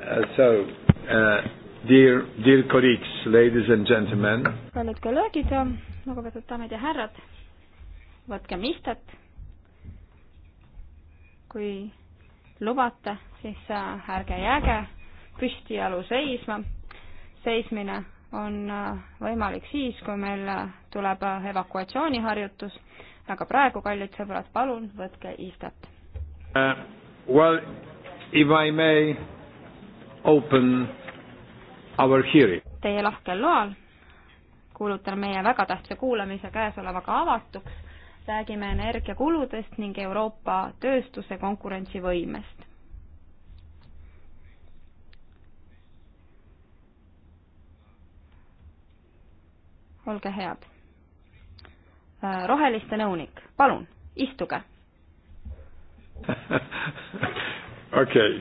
Uh, so uh, dear, dear colleagues, ladies and gentlemen. kallid kolleegid, lugupeetud daamid ja härrad, võtkem istet. kui lubate, siis äh, ärge jääge püstijalu seisma. seismine on äh, võimalik siis, kui meil äh, tuleb evakuatsiooniharjutus, aga praegu, kallid sõbrad, palun võtke istet uh,. Well, if I may open our hearing. Teie lahkel loal kuulutan meie väga tähtsa kuulamise käesolevaga avatuks. räägime energiakuludest ning Euroopa tööstuse konkurentsivõimest. olge head. roheliste nõunik, palun, istuge okei okay.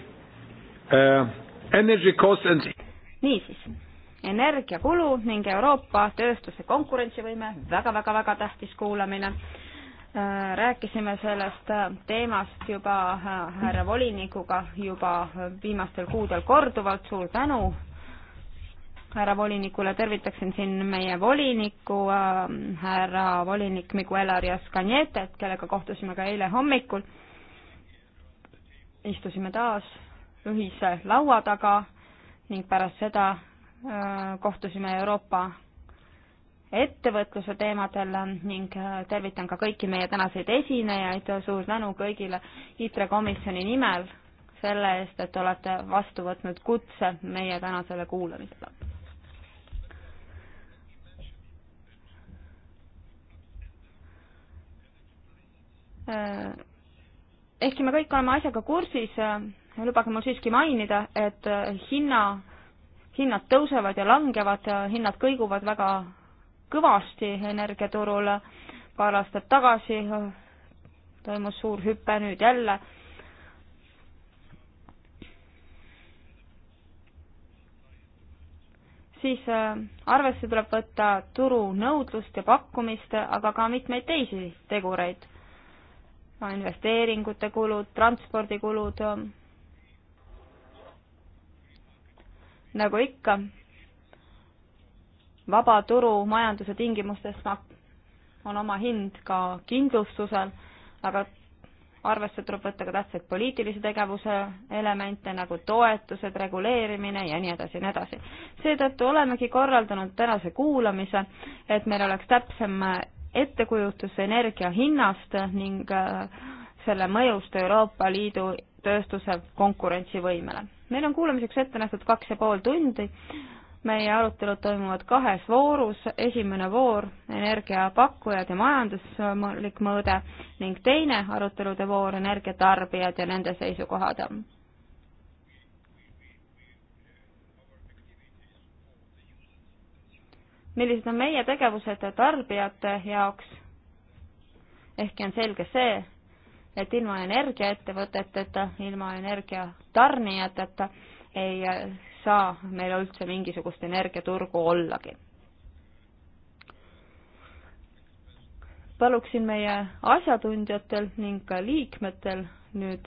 uh And... niisiis, energiakulu ning Euroopa tööstuse konkurentsivõime väga, väga, väga-väga-väga tähtis kuulamine. Äh, rääkisime sellest äh, teemast juba äh, härra volinikuga juba viimastel kuudel korduvalt, suur tänu härra volinikule, tervitaksin siin meie volinikku, härra volinik Miguel Arias Canietet, kellega kohtusime ka eile hommikul. istusime taas ühise laua taga ning pärast seda äh, kohtusime Euroopa ettevõtluse teemadel ning äh, tervitan ka kõiki meie tänaseid esinejaid, suur tänu kõigile ITRE komisjoni nimel selle eest, et olete vastu võtnud kutse meie tänasele kuulamisele. Äh, ehkki me kõik oleme asjaga kursis, lubage mul siiski mainida, et äh, hinna, hinnad tõusevad ja langevad, hinnad kõiguvad väga kõvasti energiaturul. paar aastat tagasi äh, toimus suur hüpe, nüüd jälle. siis äh, arvesse tuleb võtta turu nõudlust ja pakkumist, aga ka mitmeid teisi tegureid investeeringute kulud, transpordikulud, nagu ikka, vaba turumajanduse tingimustes noh, on oma hind ka kindlustusel, aga arvesse tuleb võtta ka tähtsaid poliitilise tegevuse elemente nagu toetused, reguleerimine ja nii edasi ja nii edasi. seetõttu olemegi korraldanud tänase kuulamise, et meil oleks täpsem ettekujutus energia hinnast ning äh, selle mõjust Euroopa Liidu tööstuse konkurentsivõimele. meil on kuulamiseks ette nähtud kaks ja pool tundi, meie arutelud toimuvad kahes voorus, esimene voor energiapakkujad ja majanduslik mõõde ning teine arutelude voor energiatarbijad ja nende seisukohad. millised on meie tegevused tarbijate jaoks? ehkki on selge see, et ilma energiaettevõteteta, ilma energiatarnijateta ei saa meil üldse mingisugust energiaturgu ollagi. paluksin meie asjatundjatel ning ka liikmetel nüüd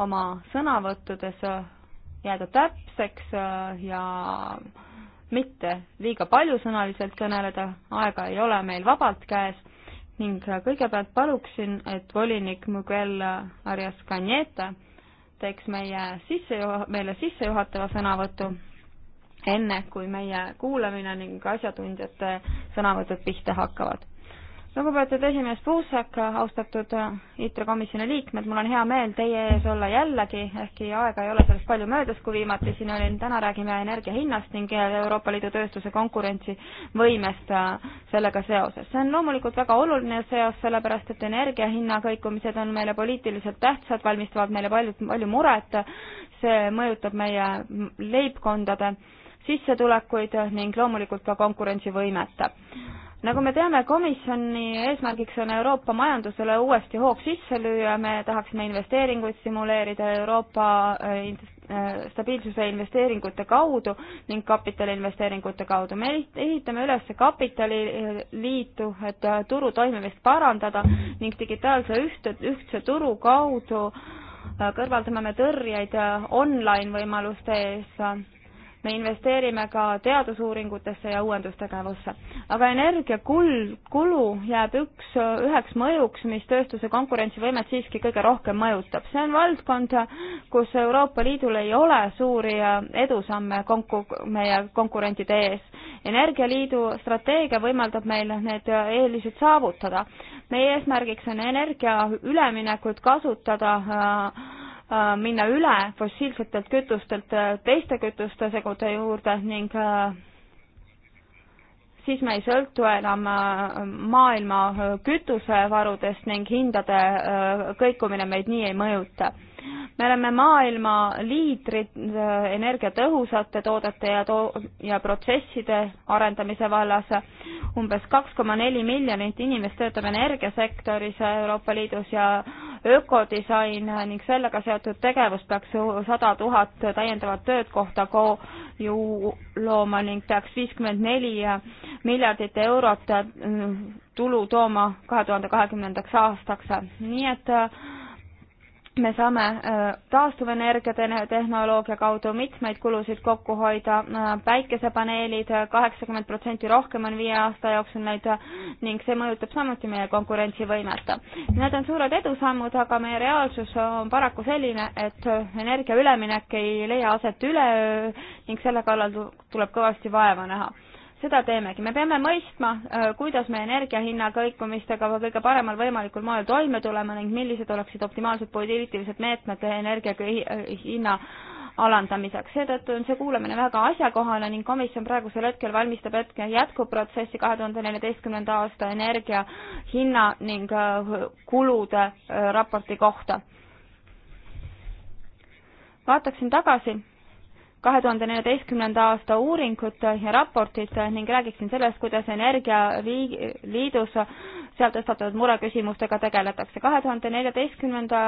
oma sõnavõttudes jääda täpseks ja mitte liiga paljusõnaliselt kõneleda, aega ei ole meil vabalt käes ning äh, kõigepealt paluksin, et volinik Miguel Arias Cañete teeks meie sissejuha-, meile sissejuhatava sõnavõtu, enne kui meie kuulamine ning asjatundjate sõnavõtud pihta hakkavad lugupeetud esimees Puusak, austatud äh, ITRE komisjoni liikmed, mul on hea meel teie ees olla jällegi, ehkki aega ei ole sellest palju möödas, kui viimati siin olin. täna räägime energia hinnast ning Euroopa Liidu tööstuse konkurentsivõimest äh, sellega seoses. see on loomulikult väga oluline seos, sellepärast et energia hinna kõikumised on meile poliitiliselt tähtsad, valmistavad meile palju, palju muret, see mõjutab meie leibkondade sissetulekuid ning loomulikult ka konkurentsivõimet nagu me teame, komisjoni eesmärgiks on Euroopa majandusele uuesti hoog sisse lüüa, me tahaksime investeeringuid stimuleerida Euroopa äh, äh, stabiilsuse investeeringute kaudu ning kapitaliinvesteeringute kaudu. me ehitame üles kapitaliliitu, äh, et turu toimimist parandada ning digitaalse üht-, ühtse turu kaudu kõrvaldame me tõrjeid online võimaluste ees me investeerime ka teadusuuringutesse ja uuendustegevusse. aga energia kul-, kulu jääb üks, üheks mõjuks, mis tööstuse konkurentsivõimet siiski kõige rohkem mõjutab. see on valdkond, kus Euroopa Liidul ei ole suuri edusamme konku-, meie konkurentide ees. energialiidu strateegia võimaldab meil need eelised saavutada. meie eesmärgiks on energia üleminekut kasutada äh, Äh, minna üle fossiilsetelt kütustelt äh, teiste kütuste segude juurde ning äh, siis me ei sõltu enam maailma kütusevarudest ning hindade kõikumine meid nii ei mõjuta me oleme maailma liidrid äh, energiatõhusate toodete ja to- ja protsesside arendamise vallas. umbes kaks koma neli miljonit inimest töötab energiasektoris Euroopa Liidus ja ökodisain ning sellega seotud tegevus peaks sada tuhat täiendavat töökohta ko- ju looma ning peaks viiskümmend neli miljardit eurot mm, tulu tooma kahe tuhande kahekümnendaks aastaks. nii et äh, me saame äh, taastuvenergia tehnoloogia kaudu mitmeid kulusid kokku hoida, äh, päikesepaneelid äh, kaheksakümmend protsenti rohkem on viie aasta jooksul neid ning see mõjutab samuti meie konkurentsivõimet. Need on suured edusammud, aga meie reaalsus on paraku selline, et energia üleminek ei leia aset üleöö ning selle kallal tuleb kõvasti vaeva näha seda teemegi, me peame mõistma, äh, kuidas me energiahinna kõikumistega kõige paremal võimalikul moel toime tuleme ning millised oleksid optimaalsed poliitilised meetmed energia äh, hinna alandamiseks. seetõttu on see kuulamine väga asjakohane ning komisjon praegusel hetkel valmistab hetke jätkuprotsessi kahe tuhande neljateistkümnenda aasta energia hinna ning äh, kulude raporti kohta. vaataksin tagasi kahe tuhande neljateistkümnenda aasta uuringut ja raportit ning räägiksin sellest, kuidas Energialiidus seal tõstatatud mureküsimustega tegeletakse. kahe tuhande neljateistkümnenda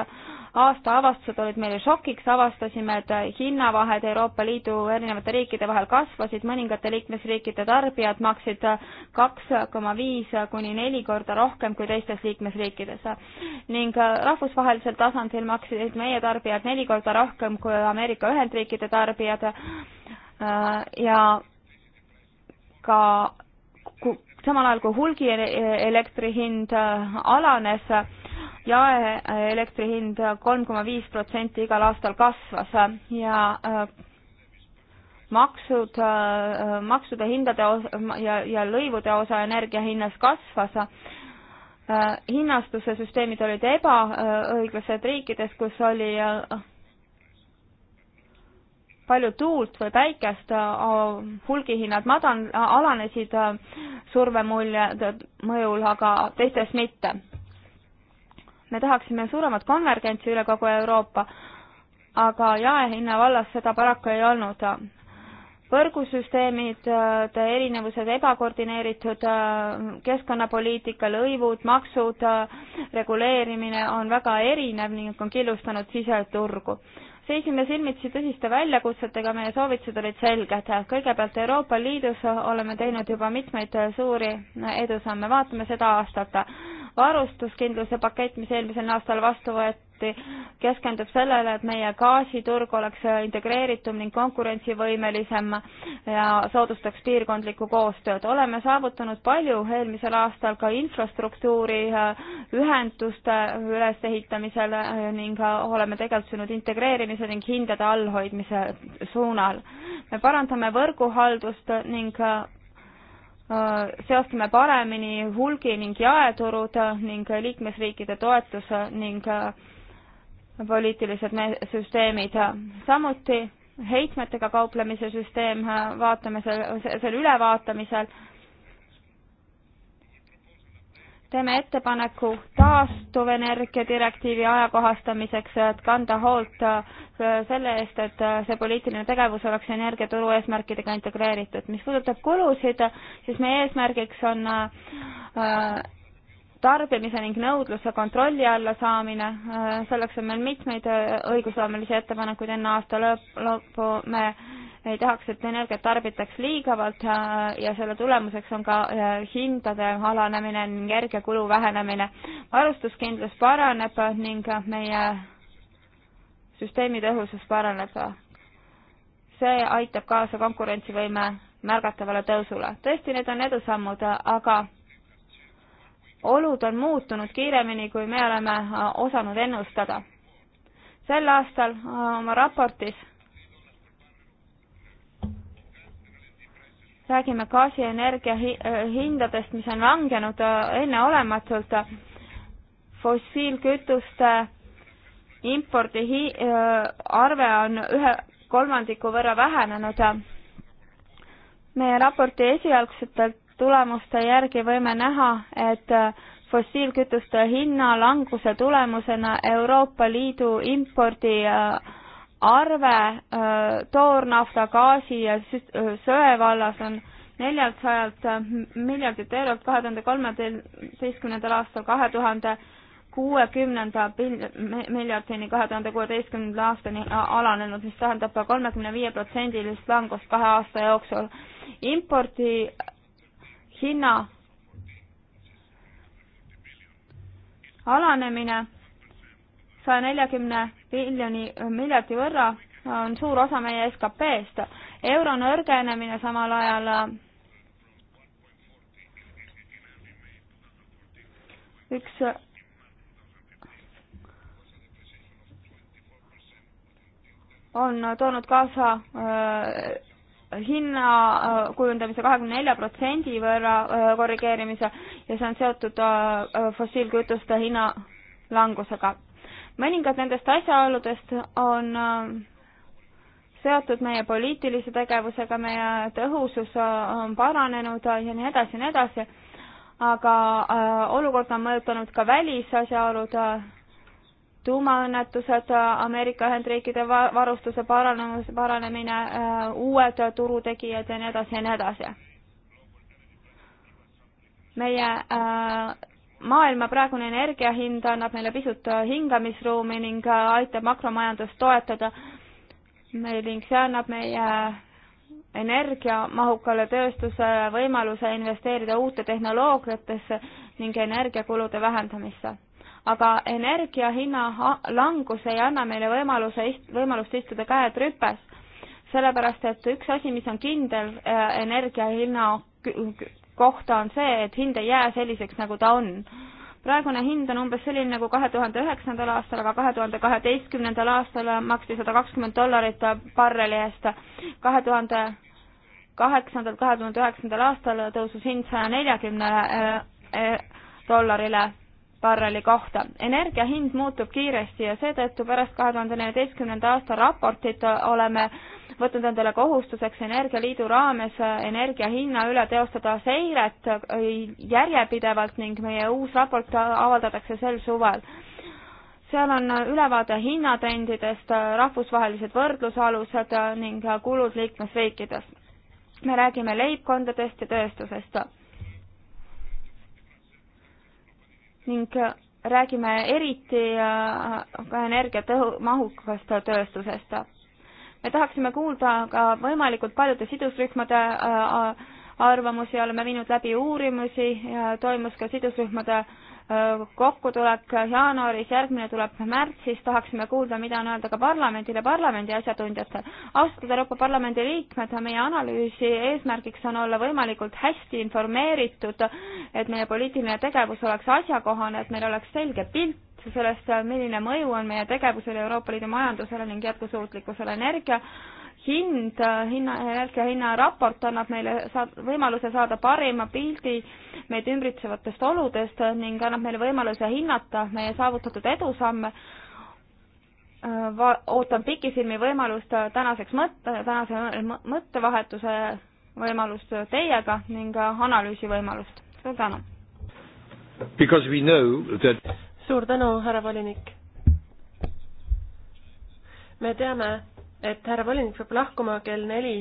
aasta avastused olid meile šokiks, avastasime, et hinnavahed Euroopa Liidu erinevate riikide vahel kasvasid, mõningate liikmesriikide tarbijad maksid kaks koma viis kuni neli korda rohkem kui teistes liikmesriikides. ning rahvusvahelisel tasandil maksid meie tarbijad neli korda rohkem kui Ameerika Ühendriikide tarbijad ja ka samal ajal kui hulgielektri hind alanes, jaeelektri hind kolm koma viis protsenti igal aastal kasvas ja äh, maksud, äh, maksude hindade osa ja, ja lõivude osa energia hinnas kasvas. Äh, hinnastuse süsteemid olid ebaõiglased riikides, kus oli palju tuult või päikest, hulgihinnad madal, alanesid survemulje mõjul, aga teistes mitte me tahaksime suuremat konvergentsi üle kogu Euroopa, aga jaehinna vallas seda paraku ei olnud. võrgusüsteemid, erinevused, ebakoordineeritud keskkonnapoliitika, lõivud, maksud, reguleerimine on väga erinev ning on killustanud siseturgu seisime silmitsi tõsiste väljakutsetega, meie soovitused olid selged. kõigepealt Euroopa Liidus oleme teinud juba mitmeid suuri edusamme, vaatame seda aastat varustuskindluse pakett, mis eelmisel aastal vastu võeti, keskendub sellele, et meie gaasiturg oleks integreeritum ning konkurentsivõimelisem ja soodustaks piirkondlikku koostööd. oleme saavutanud palju eelmisel aastal ka infrastruktuuri äh, ühenduste ülesehitamisel äh, ning äh, oleme tegutsenud integreerimise ning hindade allhoidmise suunal. me parandame võrguhaldust ning Äh, seostame paremini hulgi- ning jaeturud ning liikmesriikide toetus ning äh, poliitilised süsteemid. samuti heitmetega kauplemise süsteem, äh, vaatame selle, selle ülevaatamisel teeme ettepaneku taastuvenergia direktiivi ajakohastamiseks, et kanda hoolt äh, selle eest, et äh, see poliitiline tegevus oleks energiaturu eesmärkidega integreeritud. mis puudutab kulusid, siis meie eesmärgiks on äh, tarbimise ning nõudluse kontrolli alla saamine, selleks on meil mitmeid õigusloomelisi ettepanekuid enne aasta lõppu, me ei tahaks, et energiat tarbitaks liigavalt äh, ja selle tulemuseks on ka äh, hindade alanemine ning energiakulu vähenemine. varustuskindlus paraneb ning meie süsteemi tõhusus paraneb. see aitab kaasa konkurentsivõime märgatavale tõusule. tõesti, need on edusammud, aga olud on muutunud kiiremini, kui me oleme äh, osanud ennustada. sel aastal oma raportis räägime gaasienergia äh, hindadest, mis on langenud äh, enneolematult, fossiilkütuste impordi hi-, äh, arve on ühe kolmandiku võrra vähenenud. meie raporti esialgsete tulemuste järgi võime näha, et fossiilkütuste hinna languse tulemusena Euroopa Liidu impordi äh, arve äh, toornafta, gaasi ja äh, söe vallas on neljalt sajalt äh, miljardit eurot kahe tuhande kolmeteistkümnendal aastal kahe tuhande kuuekümnenda miljardini kahe tuhande kuueteistkümnenda aastani alanenud, mis tähendab kolmekümne viie protsendilist langust kahe aasta jooksul. impordi hinna alanemine saja neljakümne miljoni, miljardi võrra on suur osa meie SKP-st. euro nõrgenemine samal ajal äh, üks on toonud kaasa äh, hinna äh, kujundamise kahekümne nelja protsendi võrra äh, korrigeerimise ja see on seotud äh, äh, fossiilkütuste hinna langusega mõningad nendest asjaoludest on äh, seotud meie poliitilise tegevusega, meie tõhusus äh, on paranenud äh, ja nii edasi ja nii edasi, aga olukorda on mõjutanud ka välisasjaolud, tuumaõnnetused, Ameerika Ühendriikide varustuse paranemus, paranemine, uued turutegijad ja nii edasi ja nii edasi meie äh, maailma praegune energiahind annab meile pisut hingamisruumi ning aitab makromajandust toetada meil ning see annab meie energiamahukale tööstusele võimaluse investeerida uute tehnoloogiatesse ning energiakulude vähendamisse. aga energia hinna langus ei anna meile võimaluse, võimalust istuda käed rüpes, sellepärast et üks asi, mis on kindel, äh, energia hinna kohta on see, et hind ei jää selliseks, nagu ta on praegune hind on umbes selline nagu kahe tuhande üheksandal aastal, aga kahe tuhande kaheteistkümnendal aastal maksti sada kakskümmend dollarit barreli eest. kahe tuhande kaheksandal, kahe tuhande üheksandal aastal tõusus hind saja neljakümne eh, eh, dollarile barreli kohta. energia hind muutub kiiresti ja seetõttu pärast kahe tuhande neljateistkümnenda aasta raportit oleme võtnud endale kohustuseks Energialiidu raames äh, energia hinna üle teostada seiret äh, järjepidevalt ning meie uus raport äh, avaldatakse sel suvel. seal on ülevaade hinnatrendidest, rahvusvahelised võrdlusalused ning kulud liikmesriikides. me räägime leibkondadest ja tööstusest. ning räägime eriti ka energiatõhu, mahukast tööstusest me tahaksime kuulda ka võimalikult paljude sidusrühmade äh, arvamusi, oleme viinud läbi uurimusi, toimus ka sidusrühmade Äh, kokkutulek jaanuaris, järgmine tuleb märtsis, tahaksime kuulda, mida on öelda ka parlamendil ja parlamendi asjatundjatel. austatud Euroopa Parlamendi liikmed, meie analüüsi eesmärgiks on olla võimalikult hästi informeeritud, et meie poliitiline tegevus oleks asjakohane, et meil oleks selge pilt sellest, milline mõju on meie tegevusel Euroopa Liidu majandusele ning jätkusuutlikkusele energia hind, hinna, energiahinna raport annab meile saad, võimaluse saada parima pildi meid ümbritsevatest oludest ning annab meile võimaluse hinnata meie saavutatud edusamme. Va-, ootan pikisilmi võimalust tänaseks mõtte, tänase mõttevahetuse võimalust teiega ning analüüsi võimalust. suur tänu! That... suur tänu, härra volinik! me teame, et härra volinik peab lahkuma kell neli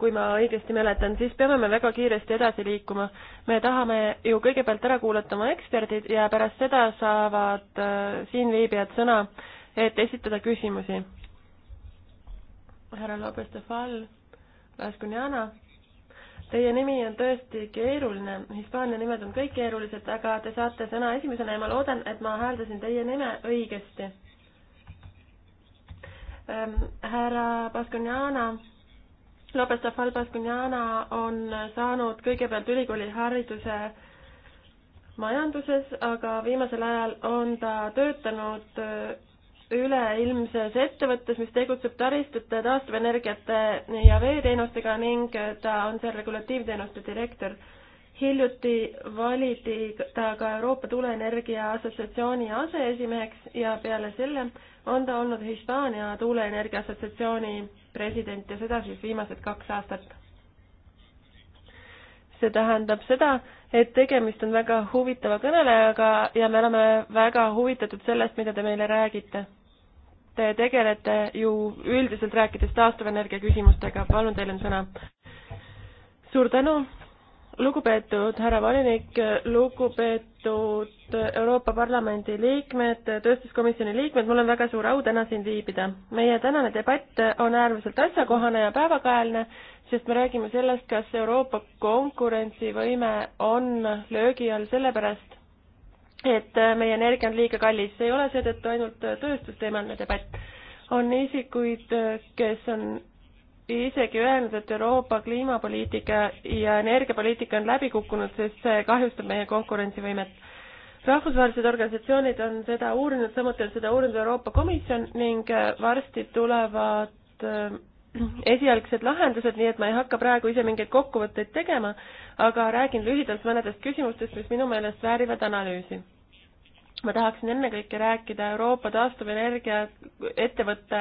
kui ma õigesti mäletan, siis peame me väga kiiresti edasi liikuma. me tahame ju kõigepealt ära kuulata oma eksperdid ja pärast seda saavad äh, siinviibijad sõna, et esitada küsimusi. härra Lopez de Fall, Lascuniana, teie nimi on tõesti keeruline, Hispaania nimed on kõik keerulised, aga te saate sõna esimesena ja ma loodan, et ma hääldasin teie nime õigesti Ähm, härra Baskoniana, Lopez Tafal Baskoniana on saanud kõigepealt ülikoolihariduse majanduses, aga viimasel ajal on ta töötanud äh, üleilmses ettevõttes, mis tegutseb taristute, taastuvenergiate ja veeteenustega ning ta on seal regulatiivteenuste direktor. hiljuti valiti ta ka Euroopa Tuuleenergia Assotsiatsiooni aseesimeheks ja peale selle on ta olnud Hispaania Tuuleenergia Assotsiatsiooni president ja seda siis viimased kaks aastat. see tähendab seda, et tegemist on väga huvitava kõnelejaga ja me oleme väga huvitatud sellest, mida te meile räägite. Te tegelete ju üldiselt rääkides taastuvenergia küsimustega, palun, teil on sõna. suur tänu lugupeetud härra volinik, lugupeetud Euroopa Parlamendi liikmed, tööstuskomisjoni liikmed, mul on väga suur au täna siin viibida. meie tänane debatt on äärmiselt asjakohane ja päevakajaline, sest me räägime sellest, kas Euroopa konkurentsivõime on löögi all sellepärast, et meie energia on liiga kallis, see ei ole seetõttu ainult tööstusteemaline debatt. on isikuid, kes on isegi öelnud, et Euroopa kliimapoliitika ja energiapoliitika on läbi kukkunud, sest see kahjustab meie konkurentsivõimet. rahvusvahelised organisatsioonid on seda uurinud, samuti on seda uurinud Euroopa Komisjon ning äh, varsti tulevad äh, esialgsed lahendused, nii et ma ei hakka praegu ise mingeid kokkuvõtteid tegema, aga räägin lühidalt mõnedest küsimustest, mis minu meelest väärivad analüüsi ma tahaksin ennekõike rääkida Euroopa taastuvenergia ettevõtte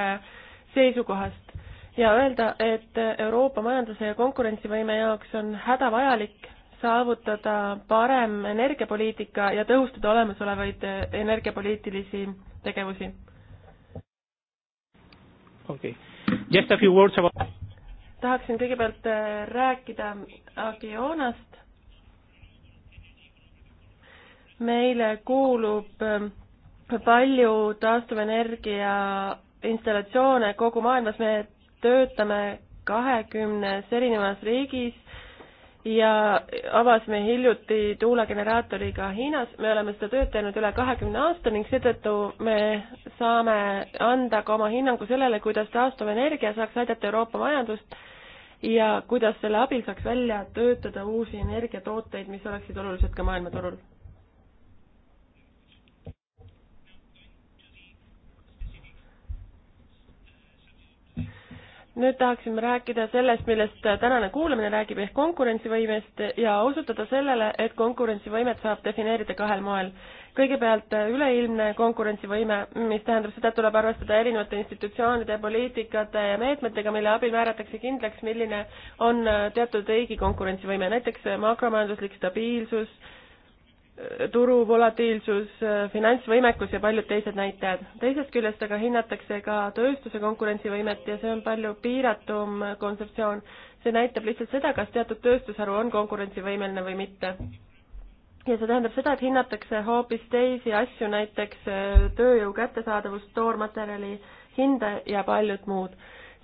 seisukohast ja öelda, et Euroopa majanduse ja konkurentsivõime jaoks on hädavajalik saavutada parem energiapoliitika ja tõhustada olemasolevaid energiapoliitilisi tegevusi. okei okay., just a few words about tahaksin kõigepealt äh, rääkida Agionast. meile kuulub äh, palju taastuvenergia installatsioone kogu maailmas, me töötame kahekümnes erinevas riigis ja avasime hiljuti tuulegeneraatoriga Hiinas. me oleme seda tööd teinud üle kahekümne aasta ning seetõttu me saame anda ka oma hinnangu sellele, kuidas taastuvenergia saaks aidata Euroopa majandust ja kuidas selle abil saaks välja töötada uusi energiatooteid, mis oleksid olulised ka maailmaturul nüüd tahaksime rääkida sellest, millest tänane kuulamine räägib, ehk konkurentsivõimest ja osutada sellele, et konkurentsivõimet saab defineerida kahel moel. kõigepealt üleilmne konkurentsivõime, mis tähendab seda, et tuleb arvestada erinevate institutsioonide, poliitikate ja meetmetega, mille abil määratakse kindlaks, milline on teatud riigi konkurentsivõime, näiteks makromajanduslik stabiilsus, turu volatiilsus, finantsvõimekus ja paljud teised näitajad. teisest küljest aga hinnatakse ka tööstuse konkurentsivõimet ja see on palju piiratum kontseptsioon. see näitab lihtsalt seda, kas teatud tööstusharu on konkurentsivõimeline või mitte. ja see tähendab seda, et hinnatakse hoopis teisi asju, näiteks äh, tööjõu kättesaadavust, toormaterjali hinda ja paljud muud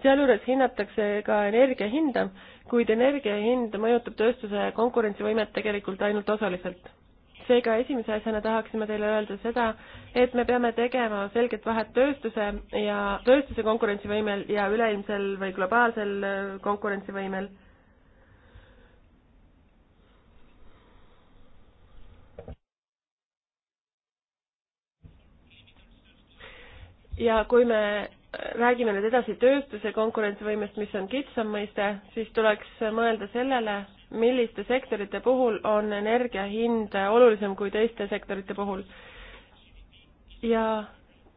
sealjuures hinnatakse ka energia hinda, kuid energia hind mõjutab tööstuse konkurentsivõimet tegelikult ainult osaliselt seega esimese asjana tahaksime teile öelda seda, et me peame tegema selget vahet tööstuse ja tööstuse konkurentsivõimel ja üleilmsel või globaalsel äh, konkurentsivõimel. ja kui me äh, räägime nüüd edasi tööstuse konkurentsivõimest, mis on kitsam mõiste, siis tuleks mõelda sellele, milliste sektorite puhul on energia hind olulisem kui teiste sektorite puhul. ja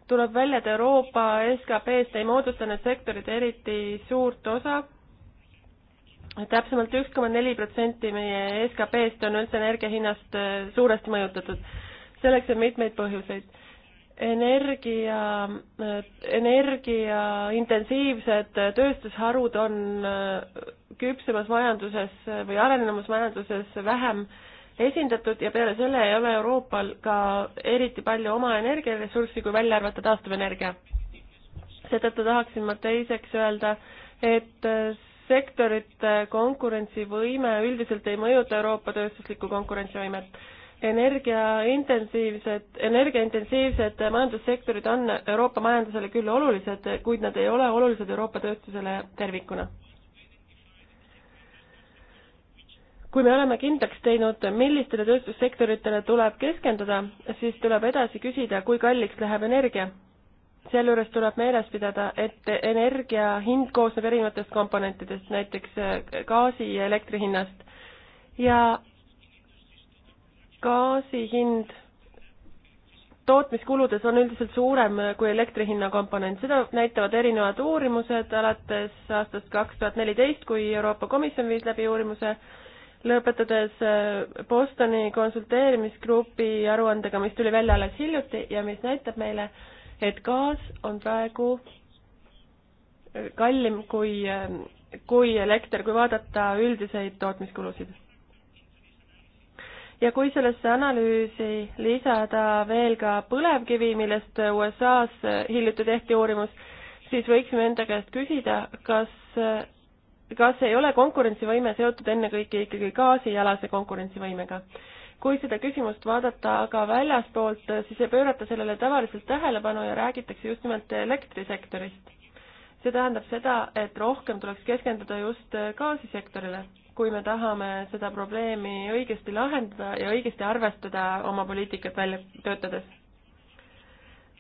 tuleb välja, et Euroopa SKP-st ei moodusta need sektorid eriti suurt osa täpsemalt. täpsemalt üks koma neli protsenti meie SKP-st on üldse energia hinnast suuresti mõjutatud. selleks on mitmeid põhjuseid energia, energiaintensiivsed tööstusharud on äh, küpsemas majanduses või arenemas majanduses vähem esindatud ja peale selle ei ole Euroopal ka eriti palju oma energiaressurssi, kui välja arvata taastuvenergia. seetõttu tahaksin ma teiseks öelda, et äh, sektorite konkurentsivõime üldiselt ei mõjuta Euroopa tööstuslikku konkurentsivõimet energiaintensiivsed, energiaintensiivsed majandussektorid on Euroopa majandusele küll olulised, kuid nad ei ole olulised Euroopa tööstusele tervikuna. kui me oleme kindlaks teinud, millistele tööstussektoritele tuleb keskenduda, siis tuleb edasi küsida, kui kalliks läheb energia. sealjuures tuleb meeles pidada, et energia hind koosneb erinevatest komponentidest, näiteks gaasi ja elektri hinnast ja gaasi hind tootmiskuludes on üldiselt suurem kui elektri hinna komponent, seda näitavad erinevad uurimused alates aastast kaks tuhat neliteist, kui Euroopa Komisjon viis läbi uurimuse, lõpetades äh, Bostoni konsulteerimisgrupi aruandega, mis tuli välja alles hiljuti ja mis näitab meile, et gaas on praegu äh, kallim kui, äh, kui elekter, kui vaadata üldiseid tootmiskulusid ja kui sellesse analüüsi lisada veel ka põlevkivi, millest USA-s hiljuti tehti uurimus, siis võiksime enda käest küsida, kas, kas ei ole konkurentsivõime seotud ennekõike ikkagi gaasijalase konkurentsivõimega. kui seda küsimust vaadata aga väljaspoolt, siis ei pöörata sellele tavaliselt tähelepanu ja räägitakse just nimelt elektrisektorist. see tähendab seda, et rohkem tuleks keskenduda just gaasisektorile kui me tahame seda probleemi õigesti lahendada ja õigesti arvestada oma poliitikat välja töötades.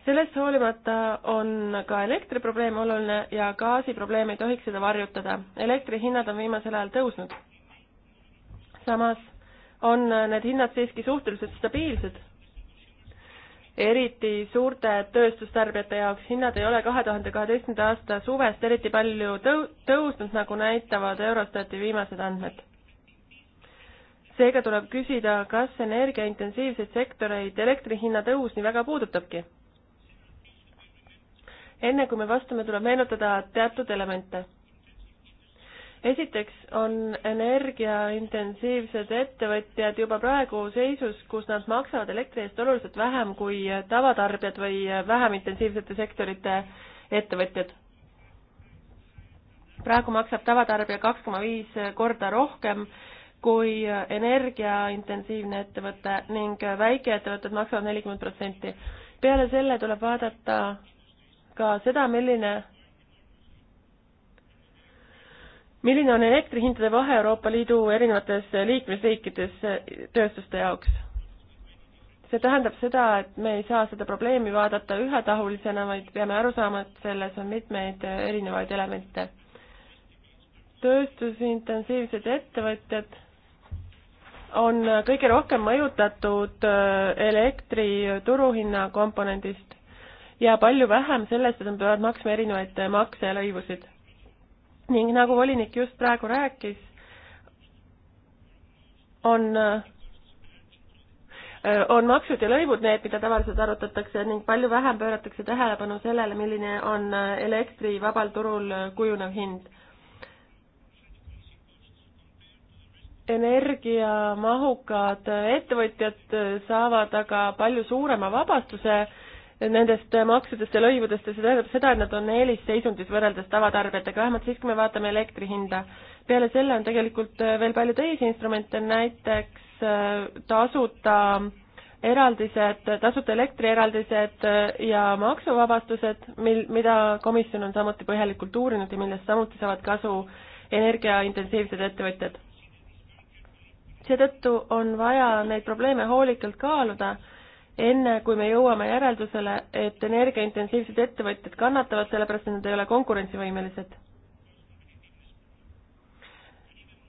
sellest hoolimata on ka elektriprobleem oluline ja gaasiprobleem ei tohiks seda varjutada. elektrihinnad on viimasel ajal tõusnud. samas on need hinnad siiski suhteliselt stabiilsed eriti suurte tööstustarbijate jaoks. hinnad ei ole kahe tuhande kaheteistkümnenda aasta suvest eriti palju tõu-, tõusnud, nagu näitavad Eurostati viimased andmed. seega tuleb küsida, kas energiaintensiivseid sektoreid elektri hinna tõus nii väga puudutabki. enne kui me vastame, tuleb meenutada teatud elemente esiteks on energiaintensiivsed ettevõtjad juba praegu seisus, kus nad maksavad elektri eest oluliselt vähem kui tavatarbijad või vähem intensiivsete sektorite ettevõtjad. praegu maksab tavatarbija kaks koma viis korda rohkem kui energiaintensiivne ettevõte ning väikeettevõtted maksavad nelikümmend protsenti. peale selle tuleb vaadata ka seda, milline milline on elektrihindade vahe Euroopa Liidu erinevates liikmesriikides eh, tööstuste jaoks? see tähendab seda, et me ei saa seda probleemi vaadata ühetahulisena, vaid peame aru saama, et selles on mitmeid eh, erinevaid elemente. tööstusintensiivsed ettevõtjad on eh, kõige rohkem mõjutatud elektri turuhinna komponendist ja palju vähem sellest, et nad peavad maksma erinevaid makse ja lõivusid ning nagu volinik just praegu rääkis, on, on maksud ja lõivud need, mida tavaliselt arutatakse ning palju vähem pööratakse tähelepanu sellele, milline on elektri vabal turul kujunev hind. energiamahukad ettevõtjad saavad aga palju suurema vabastuse nendest maksudest ja lõivudest ja see tähendab seda, et nad on eelisseisundis võrreldes tavatarbijatega, vähemalt siis, kui me vaatame elektri hinda. peale selle on tegelikult äh, veel palju teisi instrumente, näiteks äh, tasuta eraldised, tasuta elektrieraldised äh, ja maksuvabastused, mil, mida komisjon on samuti põhjalikult uurinud ja millest samuti saavad kasu energiaintensiivsed ettevõtjad. seetõttu on vaja neid probleeme hoolikalt kaaluda enne kui me jõuame järeldusele, et energiaintensiivsed ettevõtjad kannatavad, sellepärast et nad ei ole konkurentsivõimelised.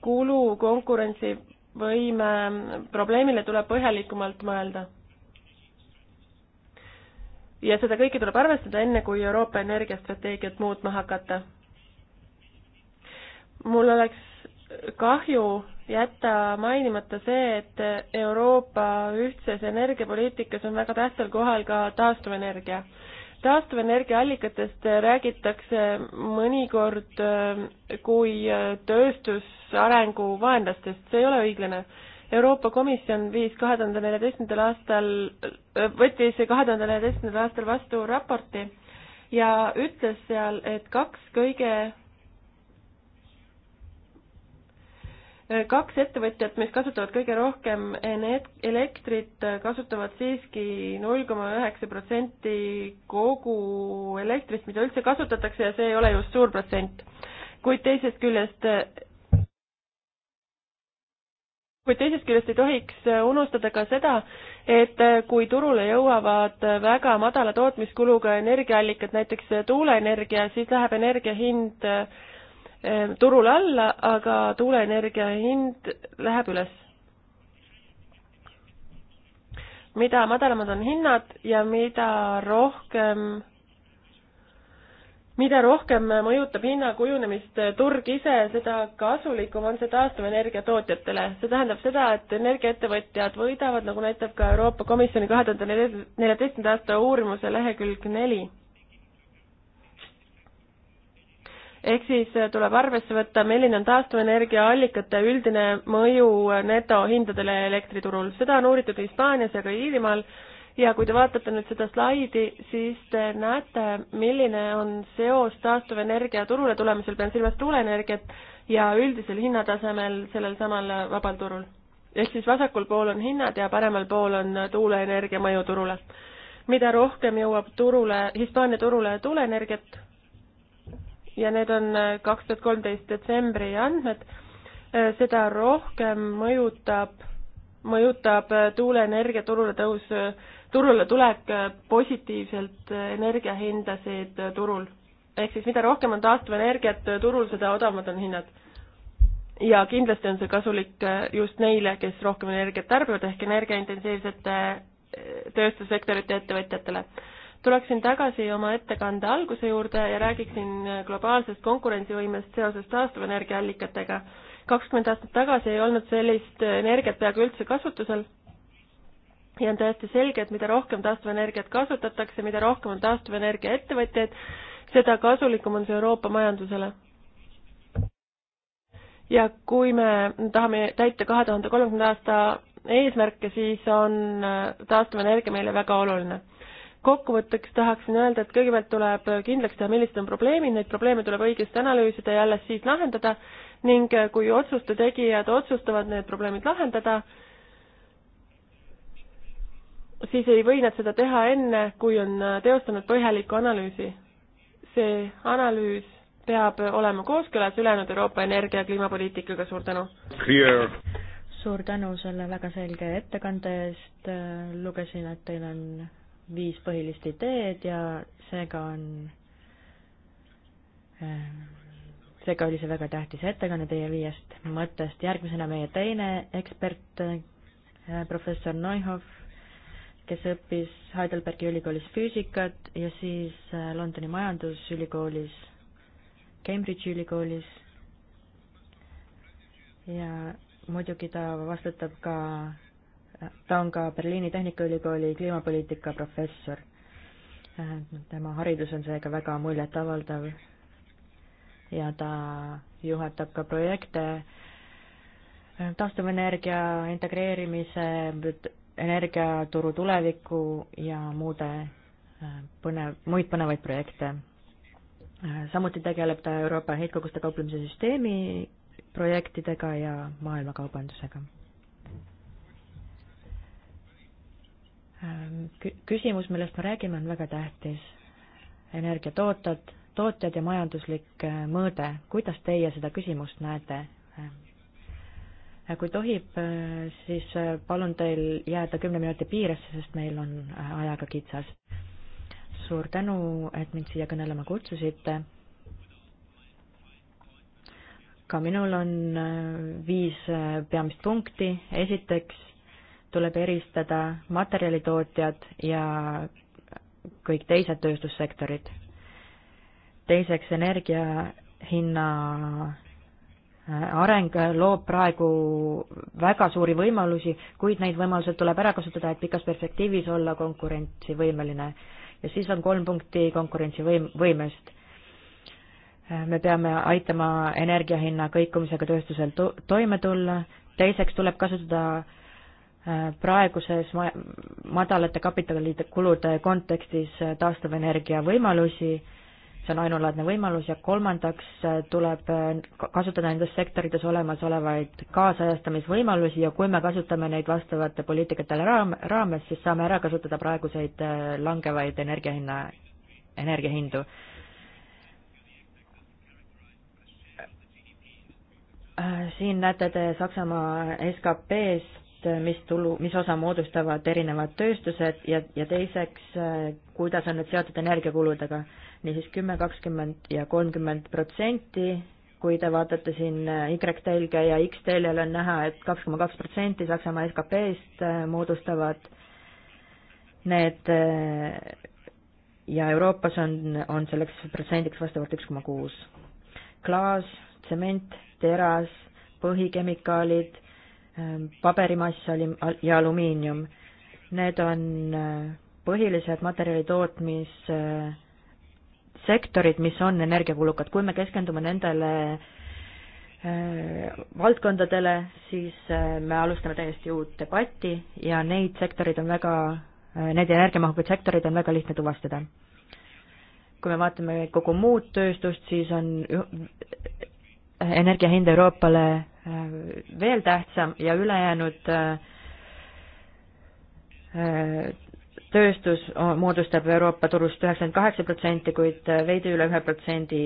kulu konkurentsivõime probleemile tuleb põhjalikumalt mõelda. ja seda kõike tuleb arvestada, enne kui Euroopa energiastrateegiat muutma hakata. mul oleks kahju jätta mainimata see, et Euroopa ühtses energiapoliitikas on väga tähtsal kohal ka taastuvenergia. taastuvenergiaallikatest räägitakse mõnikord äh, kui äh, tööstusarengu vaenlastest, see ei ole õiglane. Euroopa Komisjon viis kahe tuhande neljateistkümnendal aastal, äh, võttis kahe tuhande neljateistkümnendal aastal vastu raporti ja ütles seal, et kaks kõige kaks ettevõtjat, mis kasutavad kõige rohkem elektrit, kasutavad siiski null koma üheksa protsenti kogu elektrist, mida üldse kasutatakse ja see ei ole just suur protsent. kuid teisest küljest kuid teisest küljest ei tohiks unustada ka seda, et kui turule jõuavad väga madala tootmiskuluga energiaallikad, näiteks tuuleenergia, siis läheb energia hind äh, Ehm, turule alla, aga tuuleenergia hind läheb üles. mida madalamad on hinnad ja mida rohkem, mida rohkem mõjutab hinna kujunemist turg ise, seda kasulikum on see taastuvenergia tootjatele. see tähendab seda, et energiaettevõtjad võidavad, nagu näitab ka Euroopa Komisjoni kahe tuhande neljateistkümnenda aasta uurimuse lehekülg neli ehk siis äh, tuleb arvesse võtta, milline on taastuvenergia allikate üldine mõju äh, netohindadele elektriturul. seda on uuritud Hispaanias ja ka Iirimaal ja kui te vaatate nüüd seda slaidi, siis te näete, milline on seos taastuvenergia turule tulemisel, pean silmas tuuleenergiat, ja üldisel hinnatasemel sellel samal äh, vabal turul. ehk siis vasakul pool on hinnad ja paremal pool on tuuleenergia mõju turule. mida rohkem jõuab turule, Hispaania turule tuuleenergiat, ja need on äh, kaks tuhat kolmteist detsembri andmed, äh, seda rohkem mõjutab, mõjutab äh, tuuleenergia turule tõus, turule tulek positiivselt energiahindasid turul. ehk siis mida rohkem on taastuvenergiat turul, seda odavamad on hinnad. ja kindlasti on see kasulik just neile, kes rohkem energiat tarbivad, ehk energiaintensiivsete tööstussektorite ettevõtjatele tuleksin tagasi oma ettekande alguse juurde ja räägiksin globaalsest konkurentsivõimest seoses taastuvenergiaallikatega. kakskümmend aastat tagasi ei olnud sellist energiat peaaegu üldse kasutusel ja on täiesti selge, et mida rohkem taastuvenergiat kasutatakse, mida rohkem on taastuvenergia ettevõtjaid, seda kasulikum on see Euroopa majandusele. ja kui me tahame täita kahe tuhande kolmekümnenda aasta eesmärke, siis on taastuvenergia meile väga oluline kokkuvõtteks tahaksin öelda, et kõigepealt tuleb kindlaks teha, millised on probleemid, neid probleeme tuleb õigesti analüüsida ja alles siis lahendada ning kui otsuste tegijad otsustavad need probleemid lahendada, siis ei või nad seda teha enne, kui on teostanud põhjaliku analüüsi. see analüüs peab olema kooskõlas ülejäänud Euroopa energia- ja kliimapoliitikaga, suur tänu! suur tänu selle väga selge ettekande eest, lugesin, et teil on viis põhilist ideed ja seega on, ähm, seega oli see väga tähtis ettekanne teie viiest mõttest. järgmisena meie teine ekspert, äh, professor Neuhoff, kes õppis Heidelbergi ülikoolis füüsikat ja siis äh, Londoni majandusülikoolis, Cambridge'i ülikoolis ja muidugi ta vastutab ka ta on ka Berliini Tehnikaülikooli kliimapoliitika professor. Äh, tema haridus on seega väga muljetavaldav ja ta juhatab ka projekte äh, taastuvenergia integreerimise, energiaturu tuleviku ja muude äh, põnev, muid põnevaid projekte. samuti tegeleb ta Euroopa heitkoguste kauplemise süsteemi projektidega ja maailmakaubandusega Ähm, küsimus, millest me räägime, on väga tähtis. energiatootjad, tootjad ja majanduslik äh, mõõde, kuidas teie seda küsimust näete? Ähm, kui tohib, äh, siis äh, palun teil jääda kümne minuti piiresse, sest meil on ajaga kitsas. suur tänu, et mind siia kõnelema kutsusite. ka minul on viis peamist punkti. esiteks tuleb eristada materjalitootjad ja kõik teised tööstussektorid. teiseks, energia hinna äh, areng äh, loob praegu väga suuri võimalusi, kuid neid võimalused tuleb ära kasutada, et pikas perspektiivis olla konkurentsivõimeline. ja siis on kolm punkti konkurentsivõim-, võimest. Äh, me peame aitama energiahinna kõikumisega tööstusel to-, toime tulla, teiseks tuleb kasutada äh, praeguses ma-, madalate kapitalikulude kontekstis taastuvenergia võimalusi, see on ainulaadne võimalus, ja kolmandaks tuleb kasutada nendes sektorites olemasolevaid kaasajastamisvõimalusi ja kui me kasutame neid vastavate poliitikatele raam-, raames, siis saame ära kasutada praeguseid äh, langevaid energiahinna, energiahindu äh, siin näete te Saksamaa SKP-s et mis tulu, mis osa moodustavad erinevad tööstused ja, ja teiseks, äh, kuidas on need seotud energiakuludega. niisiis kümme, kakskümmend ja kolmkümmend protsenti, kui te vaatate siin äh, Y-telge ja X-teljel on näha et, et kaks koma kaks protsenti Saksamaa SKP-st äh, moodustavad need ja Euroopas on, on selleks protsendiks vastavalt üks koma kuus. klaas, tsement, teras, põhikemikaalid Ehm, paberimass ja alumiinium. Need on äh, põhilised materjali tootmissektorid, äh, mis on energiakulukad. kui me keskendume nendele äh, valdkondadele, siis me alustame täiesti uut debatti ja neid sektoreid on väga, neid energiamahukaid sektoreid on väga lihtne tuvastada. kui me vaatame kogu muud tööstust, siis on energia hind Euroopale äh, veel tähtsam ja ülejäänud äh, tööstus moodustab Euroopa turust üheksakümmend kaheksa protsenti, kuid äh, veidi üle ühe protsendi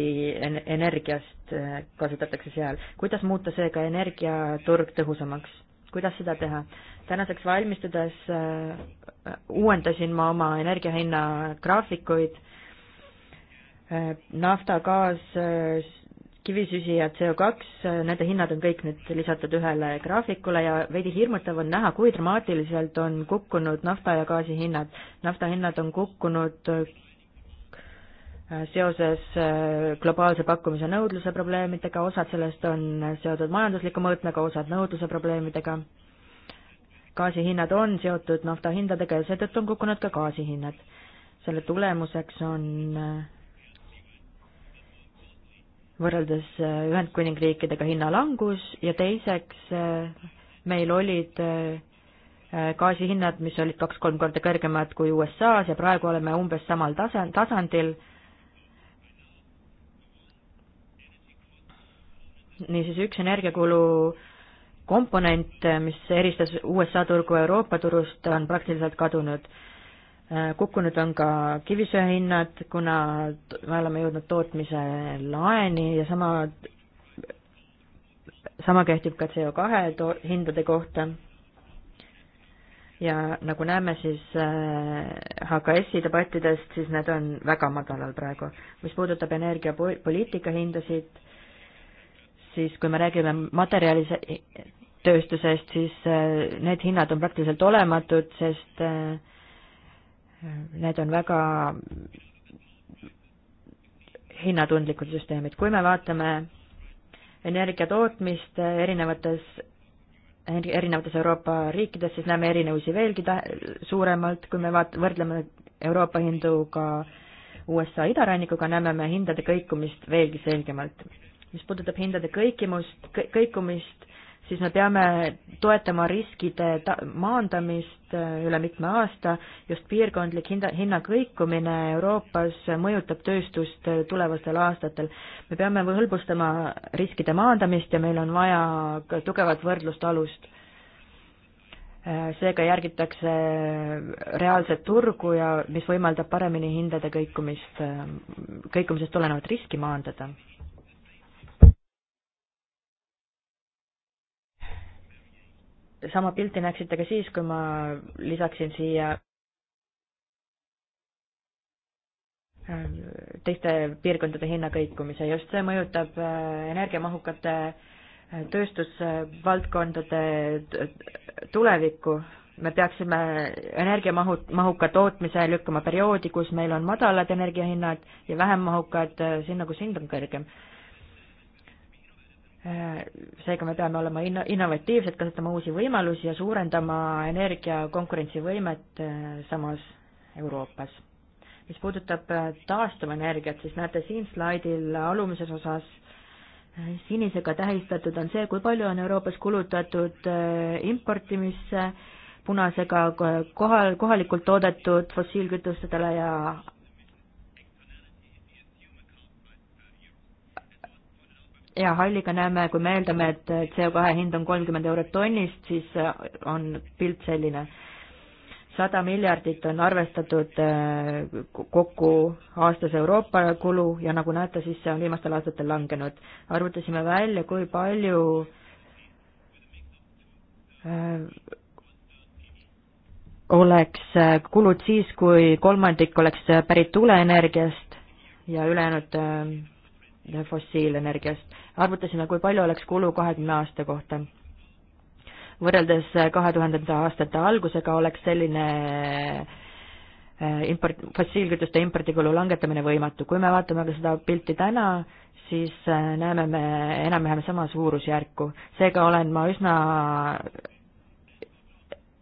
energiast kasutatakse seal. kuidas muuta seega energiaturg tõhusamaks? kuidas seda teha? tänaseks valmistudes uuendasin ma oma energiahinna graafikuid, nafta, gaas, kivisüsi ja CO2, nende hinnad on kõik nüüd lisatud ühele graafikule ja veidi hirmutav on näha, kui dramaatiliselt on kukkunud nafta ja gaasi hinnad. nafta hinnad on kukkunud äh, seoses äh, globaalse pakkumise nõudluse probleemidega, osad sellest on seotud majandusliku mõõtmega, osad nõudluse probleemidega. gaasi hinnad on seotud nafta hindadega ja seetõttu on kukkunud ka gaasi hinnad. selle tulemuseks on äh, võrreldes äh, Ühendkuningriikidega hinnalangus ja teiseks äh, meil olid äh, gaasihinnad, mis olid kaks-kolm korda kõrgemad kui USA-s ja praegu oleme umbes samal tase, tasandil. niisiis, üks energiakulu komponent, mis eristas USA turgu Euroopa turust, on praktiliselt kadunud Äh, kukkunud on ka kivisöe hinnad, kuna me oleme jõudnud tootmise laeni ja sama, sama kehtib ka CO2 to-, hindade kohta. ja nagu näeme siis HKS-i äh, debattidest, siis need on väga madalal praegu. mis puudutab energiapoliitika hindasid, siis kui me räägime materjalise tööstusest, siis äh, need hinnad on praktiliselt olematud, sest äh, Need on väga hinnatundlikud süsteemid. kui me vaatame energia tootmist erinevates, erinevates Euroopa riikides, siis näeme erinevusi veelgi tä-, suuremalt, kui me vaat-, võrdleme Euroopa hindu ka USA idarannikuga, näeme me hindade kõikumist veelgi selgemalt. mis puudutab hindade kõikimust, kõikumist, siis me peame toetama riskide ta-, maandamist äh, üle mitme aasta, just piirkondlik hinda, hinnakõikumine Euroopas mõjutab tööstust äh, tulevastel aastatel. me peame hõlbustama riskide maandamist ja meil on vaja ka tugevat võrdlust alust. Äh, seega järgitakse reaalset turgu ja mis võimaldab paremini hindade kõikumist, kõikumisest tulenevat riski maandada sama pilti näeksite ka siis, kui ma lisaksin siia äh, teiste piirkondade hinnakõikumise, just see mõjutab äh, energiamahukate äh, tööstusvaldkondade tulevikku. me peaksime energiamahu, mahuka tootmise lükkama perioodi, kus meil on madalad energiahinnad ja vähem mahukad sinna, kus hind on kõrgem seega me peame olema inno-, innovatiivsed, kasutama uusi võimalusi ja suurendama energia konkurentsivõimet äh, samas Euroopas. mis puudutab äh, taastuvenergiat, siis näete siin slaidil alumises osas äh, sinisega tähistatud on see, kui palju on Euroopas kulutatud importimisse, punasega kohal, kohalikult toodetud fossiilkütustele ja ja halliga näeme, kui me eeldame, et CO2 hind on kolmkümmend eurot tonnist, siis äh, on pilt selline. sada miljardit on arvestatud äh, kokku aastas Euroopa kulu ja nagu näete, siis see on viimastel aastatel langenud. arvutasime välja, kui palju äh, oleks kulud siis, kui kolmandik oleks pärit tuuleenergiast ja ülejäänud fossiilenergiast. arvutasime, kui palju oleks kulu kahekümne aasta kohta. võrreldes kahe tuhandenda aastate algusega oleks selline eh, import, fossiilkütuste impordikulu langetamine võimatu. kui me vaatame aga seda pilti täna, siis eh, näeme me enam-vähem sama suurusjärku. seega olen ma üsna,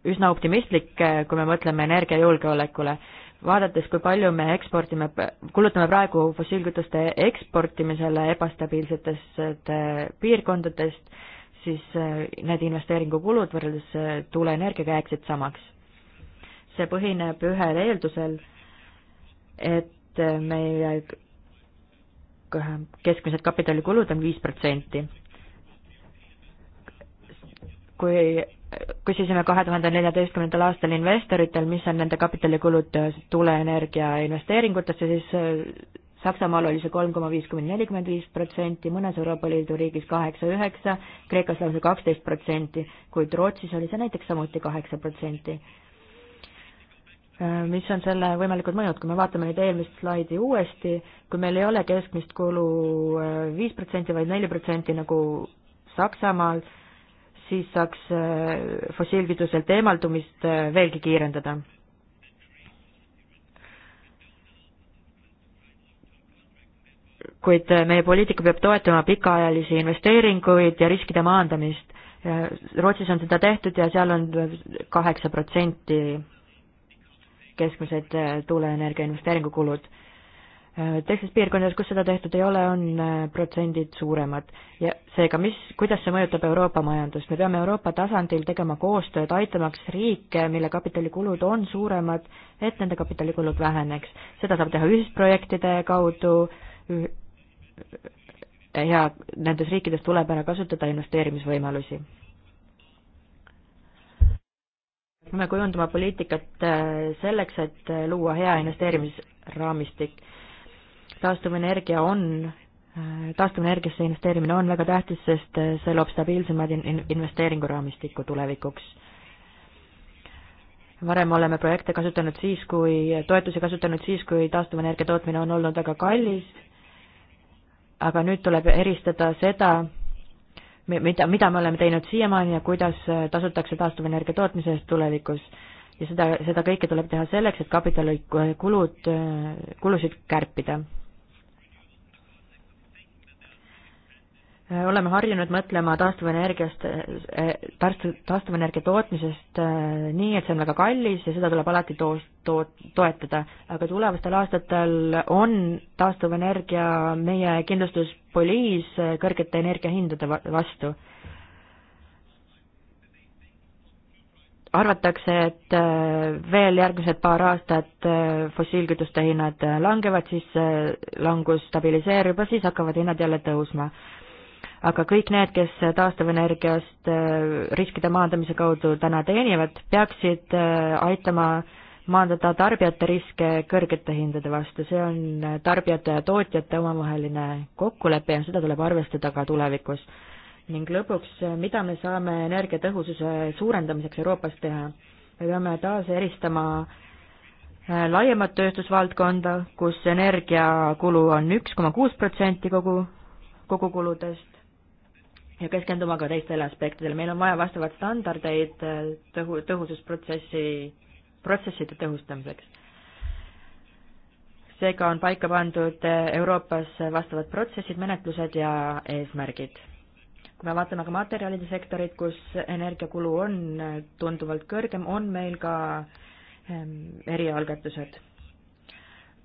üsna optimistlik, eh, kui me mõtleme energiajulgeolekule vaadates, kui palju me eksportime, kulutame praegu fossiilkütuste eksportimisele ebastabiilsetest eh, piirkondadest, siis eh, need investeeringukulud võrreldes eh, tuuleenergiaga jääksid samaks. see põhineb ühel eeldusel, et meie keskmised kapitalikulud on viis protsenti. kui küsisime kahe tuhande neljateistkümnendal aastal investoritel, mis on nende kapitalikulud tuuleenergia investeeringutesse, siis äh, Saksamaal oli see kolm koma viiskümmend nelikümmend viis protsenti, mõnes Euroopa Liidu riigis kaheksa, üheksa, Kreekas lausa kaksteist protsenti, kuid Rootsis oli see näiteks samuti kaheksa protsenti. Äh, mis on selle võimalikud mõjud, kui me vaatame nüüd eelmist slaidi uuesti, kui meil ei ole keskmist kulu äh, viis protsenti, vaid neli protsenti nagu Saksamaal, siis saaks äh, fossiilkütuselt eemaldumist äh, veelgi kiirendada. kuid äh, meie poliitika peab toetama pikaajalisi investeeringuid ja riskide maandamist. Rootsis on seda tehtud ja seal on kaheksa protsenti keskmised tuuleenergia investeeringukulud Äh, teistes piirkondades, kus seda tehtud ei ole, on äh, protsendid suuremad. ja seega, mis, kuidas see mõjutab Euroopa majandust, me peame Euroopa tasandil tegema koostööd, aitamaks riike, mille kapitalikulud on suuremad, et nende kapitalikulud väheneks. seda saab teha ühisprojektide kaudu ja nendes riikides tuleb ära kasutada investeerimisvõimalusi. me kujundame poliitikat äh, selleks, et luua hea investeerimisraamistik taastuvenergia on, taastuvenergiasse investeerimine on väga tähtis, sest see loob stabiilsemad in-, investeeringuraamistikku tulevikuks. varem oleme projekte kasutanud siis, kui, toetusi kasutanud siis, kui taastuvenergia tootmine on olnud väga kallis, aga nüüd tuleb eristada seda, mida, mida me oleme teinud siiamaani ja kuidas tasutakse taastuvenergia tootmise eest tulevikus. ja seda, seda kõike tuleb teha selleks, et kapitalikulud, kulusid kärpida. Äh, oleme harjunud mõtlema taastuvenergiast, äh, taastu-, taastuvenergia tootmisest äh, nii, et see on väga kallis ja seda tuleb alati to-, to-, toetada. aga tulevastel aastatel on taastuvenergia meie kindlustuspoliis kõrgete energiahindade vastu. arvatakse, et veel järgmised paar aastat fossiilkütuste hinnad langevad, siis langus stabiliseerub ja siis hakkavad hinnad jälle tõusma aga kõik need, kes taastuvenergiast äh, riskide maandamise kaudu täna teenivad, peaksid äh, aitama maandada tarbijate riske kõrgete hindade vastu, see on äh, tarbijate ja tootjate omavaheline kokkulepe ja seda tuleb arvestada ka tulevikus. ning lõpuks, mida me saame energiatõhususe suurendamiseks Euroopas teha? me peame taas eristama laiemat tööstusvaldkonda, kus energiakulu on üks koma kuus protsenti kogu, kogukuludest, ja keskenduma ka teistele aspektidele. meil on vaja vastavaid standardeid eh, tõhu-, tõhususprotsessi, protsesside tõhustamiseks. seega on paika pandud eh, Euroopas vastavad protsessid, menetlused ja eesmärgid. kui me vaatame ka materjalide sektorit, kus energiakulu on eh, tunduvalt kõrgem, on meil ka erialgatused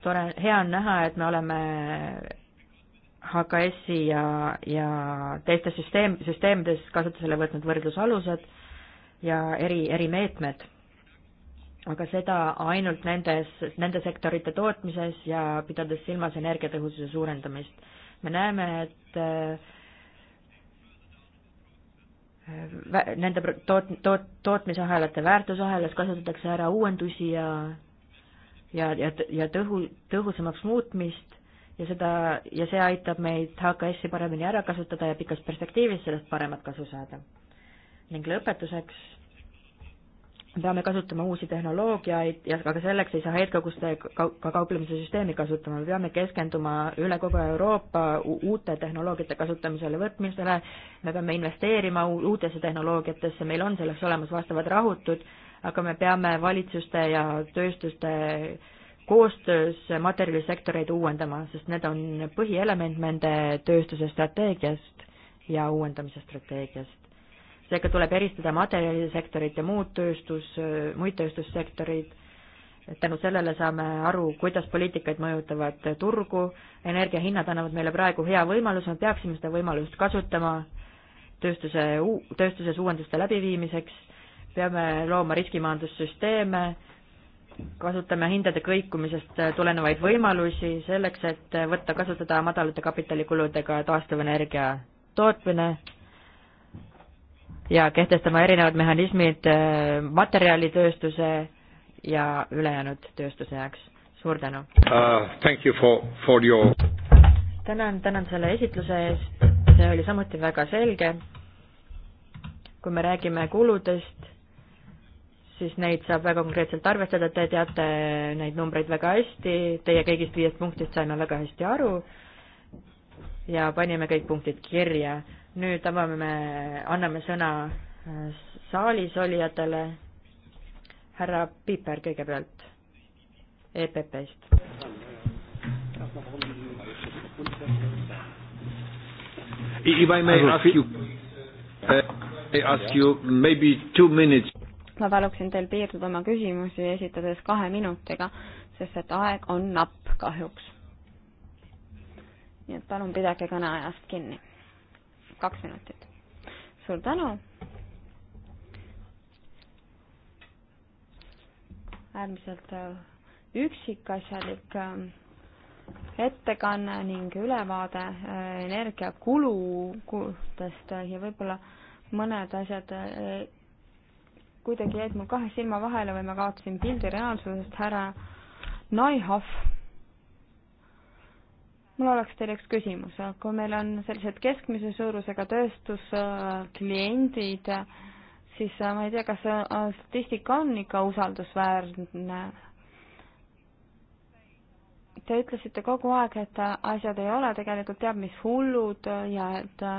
tore, hea on näha, et me oleme HKS-i ja, ja teistes süsteem, süsteemides kasutusele võtnud võrdlusalused ja eri, erimeetmed. aga seda ainult nendes, nende sektorite tootmises ja pidades silmas energiatõhususe suurendamist. me näeme, et äh, nende toot-, toot-, tootmisahelate väärtusahelas kasutatakse ära uuendusi ja ja, ja, ja tõhu-, tõhusamaks muutmist ja seda, ja see aitab meid HKS-i paremini ära kasutada ja pikas perspektiivis sellest paremat kasu saada. ning lõpetuseks, me peame kasutama uusi tehnoloogiaid ja aga selleks ei saa heitkoguste ka kauplemise süsteemi kasutama, me peame keskenduma üle kogu Euroopa uute tehnoloogiate kasutamisele võtmisele, me peame investeerima uutesse tehnoloogiatesse, meil on selleks olemas vastavad rahutud, aga me peame valitsuste ja tööstuste äh, koostöös materjalisektoreid uuendama, sest need on põhielement nende tööstuse strateegiast ja uuendamise strateegiast. seega tuleb eristada materjalisektorit ja muud tööstus, muid tööstussektoreid, tänu sellele saame aru, kuidas poliitikaid mõjutavad turgu, energiahinnad annavad meile praegu hea võimaluse, me peaksime seda võimalust kasutama tööstuse, tööstuses uuenduste läbiviimiseks, peame looma riskimajandussüsteeme, kasutame hindade kõikumisest äh, tulenevaid võimalusi selleks, et äh, võtta kasutada madalate kapitalikuludega taastuvenergia tootmine ja kehtestama erinevad mehhanismid äh, materjalitööstuse ja ülejäänud tööstuse jaoks. suur tänu uh,! Thank you for, for your tänan, tänan selle esitluse eest, see oli samuti väga selge. kui me räägime kuludest siis neid saab väga konkreetselt arvestada, te teate neid numbreid väga hästi, teie kõigist viiest punktist saime väga hästi aru ja panime kõik punktid kirja. nüüd avame, anname sõna äh, saalis olijatele. härra Piiper kõigepealt EPP-st. If I may ask you, I uh, ask you maybe two minutes ma paluksin teil piirduda oma küsimusi esitades kahe minutiga, sest et aeg on napp kahjuks. nii et palun pidage kõneajast kinni. kaks minutit. suur tänu. äärmiselt äh, üksikasjalik ähm, ettekanne ning ülevaade äh, energiakuludest äh, ja võib-olla mõned asjad kuidagi jäid mul kahe silma vahele või ma kaotasin pildi reaalsusest, härra Naihov. mul oleks teile üks küsimus, kui meil on sellised keskmise suurusega tööstuskliendid, siis ma ei tea, kas statistika on ikka usaldusväärne. Te ütlesite kogu aeg, et asjad ei ole tegelikult teab mis hullud ja et äh,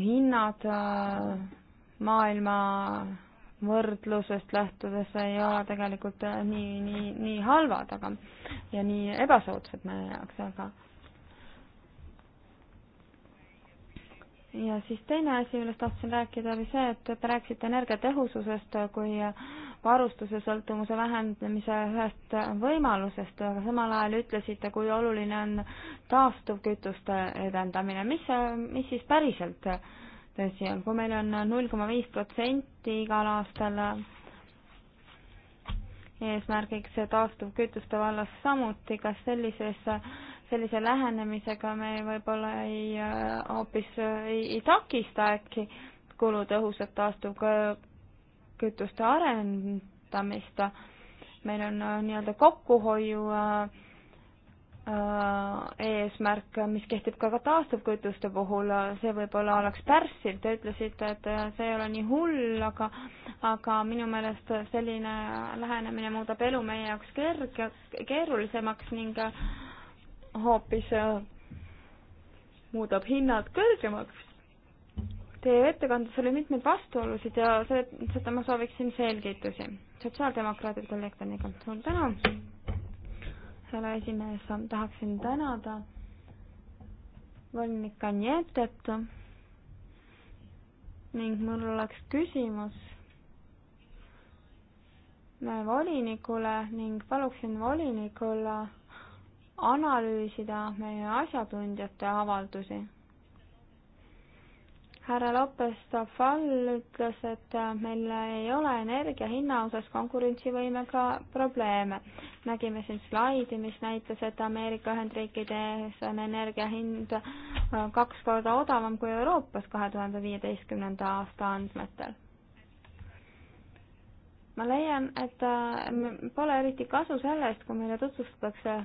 hinnad äh, maailma võrdlusest lähtudes ei ole tegelikult äh, nii, nii, nii halvad, aga ja nii ebasoodsad meie jaoks, aga ja siis teine asi, millest tahtsin rääkida, oli see, et te rääkisite energiatõhususest kui varustuse sõltuvuse vähendamise ühest võimalusest, aga samal ajal ütlesite, kui oluline on taastuvkütuste edendamine. mis, mis siis päriselt tõsi on, kui meil on null koma viis protsenti igal aastal eesmärgiks taastuvkütuste vallas samuti, kas sellises, sellise lähenemisega me võib-olla ei, hoopis ei, ei takista äkki kulutõhusat taastuv kütuste arendamist. meil on äh, nii-öelda kokkuhoiu äh, äh, eesmärk, mis kehtib ka, ka taastuvkütuste puhul, see võib-olla oleks pärssiv, te ütlesite, et see ei ole nii hull, aga aga minu meelest selline lähenemine muudab elu meie jaoks kerge, keerulisemaks ning hoopis muudab hinnad kõrgemaks Teie ettekandes oli mitmeid vastuolusid ja seda ma sooviksin selgitusi. sotsiaaldemokraadid kolleeg Tõniga, suur tänu. härra esimees, tahaksin tänada volinik Anietet ning mul oleks küsimus volinikule ning paluksin volinikule analüüsida meie asjatundjate avaldusi härra Lopez Tafal ütles, et meil ei ole energia hinna osas konkurentsivõimega probleeme. nägime siin slaidi, mis näitas, et Ameerika Ühendriikides on energia hind äh, kaks korda odavam kui Euroopas kahe tuhande viieteistkümnenda aasta andmetel. ma leian, et äh, pole eriti kasu sellest, kui meile tutvustatakse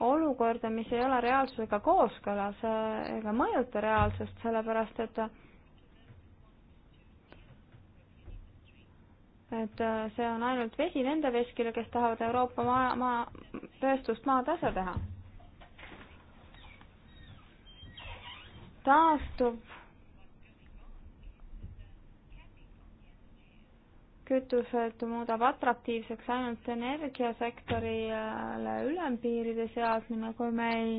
olukorda, mis ei ole reaalsusega kooskõlas eh, ega mõjuta reaalsust, sellepärast et et eh, see on ainult vesi nende veskile, kes tahavad Euroopa maa, maa, tööstust maatasa teha. taastuv kütused muudab atraktiivseks ainult energiasektorile ülempiiride seadmine, kui me ei,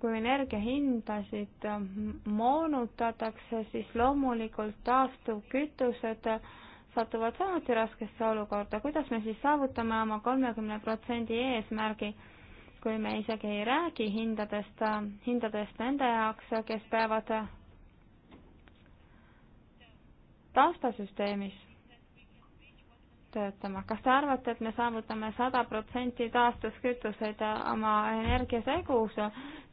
kui energiahindasid moonutatakse, siis loomulikult taastuvkütused satuvad samuti raskesse olukorda. kuidas me siis saavutame oma kolmekümne protsendi eesmärgi, kui me isegi ei räägi hindadest, hindadest nende jaoks, kes peavad taastasüsteemis töötama. kas te arvate, et me saavutame sada protsenti taastuskütuseid oma energiasegus,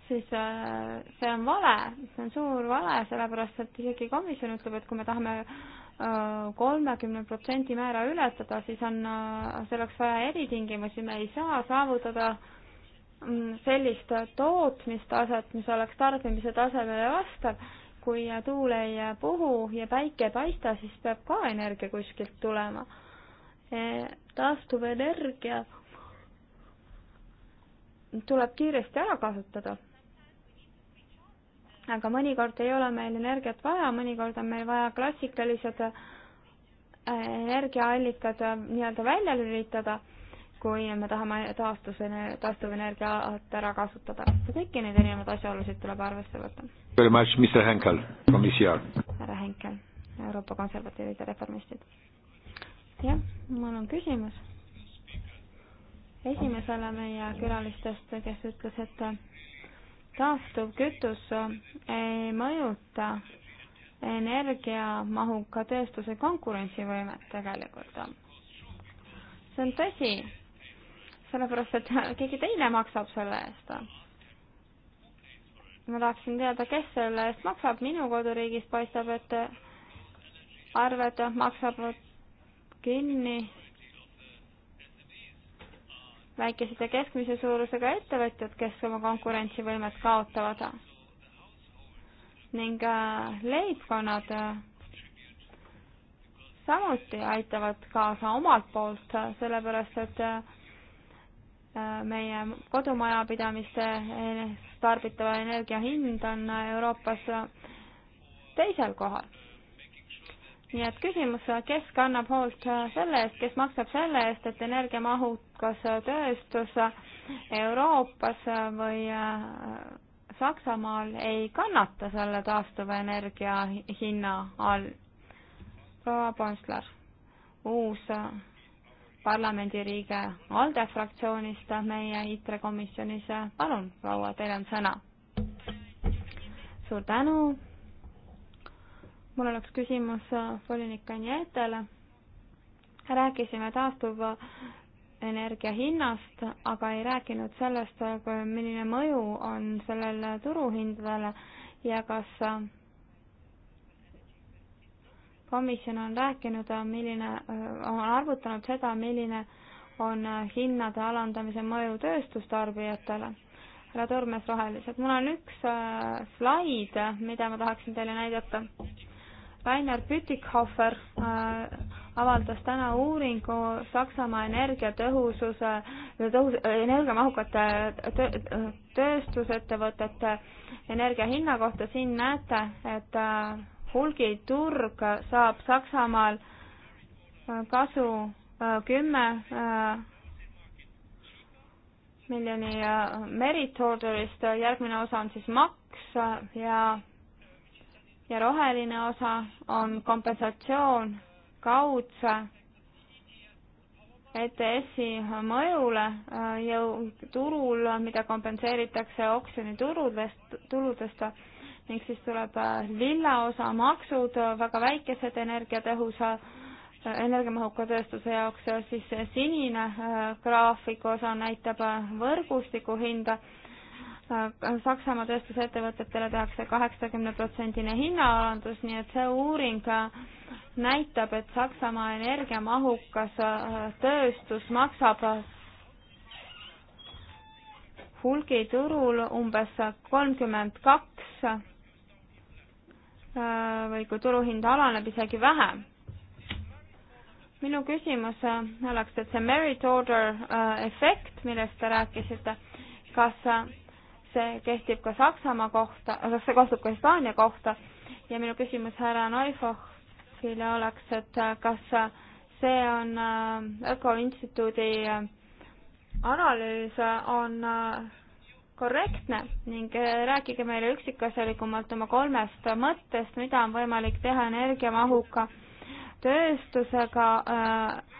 siis äh, see on vale, see on suur vale, sellepärast et isegi komisjon ütleb, et kui me tahame äh, kolmekümne protsendi määra ületada, siis on äh, selleks vaja eritingimusi, me ei saa saavutada mm, sellist tootmistaset, mis oleks tarbimise tasemele vastav kui tuul ei puhu ja päike ei paista, siis peab ka energia kuskilt tulema. E, taastuvenergia tuleb kiiresti ära kasutada. aga mõnikord ei ole meil energiat vaja, mõnikord on meil vaja klassikalised e, energiaallikad e, nii-öelda välja lülitada kui me tahame taastusene-, taastuvenergiat ära kasutada. kõiki neid erinevaid asjaolusid tuleb arvesse võtta. Very much, Mr Henkel from ECR. härra Henkel, Euroopa Konservatiivid ja Reformistid. jah, mul on küsimus esimesele meie külalistest, kes ütles, et taastuvkütus ei mõjuta energiamahuka tööstuse konkurentsivõimet tegelikult. see on tõsi sellepärast, et keegi teine maksab selle eest. ma tahaksin teada, kes selle eest maksab, minu koduriigis paistab, et arved maksavad kinni väikesed ja keskmise suurusega ettevõtjad, kes oma konkurentsivõimet kaotavad ning äh, leibkonnad äh, samuti aitavad kaasa omalt poolt, äh, sellepärast et meie kodumajapidamiste tarbitava energia hind on Euroopas teisel kohal. nii et küsimus, kes kannab hoolt selle eest, kes maksab selle eest, et energiamahukas tööstus Euroopas või äh, Saksamaal ei kannata selle taastuva energia hinna all. proua Ponslar, uus äh, parlamendiriige ALDE fraktsioonist meie ITRE komisjonis. palun, proua, teil on sõna. suur tänu. mul oleks küsimus äh, volinik Anietele. rääkisime taastuva energia hinnast, aga ei rääkinud sellest, äh, milline mõju on sellel turuhindadele ja kas äh, komisjon on rääkinud, milline, on arvutanud seda, milline on hinnade alandamise mõju tööstustarbijatele. härra Turmes Rohelised, mul on üks äh, slaid, mida ma tahaksin teile näidata. Rainer Pütikhofer äh, avaldas täna uuringu Saksamaa energiatõhususe, tõhus, energiamahukate tööstusettevõtete energia hinna kohta. siin näete, et äh, hulgiturg saab Saksamaal äh, kasu äh, kümme äh, miljoni merit order'ist, järgmine osa on siis maks ja, ja roheline osa on kompensatsioon kaudse ETS-i mõjule jõu turul, mida kompenseeritakse oksjoniturudest, tuludest, tuludest ning siis tuleb äh, lilla osa maksud äh, väga väikesed energiatõhusa, äh, energiamahuka tööstuse jaoks, siis sinine graafik osa näitab võrgustiku hinda. Saksamaa tööstusettevõtetele tehakse kaheksakümne protsendine hinnaalandus, nii et see uuring näitab, et Saksamaa energiamahukas tööstus maksab hulgiturul umbes kolmkümmend kaks Äh, või kui turuhind alaneb isegi vähem. minu küsimus äh, oleks, et see merit order äh, efekt, millest te rääkisite, kas see kehtib ka Saksamaa kohta, kas see kohtub ka Hispaania kohta ja minu küsimus härra Neufohile oleks, et kas see on Ökoinstituudi analüüs on korrektne ning äh, rääkige meile üksikasjalikumalt oma kolmest mõttest, mida on võimalik teha energiamahuka tööstusega äh,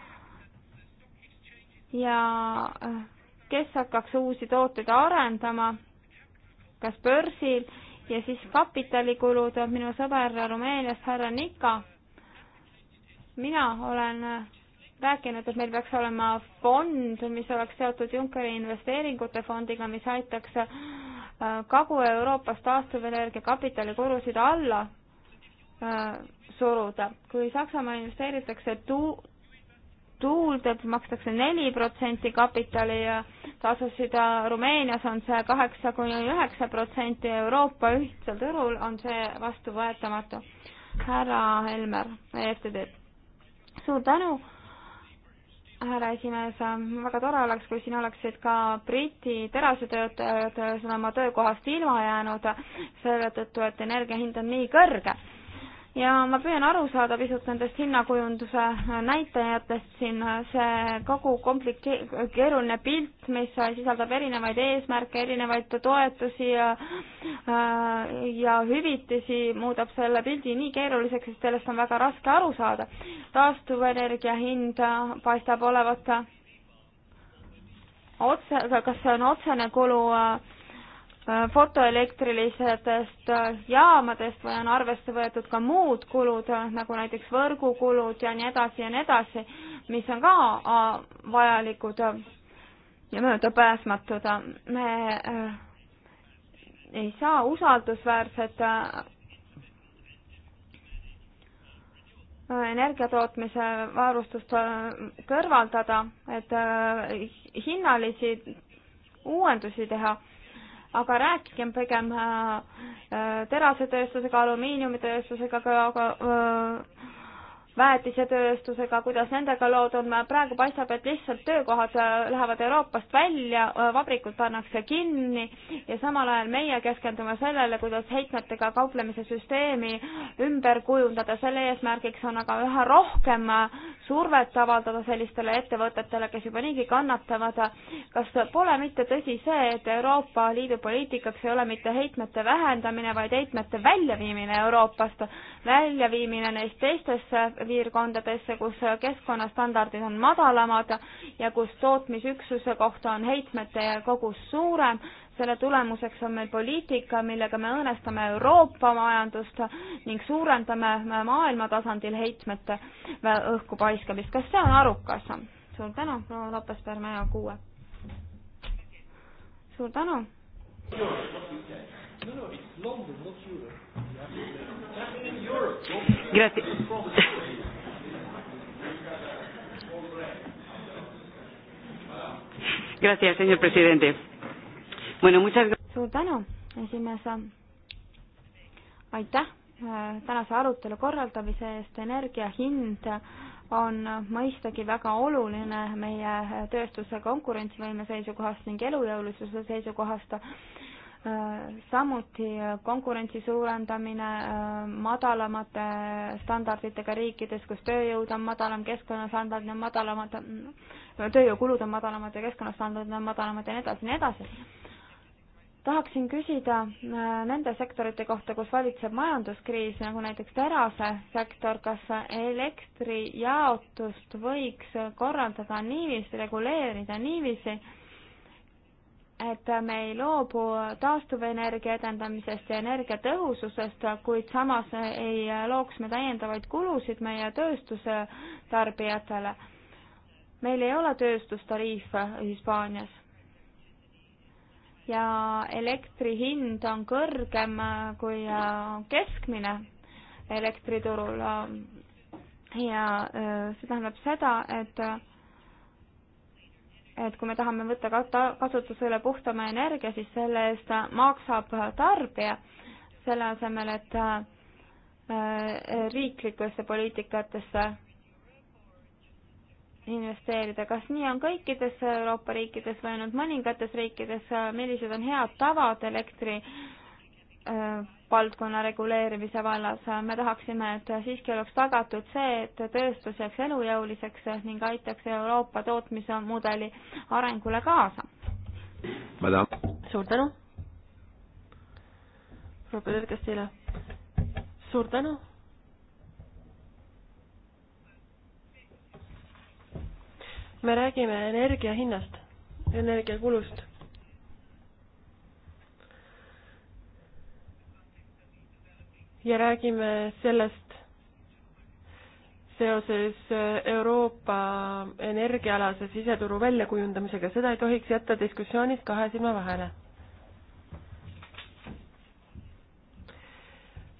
ja äh, kes hakkaks uusi tooteid arendama, kas börsil ja siis kapitalikulud, minu sõber Rumeeniast, härra Nika. mina olen rääkinud, et meil peaks olema fond, mis oleks seotud Junckeri investeeringute fondiga, mis aitaks äh, Kagu-Euroopas taastuvenergia kapitalikulusid alla äh, suruda. kui Saksamaa investeeritakse tu-, tuulde, makstakse neli protsenti kapitali ja tasusid, äh, Rumeenias on see kaheksa kuni üheksa protsenti, Euroopa ühtsel turul on see vastuvõetamatu. härra Helmer EFTD-lt, suur tänu härra esimees, väga tore oleks, kui siin oleksid ka Briti terasetöötajad, ühesõnaga töökohast ilma jäänud selle tõttu, et energia hind on nii kõrge ja ma püüan aru saada pisut nendest hinnakujunduse näitajatest siin, see kogu komplike-, keeruline pilt, mis sisaldab erinevaid eesmärke, erinevaid toetusi ja ja hüvitisi, muudab selle pildi nii keeruliseks, et sellest on väga raske aru saada. taastuvenergia hind paistab olevat otse, kas see on otsene kulu äh, Äh, fotoelektrilisest äh, jaamadest või on arvesse võetud ka muud kulud, äh, nagu näiteks võrgukulud ja nii edasi ja nii edasi, mis on ka vajalikud ja möödapääsmatud. me ei saa usaldusväärset energiatootmise varustust kõrvaldada, et hinnalisi uuendusi teha aga rääkigem pigem äh, äh, terasetööstusega, alumiiniumitööstusega, aga äh, väetisetööstusega, kuidas nendega lood on, praegu paistab, et lihtsalt töökohad äh, lähevad Euroopast välja, äh, vabrikud pannakse kinni ja samal ajal meie keskendume sellele, kuidas heitmetega kauplemise süsteemi ümber kujundada, selle eesmärgiks on aga üha rohkem äh, survet avaldada sellistele ettevõtetele, kes juba niigi kannatavad. kas pole mitte tõsi see, et Euroopa Liidu poliitikaks ei ole mitte heitmete vähendamine, vaid heitmete väljaviimine Euroopast, väljaviimine neist teistesse piirkondadesse, kus keskkonnastandardid on madalamad ja kus tootmisüksuse kohta on heitmete kogus suurem. selle tulemuseks on meil poliitika, millega me õõnestame Euroopa majandust ning suurendame maailma tasandil heitmete õhku paiskamist. kas see on arukas? suur tänu, proua Lopes-Pärme ja Kuue. suur tänu. No, no, it's London, not Europe. Just in Europe. Grazie. Gracias, señor presidente. Bueno, muchas gracias. suur tänu, esimees. aitäh äh, tänase arutelu korraldamise eest, energia hind on mõistagi väga oluline meie tööstuse konkurentsivõime seisukohast ning elujõulisuse seisukohast samuti äh, konkurentsi suurendamine äh, madalamate standarditega riikides, kus tööjõud on madalam, keskkonnastandard on madalamad, mm, tööjõukulud on madalamad ja keskkonnastandard on madalamad ja nii edasi, nii edasi. tahaksin küsida äh, nende sektorite kohta, kus valitseb majanduskriis, nagu näiteks terasesektor, kas elektrijaotust võiks korraldada niiviisi, reguleerida niiviisi, et me ei loobu taastuvenergia edendamisest ja energiatõhususest, kuid samas ei looks me täiendavaid kulusid meie tööstuse tarbijatele. meil ei ole tööstustariife Hispaanias. ja elektri hind on kõrgem kui keskmine elektriturul ja äh, see tähendab seda, et et kui me tahame võtta kasutusele puhtama energia, siis selle eest maksab tarbija, selle asemel, et äh, riiklikesse poliitikatesse investeerida. kas nii on kõikides Euroopa riikides või ainult mõningates riikides, millised on head tavad elektri äh, valdkonna reguleerimise vallas. me tahaksime, et siiski oleks tagatud see, et tööstus jääks elujõuliseks ning aitaks Euroopa tootmismudeli arengule kaasa. suur tänu. proua Põder-Kastile. suur tänu. me räägime energia hinnast, energiakulust ja räägime sellest seoses äh, Euroopa energiaalase siseturu väljakujundamisega, seda ei tohiks jätta diskussioonis kahe silma vahele.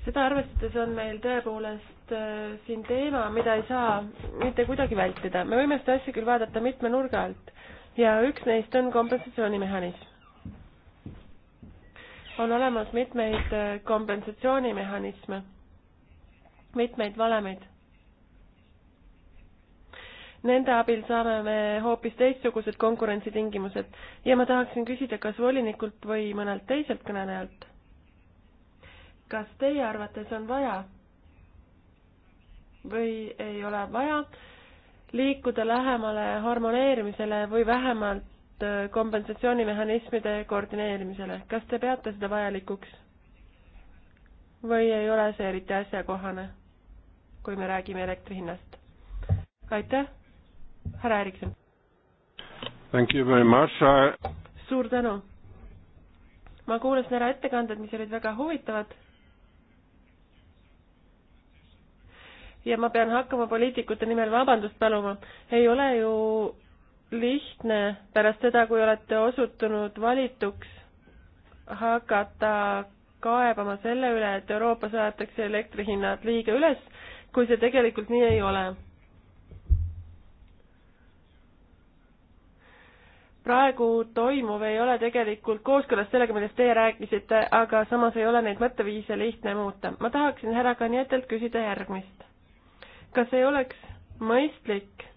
seda arvestades on meil tõepoolest äh, siin teema, mida ei saa mitte kuidagi vältida. me võime seda asja küll vaadata mitme nurga alt ja üks neist on kompensatsioonimehhanism on olemas mitmeid äh, kompensatsioonimehhanisme, mitmeid valemeid. Nende abil saame me hoopis teistsugused konkurentsitingimused ja ma tahaksin küsida, kas volinikult või mõnelt teiselt kõnelejalt. kas teie arvates on vaja või ei ole vaja liikuda lähemale harmoneerimisele või vähemalt viidet äh, kompensatsioonimehhanismide koordineerimisele. kas te peate seda vajalikuks? või ei ole see eriti asjakohane, kui me räägime elektri hinnast? aitäh, härra Erikson. Thank you very much I.... suur tänu. ma kuulasin ära ettekanded, mis olid väga huvitavad. ja ma pean hakkama poliitikute nimel vabandust paluma, ei ole ju lihtne pärast seda, kui olete osutunud valituks, hakata kaebama selle üle, et Euroopas aetakse elektrihinnad liiga üles, kui see tegelikult nii ei ole. praegu toimuv ei ole tegelikult kooskõlas sellega, millest teie rääkisite, aga samas ei ole neid mõtteviise lihtne muuta. ma tahaksin härra Kanietelt küsida järgmist. kas ei oleks mõistlik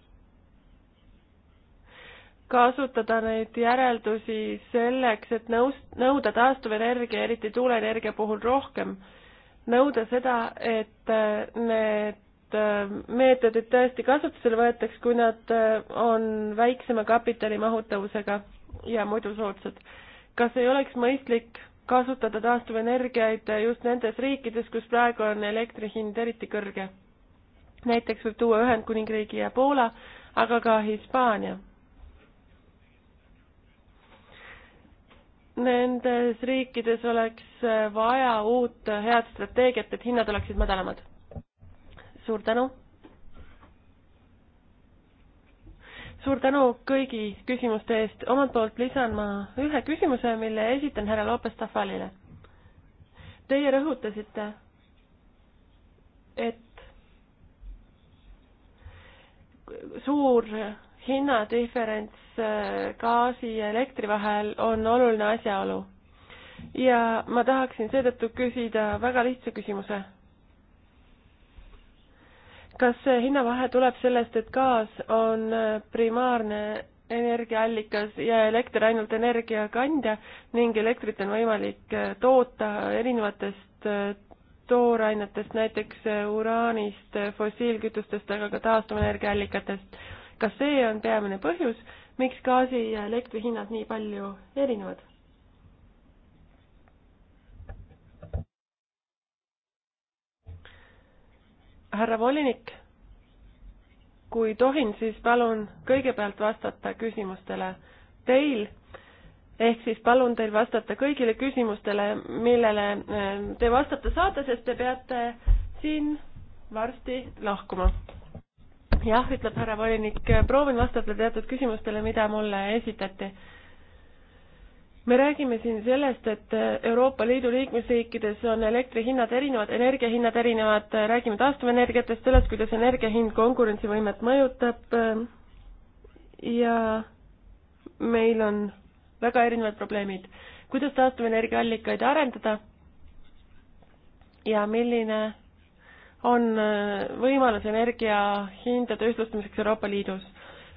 kasutada neid järeldusi selleks, et nõus, nõuda taastuvenergia, eriti tuuleenergia puhul rohkem, nõuda seda, et äh, need äh, meetodid tõesti kasutusele võetaks, kui nad äh, on väiksema kapitalimahutavusega ja muidu soodsad. kas ei oleks mõistlik kasutada taastuvenergiaid just nendes riikides, kus praegu on elektri hind eriti kõrge? näiteks võib tuua Ühendkuningriigi ja Poola, aga ka Hispaania nendes riikides oleks vaja uut head strateegiat, et hinnad oleksid madalamad. suur tänu. suur tänu kõigi küsimuste eest, omalt poolt lisan ma ühe küsimuse, mille esitan härra Lopez Tafalile. Teie rõhutasite, et suur hinnadiferents gaasi ja elektri vahel on oluline asjaolu. ja ma tahaksin seetõttu küsida väga lihtsa küsimuse. kas see hinnavahe tuleb sellest, et gaas on primaarne energiaallikas ja elekter ainult energiakandja ning elektrit on võimalik toota erinevatest toorainetest, näiteks uraanist, fossiilkütustest, aga ka taastuvenergiaallikatest. kas see on peamine põhjus miks gaasi ja elektri hinnad nii palju erinevad? härra volinik, kui tohin, siis palun kõigepealt vastata küsimustele teil ehk siis palun teil vastata kõigile küsimustele, millele eh, te vastata saate, sest te peate siin varsti lahkuma jah, ütleb härra volinik, proovin vastata teatud küsimustele, mida mulle esitati. me räägime siin sellest, et Euroopa Liidu liikmesriikides on elektrihinnad erinevad, energiahinnad erinevad, räägime taastuvenergiatest, sellest, kuidas energia hind konkurentsivõimet mõjutab ja meil on väga erinevad probleemid. kuidas taastuvenergiaallikaid arendada ja milline on äh, võimalus energiahindade ühtlustamiseks Euroopa Liidus.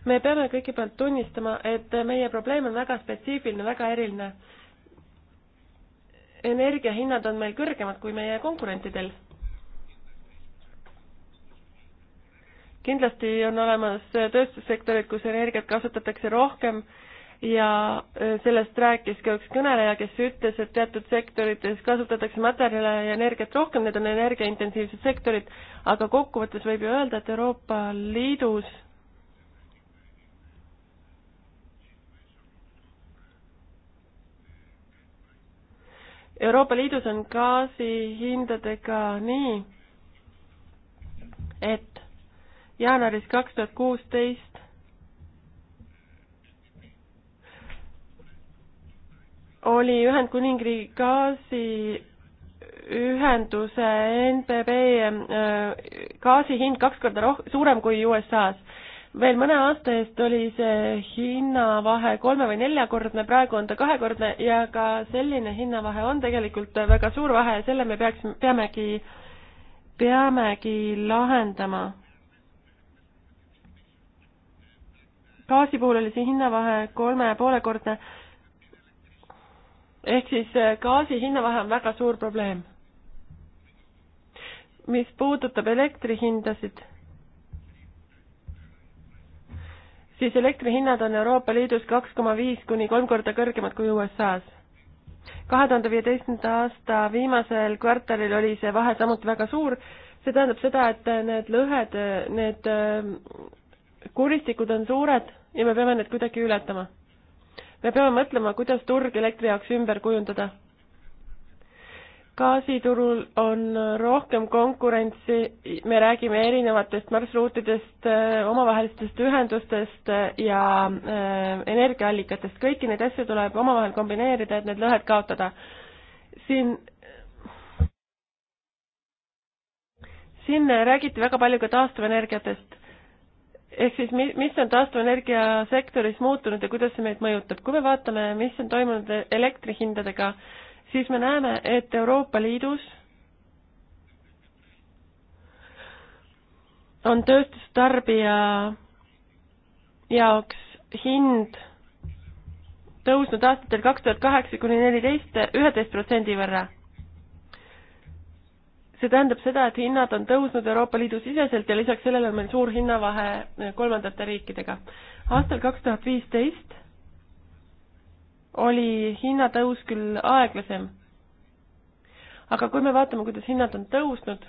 me peame kõigepealt tunnistama, et meie probleem on väga spetsiifiline, väga eriline. energiahinnad on meil kõrgemad kui meie konkurentidel. kindlasti on olemas tööstussektorid, kus energiat kasutatakse rohkem ja äh, sellest rääkis ka üks kõneleja, kes ütles, et teatud sektorites kasutatakse materjale ja energiat rohkem, need on energiaintensiivsed sektorid, aga kokkuvõttes võib ju öelda, et Euroopa Liidus Euroopa Liidus on gaasihindadega nii, et jaanuaris kaks tuhat kuusteist oli Ühendkuningriigi gaasiühenduse NBB äh, gaasi hind kaks korda roh-, suurem kui USA-s. veel mõne aasta eest oli see hinnavahe kolme- või neljakordne, praegu on ta kahekordne ja ka selline hinnavahe on tegelikult väga suur vahe ja selle me peaksime, peamegi, peamegi lahendama. gaasi puhul oli see hinnavahe kolme ja poolekordne ehk siis äh, gaasi hinnavahe on väga suur probleem. mis puudutab elektrihindasid, siis elektrihinnad on Euroopa Liidus kaks koma viis kuni kolm korda kõrgemad kui USA-s. kahe tuhande viieteistkümnenda aasta viimasel kvartalil oli see vahe samuti väga suur, see tähendab seda, et äh, need lõhed, äh, need kuristikud on suured ja me peame need kuidagi ületama me peame mõtlema, kuidas turg elektri jaoks ümber kujundada. gaasiturul on rohkem konkurentsi, me räägime erinevatest marsruutidest, äh, omavahelistest ühendustest ja äh, energiaallikatest, kõiki neid asju tuleb omavahel kombineerida, et need lõhed kaotada. siin siin räägiti väga palju ka taastuvenergiatest ehk siis mi-, mis on taastuvenergia sektoris muutunud ja kuidas see meid mõjutab. kui me vaatame, mis on toimunud elektrihindadega, siis me näeme, et Euroopa Liidus on tööstustarbija jaoks hind tõusnud aastatel kaks tuhat kaheksa kuni neliteist üheteist protsendi võrra see tähendab seda, et hinnad on tõusnud Euroopa Liidu siseselt ja lisaks sellele on meil suur hinnavahe eh, kolmandate riikidega. aastal kaks tuhat viisteist oli hinnatõus küll aeglasem, aga kui me vaatame, kuidas hinnad on tõusnud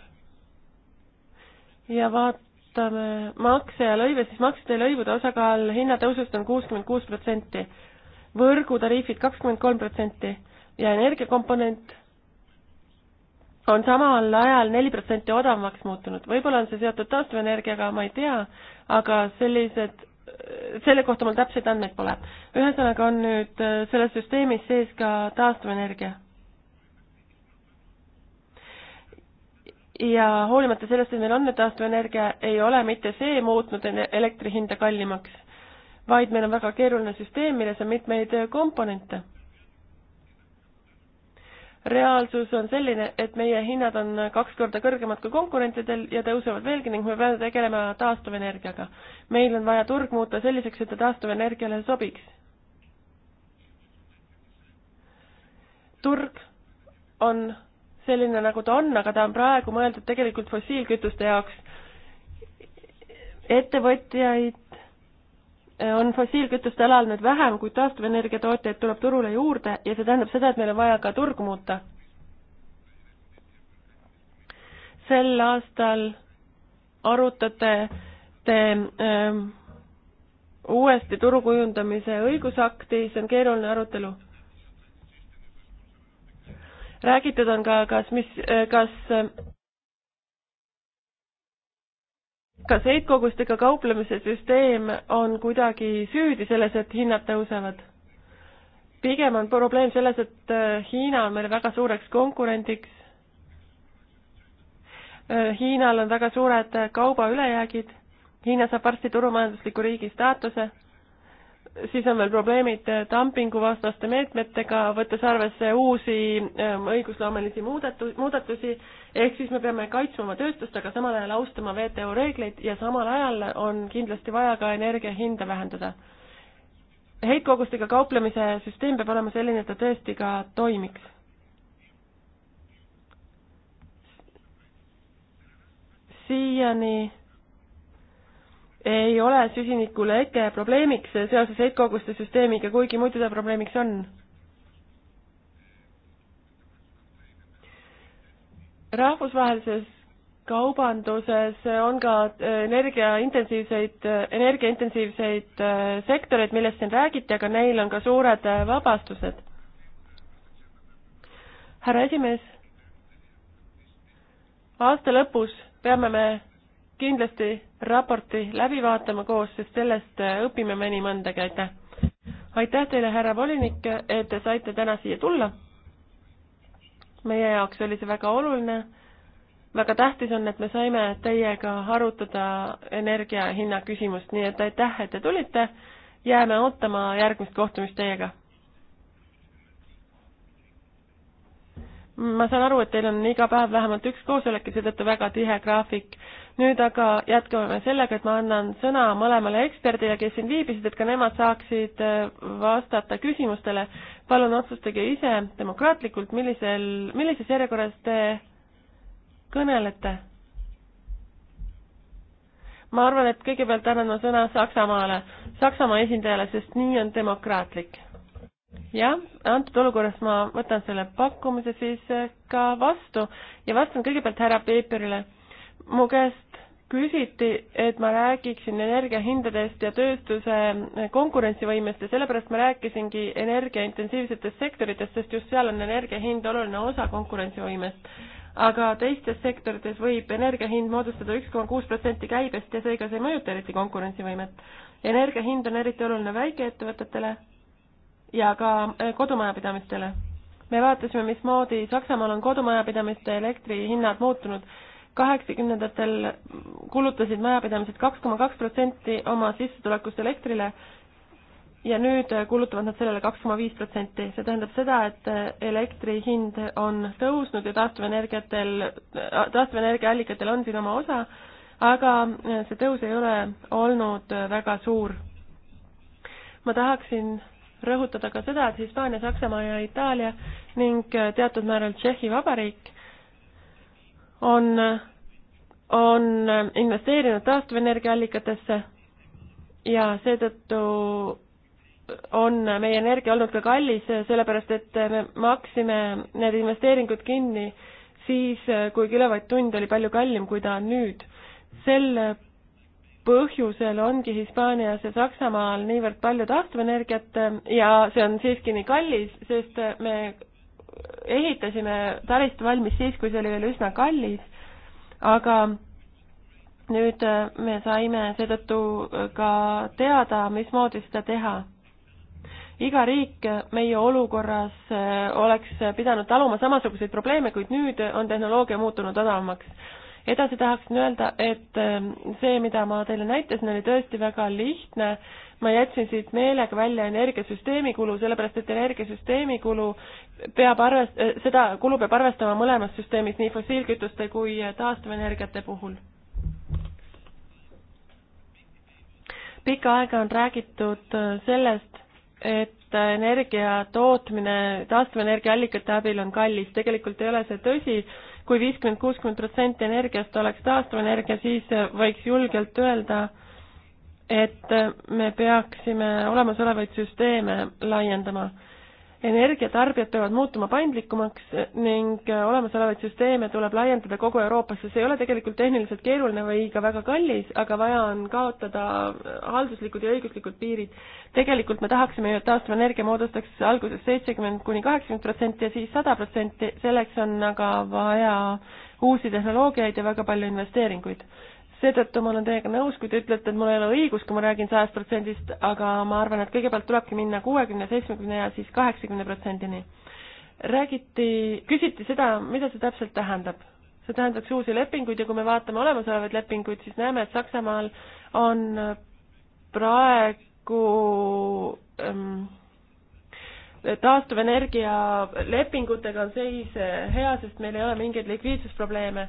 ja vaatame makse ja lõive, siis maksede ja lõivude osakaal hinnatõusust on kuuskümmend kuus protsenti, võrgutariifid kakskümmend kolm protsenti ja energiakomponent on samal ajal neli protsenti odavamaks muutunud. võib-olla on see seotud taastuvenergiaga, ma ei tea, aga sellised, selle kohta mul täpseid andmeid pole. ühesõnaga on nüüd äh, selles süsteemis sees ka taastuvenergia. ja hoolimata sellest, et meil on nüüd taastuvenergia, ei ole mitte see muutnud elektri hinda kallimaks, vaid meil on väga keeruline süsteem, milles on mitmeid äh, komponente reaalsus on selline, et meie hinnad on kaks korda kõrgemad kui konkurentidel ja tõusevad veelgi ning me peame tegelema taastuvenergiaga. meil on vaja turg muuta selliseks, et ta taastuvenergiale sobiks. turg on selline, nagu ta on, aga ta on praegu mõeldud tegelikult fossiilkütuste jaoks. ettevõtjaid on fossiilkütuste alal nüüd vähem, kuid taastuvenergia tootjaid tuleb turule juurde ja see tähendab seda, et meil on vaja ka turgu muuta. sel aastal arutate te ähm, uuesti turu kujundamise õigusakti, see on keeruline arutelu. räägitud on ka, kas, mis, äh, kas kas heitkogustega kauplemise süsteem on kuidagi süüdi selles, et hinnad tõusevad? pigem on probleem selles, et äh, Hiina on meile väga suureks konkurendiks. Äh, Hiinal on väga suured äh, kauba ülejäägid, Hiina saab varsti turumajandusliku riigi staatuse, siis on veel probleemid dumpinguvastaste meetmetega, võttes arvesse uusi õigusloomelisi muudatu-, muudatusi ehk siis me peame kaitsma oma tööstust, aga samal ajal austama WTO reegleid ja samal ajal on kindlasti vaja ka energia hinda vähendada. heitkogustega kauplemise süsteem peab olema selline, et ta tõesti ka toimiks siiani ei ole süsinikuleke probleemiks seoses heitkoguste süsteemiga, kuigi muidu ta probleemiks on. rahvusvahelises kaubanduses on ka äh, energiaintensiivseid, äh, energiaintensiivseid äh, sektoreid, millest siin räägiti, aga neil on ka suured vabastused. härra esimees, aasta lõpus peame me kindlasti raporti läbi vaatama koos, sest sellest õpime me nii mõndagi, aitäh! aitäh teile, härra volinik, et te saite täna siia tulla meie jaoks oli see väga oluline. väga tähtis on, et me saime teiega arutada energia hinna küsimust, nii et aitäh, et te tulite. jääme ootama järgmist kohtumist teiega. ma saan aru, et teil on iga päev vähemalt üks koosolek ja seetõttu väga tihe graafik nüüd aga jätkame sellega, et ma annan sõna mõlemale eksperdile, kes siin viibisid, et ka nemad saaksid äh, vastata küsimustele. palun otsustage ise demokraatlikult, millisel, millises järjekorras te kõnelete? ma arvan, et kõigepealt annan ma sõna Saksamaale, Saksamaa esindajale, sest nii on demokraatlik. jah, antud olukorras ma võtan selle pakkumise siis äh, ka vastu ja vastan kõigepealt härra Peeperile mu käest küsiti, et ma räägiksin energiahindadest ja tööstuse konkurentsivõimest ja sellepärast ma rääkisingi energiaintensiivsetest sektoritest, sest just seal on energia hind oluline osa konkurentsivõimest. aga teistes sektorites võib energia hind moodustada üks koma kuus protsenti käibest ja seega see ei mõjuta eriti konkurentsivõimet. energia hind on eriti oluline väikeettevõtetele ja ka äh, kodumajapidamistele. me vaatasime, mismoodi Saksamaal on kodumajapidamiste elektrihinnad muutunud kaheksakümnendatel kulutasid majapidamised kaks koma kaks protsenti oma sissetulekust elektrile ja nüüd kulutavad nad sellele kaks koma viis protsenti. see tähendab seda, et elektri hind on tõusnud ja taastuvenergiatel, taastuvenergiaallikatel on siin oma osa, aga see tõus ei ole olnud väga suur. ma tahaksin rõhutada ka seda, et Hispaania, Saksamaa ja Itaalia ning teatud määral Tšehhi Vabariik on, on investeerinud taastuvenergiaallikatesse ja seetõttu on meie energia olnud ka kallis, sellepärast et me maksime need investeeringud kinni siis, kui kilovatt-tund oli palju kallim, kui ta on nüüd. sel põhjusel ongi Hispaanias ja Saksamaal niivõrd palju taastuvenergiat ja see on siiski nii kallis, sest me ehitasime taristu valmis siis, kui see oli veel üsna kallis, aga nüüd äh, me saime seetõttu äh, ka teada, mismoodi seda teha. iga riik äh, meie olukorras oleks pidanud taluma samasuguseid probleeme, kuid nüüd on tehnoloogia muutunud odavamaks. edasi tahaksin öelda, et see, mida ma teile näitasin, oli tõesti väga lihtne ma jätsin siit meelega välja energiasüsteemi kulu, sellepärast et energiasüsteemi kulu peab arvest-, äh, seda kulu peab arvestama mõlemas süsteemis, nii fossiilkütuste kui taastuvenergiate puhul. pikka aega on räägitud äh, sellest, et energia tootmine taastuvenergiaallikate abil on kallis, tegelikult ei ole see tõsi kui viiskümmend, kuuskümmend protsenti energiast oleks taastuvenergia, siis võiks julgelt öelda, et me peaksime olemasolevaid süsteeme laiendama. energiatarbijad peavad muutuma paindlikumaks ning olemasolevaid süsteeme tuleb laiendada kogu Euroopasse, see ei ole tegelikult tehniliselt keeruline või ka väga kallis, aga vaja on kaotada halduslikud ja õiguslikud piirid. tegelikult me tahaksime ju, et taastuvenergia moodustaks alguses seitsekümmend kuni kaheksakümmend protsenti ja siis sada protsenti, selleks on aga vaja uusi tehnoloogiaid ja väga palju investeeringuid seetõttu ma olen teiega nõus, kui te ütlete, et mul ei ole õigus, kui ma räägin sajast protsendist, aga ma arvan, et kõigepealt tulebki minna kuuekümne, seitsmekümne ja siis kaheksakümne protsendini. räägiti, küsiti seda, mida see täpselt tähendab. see tähendaks uusi lepinguid ja kui me vaatame olemasolevaid lepinguid, siis näeme, et Saksamaal on praegu ähm, taastuvenergia lepingutega on seis äh, hea, sest meil ei ole mingeid likviidsusprobleeme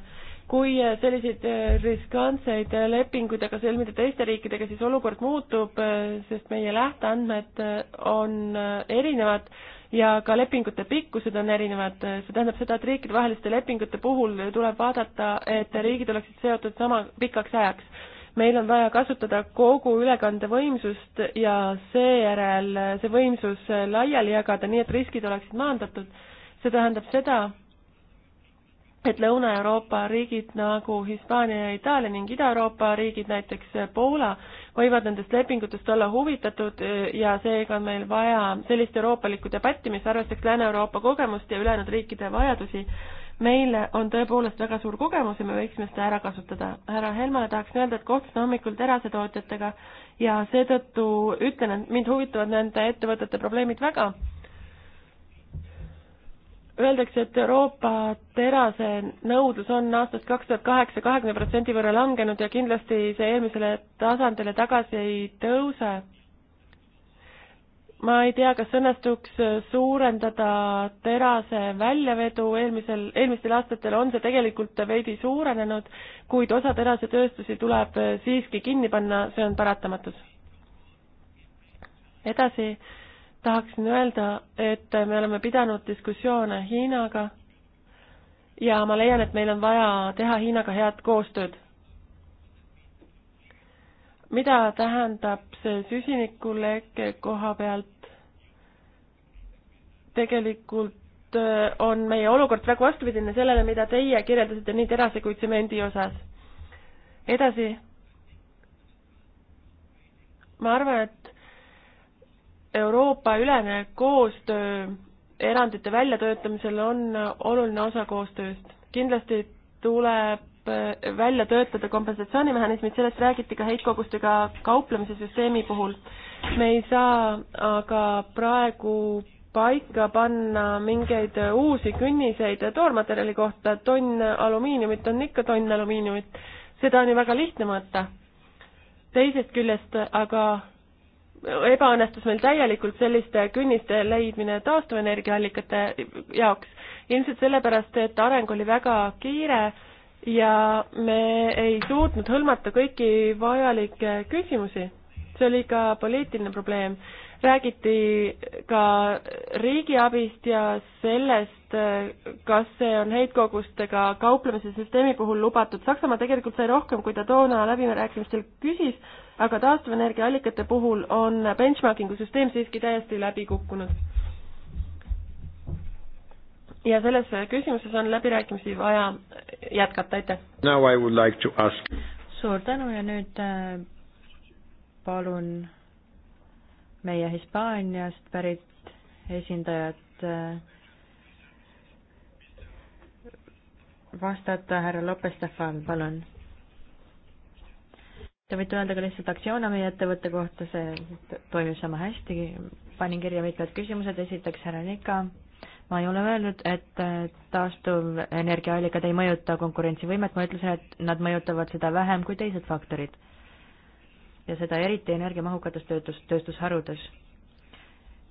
kui äh, selliseid äh, riskantseid äh, lepinguid aga sõlmida teiste riikidega, siis olukord muutub, sest meie lähteandmed on erinevad ja ka lepingute pikkused on erinevad. see tähendab seda, et riikidevaheliste lepingute puhul tuleb vaadata, et riigid oleksid seotud sama pikaks ajaks. meil on vaja kasutada kogu ülekandevõimsust ja seejärel see võimsus laiali jagada, nii et riskid oleksid maandatud. see tähendab seda, et Lõuna-Euroopa riigid nagu Hispaania ja Itaalia ning Ida-Euroopa riigid, näiteks Poola, võivad nendest lepingutest olla huvitatud eh, ja seega on meil vaja sellist euroopalikku debatti, mis arvestaks Lääne-Euroopa kogemust ja ülejäänud riikide vajadusi. meil on tõepoolest väga suur kogemus ja me võiksime seda ära kasutada. härra Helmale tahaksin öelda, et kohtusin hommikul terasetootjatega ja seetõttu ütlen, et mind huvitavad nende ettevõtete probleemid väga Öeldakse, et Euroopa terase nõudlus on aastast kaks tuhat kaheksa kahekümne protsendi võrra langenud ja kindlasti see eelmisele tasandile tagasi ei tõuse. ma ei tea, kas õnnestuks suurendada terase väljavedu eelmisel, eelmistel aastatel on see tegelikult veidi suurenenud, kuid osa terasetööstusi tuleb siiski kinni panna, see on paratamatus. edasi tahaksin öelda, et me oleme pidanud diskussioone Hiinaga ja ma leian, et meil on vaja teha Hiinaga head koostööd. mida tähendab see süsinikulekke koha pealt? tegelikult äh, on meie olukord praegu vastupidine sellele, mida teie kirjeldasite nii terase kui tsemendi osas. edasi. ma arvan, et Euroopa-ülene koostöö erandite väljatöötamisel on oluline osa koostööst. kindlasti tuleb äh, välja töötada kompensatsioonimehhanismid, sellest räägiti ka heitkogustega kauplemise süsteemi puhul. me ei saa aga praegu paika panna mingeid uusi künniseid toormaterjali kohta, tonn alumiiniumit on ikka tonn alumiiniumit, seda on ju väga lihtne mõõta. teisest küljest aga ebaõnnestus meil täielikult selliste künniste leidmine taastuvenergiaallikate jaoks. ilmselt sellepärast, et areng oli väga kiire ja me ei suutnud hõlmata kõiki vajalikke küsimusi. see oli ka poliitiline probleem. räägiti ka riigiabist ja sellest, kas see on heitkogustega kauplemise süsteemi puhul lubatud. Saksamaa tegelikult sai rohkem, kui ta toona läbirääkimistel küsis aga taastuvenergia allikate puhul on benchmarkingu süsteem siiski täiesti läbi kukkunud. ja selles küsimuses on läbirääkimisi vaja jätkata, aitäh! Like ask... suur tänu ja nüüd äh, palun meie Hispaaniast pärit esindajat äh, vastata, härra Lopez-Stefan, palun Te võite öelda ka lihtsalt Acciona meie ettevõtte kohta, see toimib sama hästi, panin kirja mitmed küsimused, esiteks härra Nika, ma ei ole öelnud, et äh, taastuvenergiaallikad ei mõjuta konkurentsivõimet, ma ütlesin, et nad mõjutavad seda vähem kui teised faktorid. ja seda eriti energiamahukates töötus, tööstusharudes.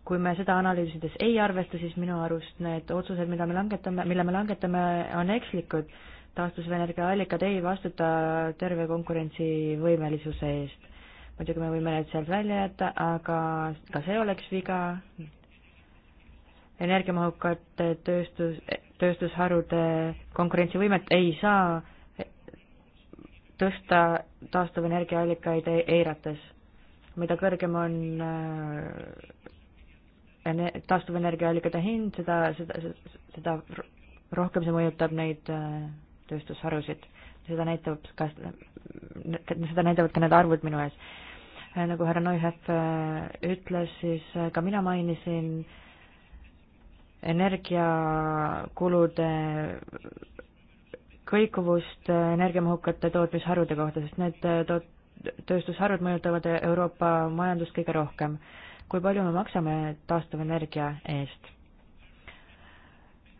kui me seda analüüsides ei arvesta, siis minu arust need otsused, mida me langetame, mille me langetame, on ekslikud taastuvenergia allikad ei vastuta terve konkurentsivõimelisuse eest. muidugi me võime need sealt välja jätta, aga ka see oleks viga. energiamahukate tööstus, tööstusharude konkurentsivõimet ei saa tõsta taastuvenergiaallikaid e-, eirates. mida kõrgem on äh, taastuvenergiaallikate hind, seda, seda, seda rohkem see mõjutab neid äh, tööstusharusid. seda näitab ka, seda näitavad ka need arvud minu ees. nagu härra Neuhef äh, ütles, siis äh, ka mina mainisin energiakulude kõikuvust äh, energiamahukate tootmisharude kohta, sest need toot-, tööstusharud mõjutavad Euroopa majandust kõige rohkem. kui palju me maksame taastuvenergia eest?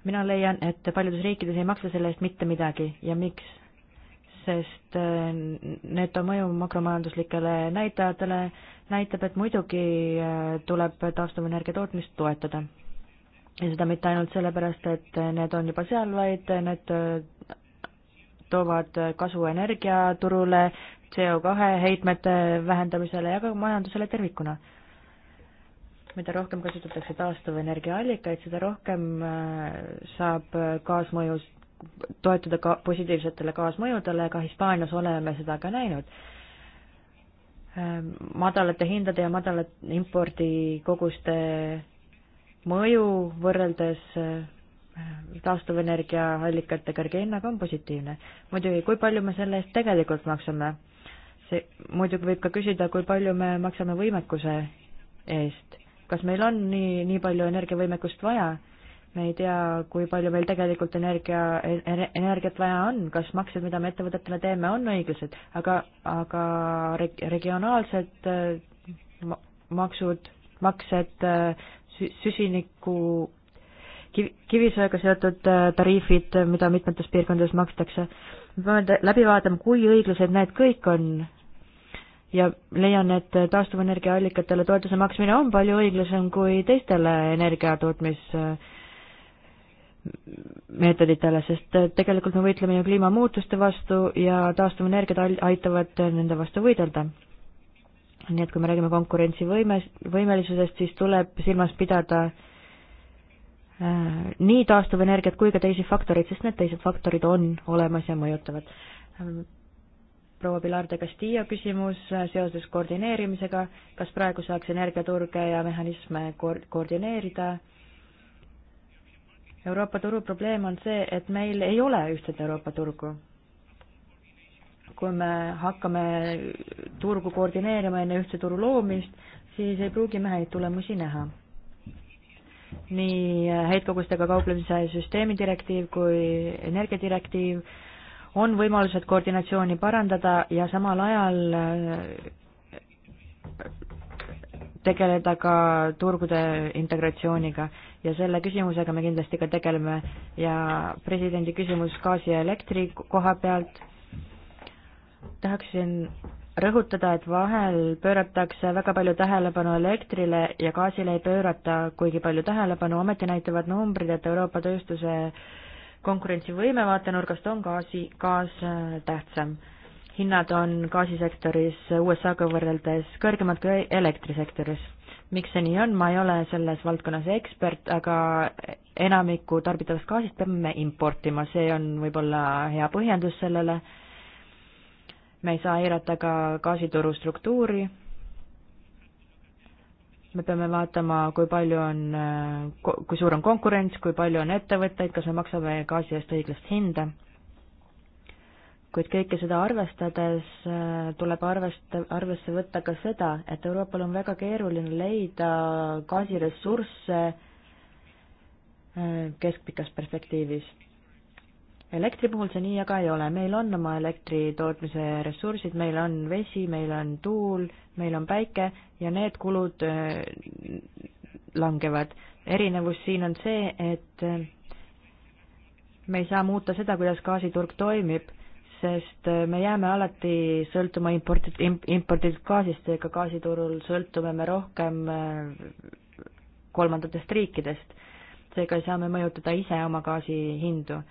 mina leian, et paljudes riikides ei maksa selle eest mitte midagi ja miks? sest äh, netomõju makromajanduslikele näitajatele näitab, et muidugi äh, tuleb taastuvenergia tootmist toetada. ja seda mitte ainult sellepärast, et need on juba seal, vaid need äh, toovad kasu energiaturule, CO2 heitmete vähendamisele ja ka majandusele tervikuna mida rohkem kasutatakse taastuvenergiaallikaid, seda rohkem äh, saab äh, kaasmõjus, toetuda ka positiivsetele kaasmõjudele, ka Hispaanias oleme seda ka näinud. Äh, madalate hindade ja madalad impordikoguste mõju võrreldes taastuvenergiaallikatega kõrge hinnaga on positiivne. muidugi, kui palju me selle eest tegelikult maksame? see, muidugi võib ka küsida, kui palju me maksame võimekuse eest kas meil on nii, nii palju energiavõimekust vaja? me ei tea, kui palju meil tegelikult energia, energiat vaja on, kas maksed, mida me ettevõtetele teeme, on õiglased, aga, aga reg-, regionaalsed ma-, maksud, maksed, süsiniku, kivi, kivisöega seotud tariifid, mida mitmetes piirkondades makstakse, me peame läbi vaatama, kui õiglased need kõik on ja leian, et taastuvenergiaallikatele toetuse maksmine on palju õiglasem kui teistele energiatootmismeetoditele, sest tegelikult me võitleme ju kliimamuutuste vastu ja taastuvenergiad aitavad nende vastu võidelda. nii et kui me räägime konkurentsivõime, võimelisusest, siis tuleb silmas pidada äh, nii taastuvenergiat kui ka teisi faktoreid, sest need teised faktorid on olemas ja mõjutavad proua Pilar de Castillo küsimus äh, seoses koordineerimisega, kas praegu saaks energiaturge ja mehhanisme koor-, koordineerida? Euroopa turu probleem on see, et meil ei ole ühtset Euroopa turgu. kui me hakkame turgu koordineerima enne ühtse turu loomist, siis ei pruugi me häid tulemusi näha. nii heitkogustega kauplemise süsteemi direktiiv kui energiadirektiiv äh, on võimalused koordinatsiooni parandada ja samal ajal äh, tegeleda ka turgude integratsiooniga ja selle küsimusega me kindlasti ka tegeleme ja presidendi küsimus gaasi ja elektri koha pealt tahaksin rõhutada, et vahel pööratakse väga palju tähelepanu elektrile ja gaasile ei pöörata kuigi palju tähelepanu, ometi näitavad numbrid, et Euroopa tööstuse äh, konkurentsivõime vaatenurgast on gaasi, gaas äh, tähtsam. hinnad on gaasisektoris USA-ga võrreldes kõrgemad kui elektrisektoris. miks see nii on, ma ei ole selles valdkonnas ekspert, aga enamikku tarbitavast gaasist peame me importima, see on võib-olla hea põhjendus sellele. me ei saa eirata ka gaasituru struktuuri me peame vaatama, kui palju on, kui suur on konkurents, kui palju on ettevõtteid, kas me maksame gaasi eest õiglast hinda. kuid kõike seda arvestades äh, tuleb arvest-, arvesse võtta ka seda, et Euroopal on väga keeruline leida gaasiressursse äh, keskpikas perspektiivis elektri puhul see nii aga ei ole, meil on oma elektri tootmise ressursid, meil on vesi, meil on tuul, meil on päike ja need kulud äh, langevad. erinevus siin on see, et äh, me ei saa muuta seda, kuidas gaasiturg toimib, sest äh, me jääme alati sõltuma importi, imporditud gaasist, seega gaasiturul sõltume me rohkem kolmandatest riikidest. seega ei saa me mõjutada ise oma gaasi hindu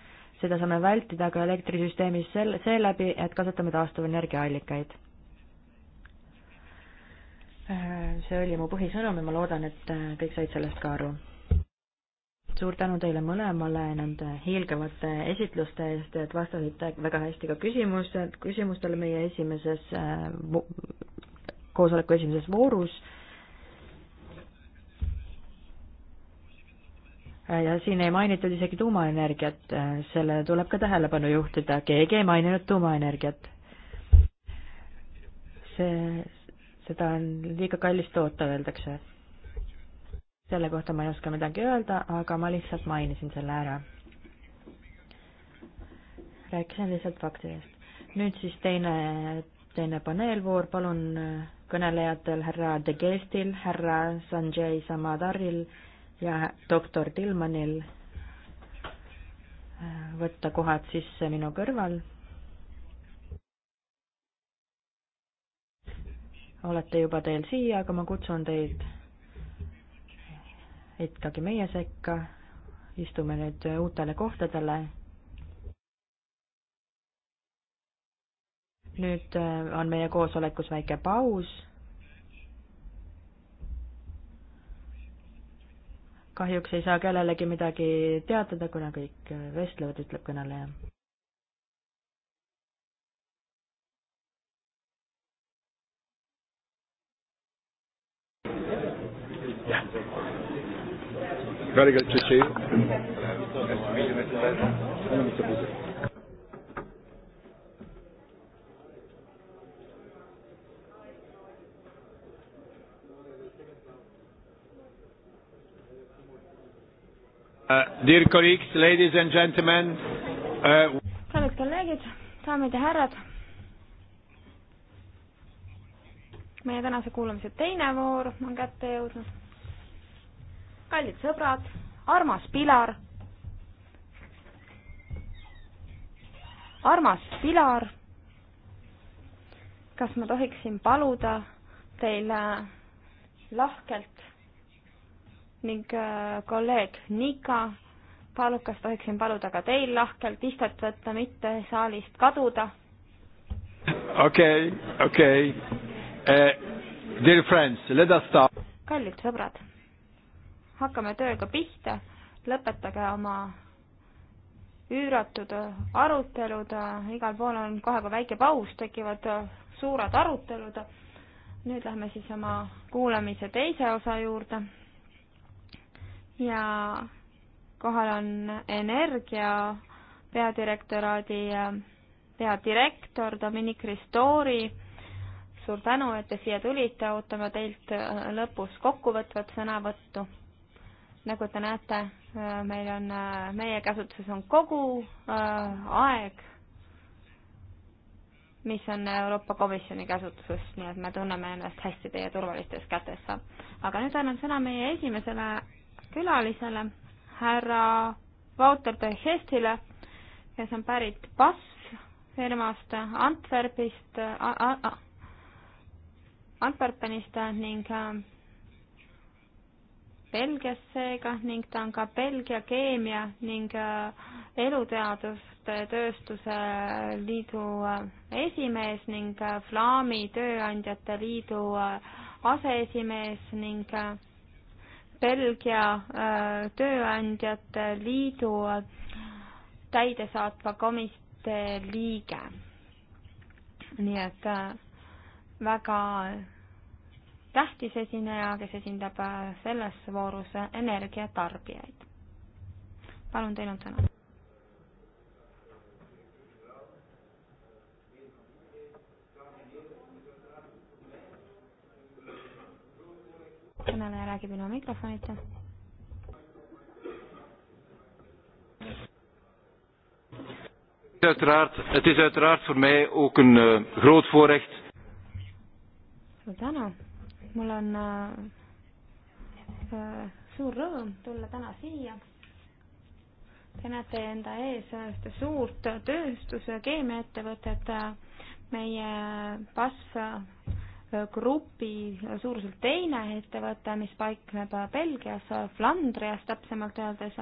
seda saame vältida ka elektrisüsteemis sel-, seeläbi, et kasutame taastuvenergiaallikaid. see oli mu põhisõnum ja ma loodan, et äh, kõik said sellest ka aru. suur tänu teile mõlemale nende hiilgavate esitluste eest, et vastasite väga hästi ka küsimused, küsimustele meie esimeses, äh, koosoleku esimeses voorus Äh, ja siin ei mainitud isegi tuumaenergiat, äh, sellele tuleb ka tähelepanu juhtida, keegi ei maininud tuumaenergiat. see, seda on liiga kallis toota, öeldakse. selle kohta ma ei oska midagi öelda, aga ma lihtsalt mainisin selle ära. rääkisin lihtsalt faktidest. nüüd siis teine, teine paneelvoor, palun kõnelejatel härra De Gestil, härra Sanjay Samadaril ja doktor Tilmanil äh, võtta kohad sisse minu kõrval. olete juba teel siia, aga ma kutsun teid ikkagi meie sekka. istume nüüd uutele kohtadele. nüüd äh, on meie koosolekus väike paus kahjuks ei saa kellelegi midagi teatada, kuna kõik vestlevad, ütleb kõneleja. Very good to see you. Uh, dear colleagues, ladies and gentlemen uh.... kallid kolleegid, daamid ja härrad. meie tänase kuulamise teine voor on kätte jõudnud. kallid sõbrad, armas Pilar. armas Pilar, kas ma tohiksin paluda teil lahkelt ning äh, kolleeg Nika palub, kas tohiksin paluda ka teil lahkelt istet võtta, mitte saalist kaduda. okei, okei. Eh, dear friends, let us start. kallid sõbrad, hakkame tööga pihta, lõpetage oma üüratud äh, arutelud, äh, igal pool on kohe ka väike paus, tekivad suured arutelud. nüüd lähme siis oma kuulamise teise osa juurde ja kohal on Energia peadirektoraadi äh, peadirektor Dominic Ristori. suur tänu, et te siia tulite, ootame teilt äh, lõpus kokkuvõtvat sõnavõttu. nagu te näete, äh, meil on, meie käsutuses on kogu aeg, mis on Euroopa Komisjoni käsutuses, nii et me tunneme ennast hästi teie turvalistes kätes. aga nüüd annan sõna meie esimesele külalisele, härra Wouter de Hestile, kes on pärit BAS firmast Antwerpist, Antwerpenist ning äh, Belgias seega ning ta on ka Belgia Keemia ning äh, Eluteaduste Tööstuse äh, Liidu esimees ning Flaami Tööandjate Liidu aseesimees ning Belgia äh, Tööandjate Liidu äh, täidesaatva komitee liige. nii et äh, väga tähtis esineja, kes esindab selles voorus energiatarbijaid. palun, teil on sõna kõneleja räägib ilma mikrofonita. Uiteraard, het is uiteraard voor mij ook een uh, groot voorrecht. Suur tänu. Mul on uh, suur rõõm tulla täna siia. Te näete enda ees ühte suurt tööstuse keemiaettevõtet. Meie BASF grupi suuruselt teine ettevõte, mis paikneb Belgias, Flandrias täpsemalt öeldes,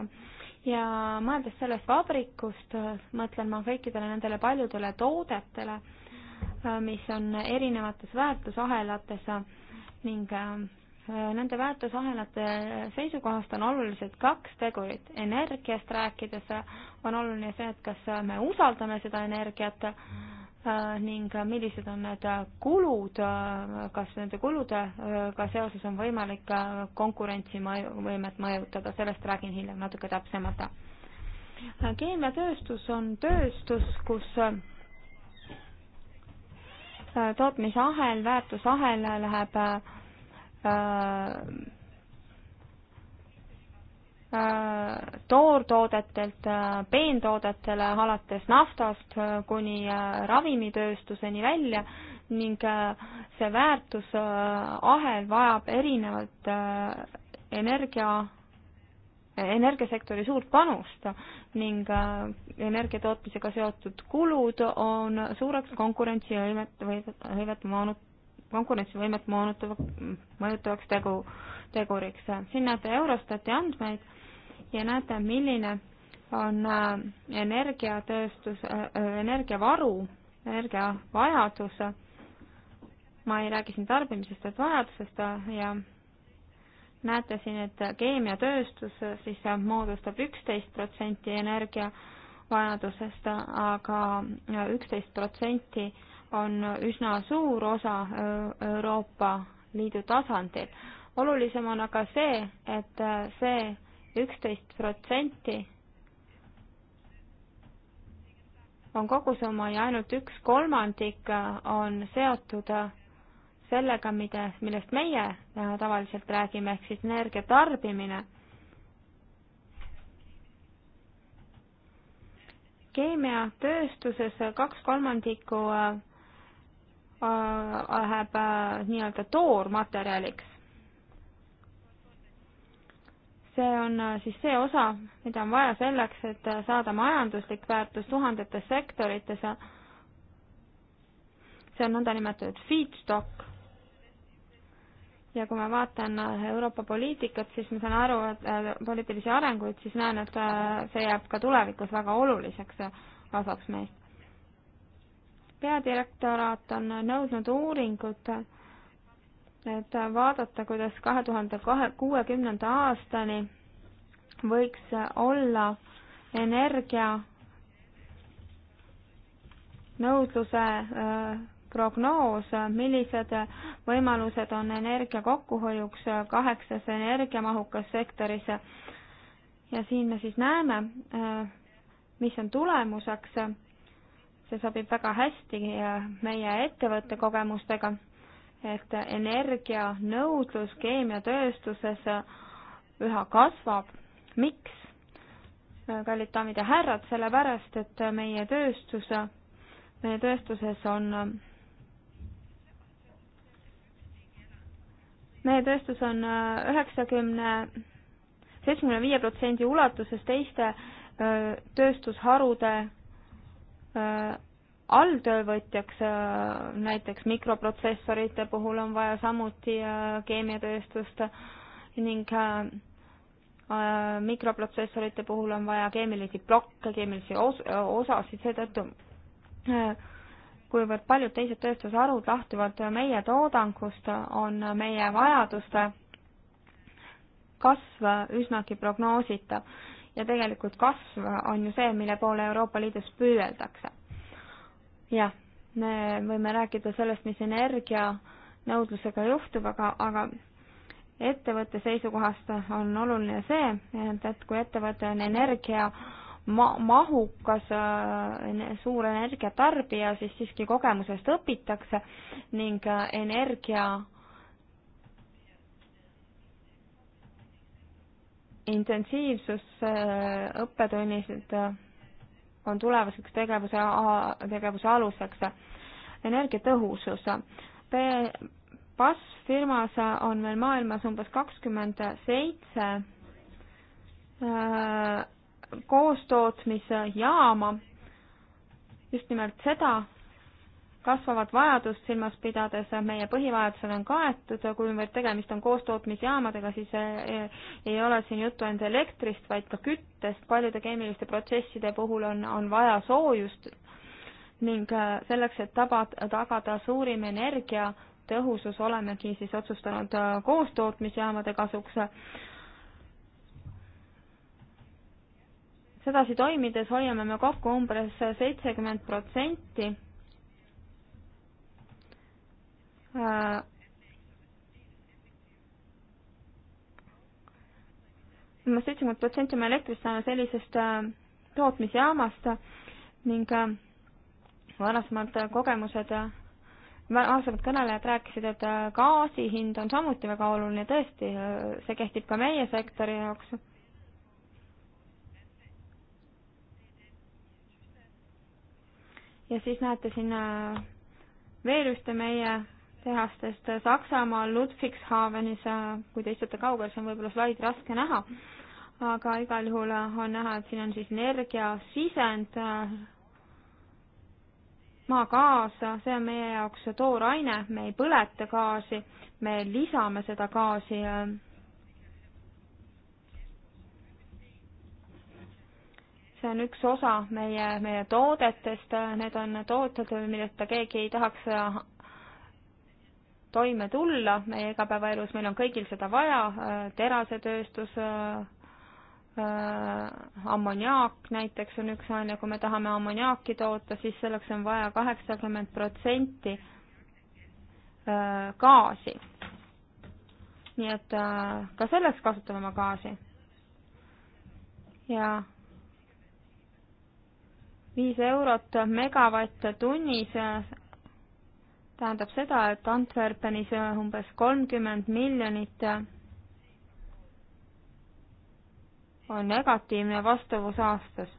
ja mõeldes sellest vabrikust, mõtlen ma kõikidele nendele paljudele toodetele, mis on erinevates väärtusahelates ning äh, nende väärtusahelate seisukohast on olulised kaks tegurit. energiast rääkides on oluline see, et kas me usaldame seda energiat mm Äh, ning äh, millised on need äh, kulud, kas nende kuludega seoses on võimalik konkurentsivõimet mõjutada, sellest räägin hiljem natuke täpsemalt. keemiatööstus on tööstus, kus tootmisahel, väärtusahel läheb Äh, toortoodetelt äh, peentoodetele alates naftast äh, kuni ravimitööstuseni välja ning see väärtusahel vajab erinevalt energia, energiasektori suurt panust ning energiatootmisega seotud kulud on suureks konkurentsivõimet või hõivet moonut-, konkurentsivõimet moonutava, mõjutavaks tegu, teguriks. siin näete Eurostati andmeid ja näete, milline on äh, energiatööstus, äh, äh, energiavaru, energiavajadus. ma ei räägi siin tarbimisest, vaid vajadusest ja näete siin, et keemiatööstus siis moodustab üksteist protsenti energiavajadusest aga, aga üksteist protsenti on üsna suur osa Euroopa Liidu tasandil. olulisem on aga see, et see üksteist protsenti on kogusumma ja ainult üks kolmandik on seotud sellega, mida, millest meie äh, tavaliselt räägime, ehk siis energia tarbimine. keemiatööstuses kaks kolmandikku äh, äh, läheb nii-öelda toormaterjaliks see on äh, siis see osa, mida on vaja selleks, et äh, saada majanduslik väärtus tuhandetes sektorites. see on nõndanimetatud feedstock. ja kui ma vaatan äh, Euroopa poliitikat, siis ma saan aru, et poliitilisi arenguid, siis näen, et see jääb ka tulevikus väga oluliseks osaks meist. peadirektoraat on nõudnud uuringut et vaadata, kuidas kahe tuhande kahe, kuuekümnenda aastani võiks olla energia nõudluse äh, prognoos, millised võimalused on energia kokkuhoiuks kaheksas energiamahukas sektoris. ja siin me siis näeme, äh, mis on tulemuseks. see sobib väga hästi äh, meie ettevõtte kogemustega et energianõudlus keemiatööstuses üha kasvab. miks? kallid daamid ja härrad, sellepärast et meie tööstus, meie tööstuses on, meie tööstus on üheksakümne, seitsmekümne viie protsendi ulatuses teiste tööstusharude alltöövõtjaks, äh, näiteks mikroprotsessorite puhul on vaja samuti äh, keemiatööstust ning äh, mikroprotsessorite puhul on vaja keemilisi plokke, keemilisi os-, osasid, seetõttu kuivõrd paljud teised tööstusharud lahtuvad meie toodangust, on meie vajaduste kasv üsnagi prognoositav ja tegelikult kasv on ju see, mille poole Euroopa Liidus püüeldakse jah, me võime rääkida sellest, mis energianõudlusega juhtub, aga, aga ettevõtte seisukohast on oluline see, et, et kui ettevõte on energia ma-, mahukas äh, suur energiatarbija, siis siiski kogemusest õpitakse ning äh, energia intensiivsus äh, õppetunnid on tulevaseks tegevuse, tegevuse aluseks. energiatõhusus. BAS firmas on meil maailmas umbes kakskümmend seitse äh, koostootmisjaama, just nimelt seda kasvavat vajadust silmas pidades meie põhivajadused on kaetud, kuivõrd tegemist on koostootmisjaamadega, siis eh, ei ole siin juttu ainult elektrist, vaid ka küttest, paljude keemiliste protsesside puhul on, on vaja soojust ning eh, selleks, et taba, tagada suurim energiatõhusus, olemegi siis otsustanud eh, koostootmisjaamade kasuks sedasi toimides hoiame me kokku umbes seitsekümmend protsenti umbes äh, seitsekümmend protsenti me elektrist saame sellisest äh, tootmisjaamast ning äh, varasemad kogemused, varasemad kõnelejad rääkisid, et gaasi hind on samuti väga oluline, tõesti, see kehtib ka meie sektori jaoks. ja siis näete siin veel ühte meie tehastest Saksamaal, Ludwigshavenis, kui te istute kaugel, see on võib-olla slaid raske näha, aga igal juhul on näha, et siin on siis energiasisend, maagaas, see on meie jaoks tooraine, me ei põleta gaasi, me lisame seda gaasi see on üks osa meie, meie toodetest, need on tooted, milleta keegi ei tahaks toime tulla meie igapäevaelus, meil on kõigil seda vaja, äh, terasetööstus, äh, äh, ammoniaak näiteks on üks aine, kui me tahame ammoniaaki toota, siis selleks on vaja kaheksakümmend protsenti gaasi. nii et ka selleks kasutame oma gaasi. ja viis eurot megavatt-tunnis tähendab seda, et Antwerpenis umbes kolmkümmend miljonit on negatiivne vastavus aastas.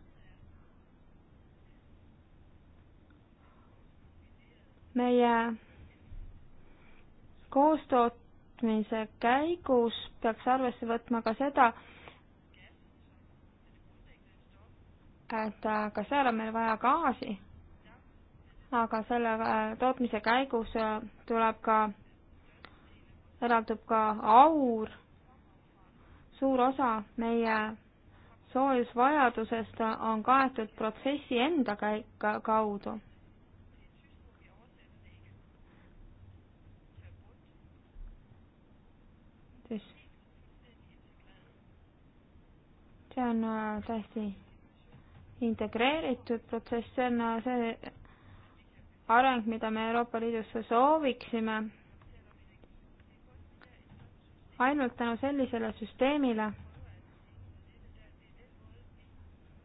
meie koostootmise käigus peaks arvesse võtma ka seda, et ka seal on meil vaja gaasi aga selle äh, tootmise käigus äh, tuleb ka, eraldub ka aur. suur osa meie soojusvajadusest on kaetud protsessi enda käik-, kaudu. see on äh, täiesti integreeritud protsess, see on see areng, mida me Euroopa Liidus sooviksime. ainult tänu sellisele süsteemile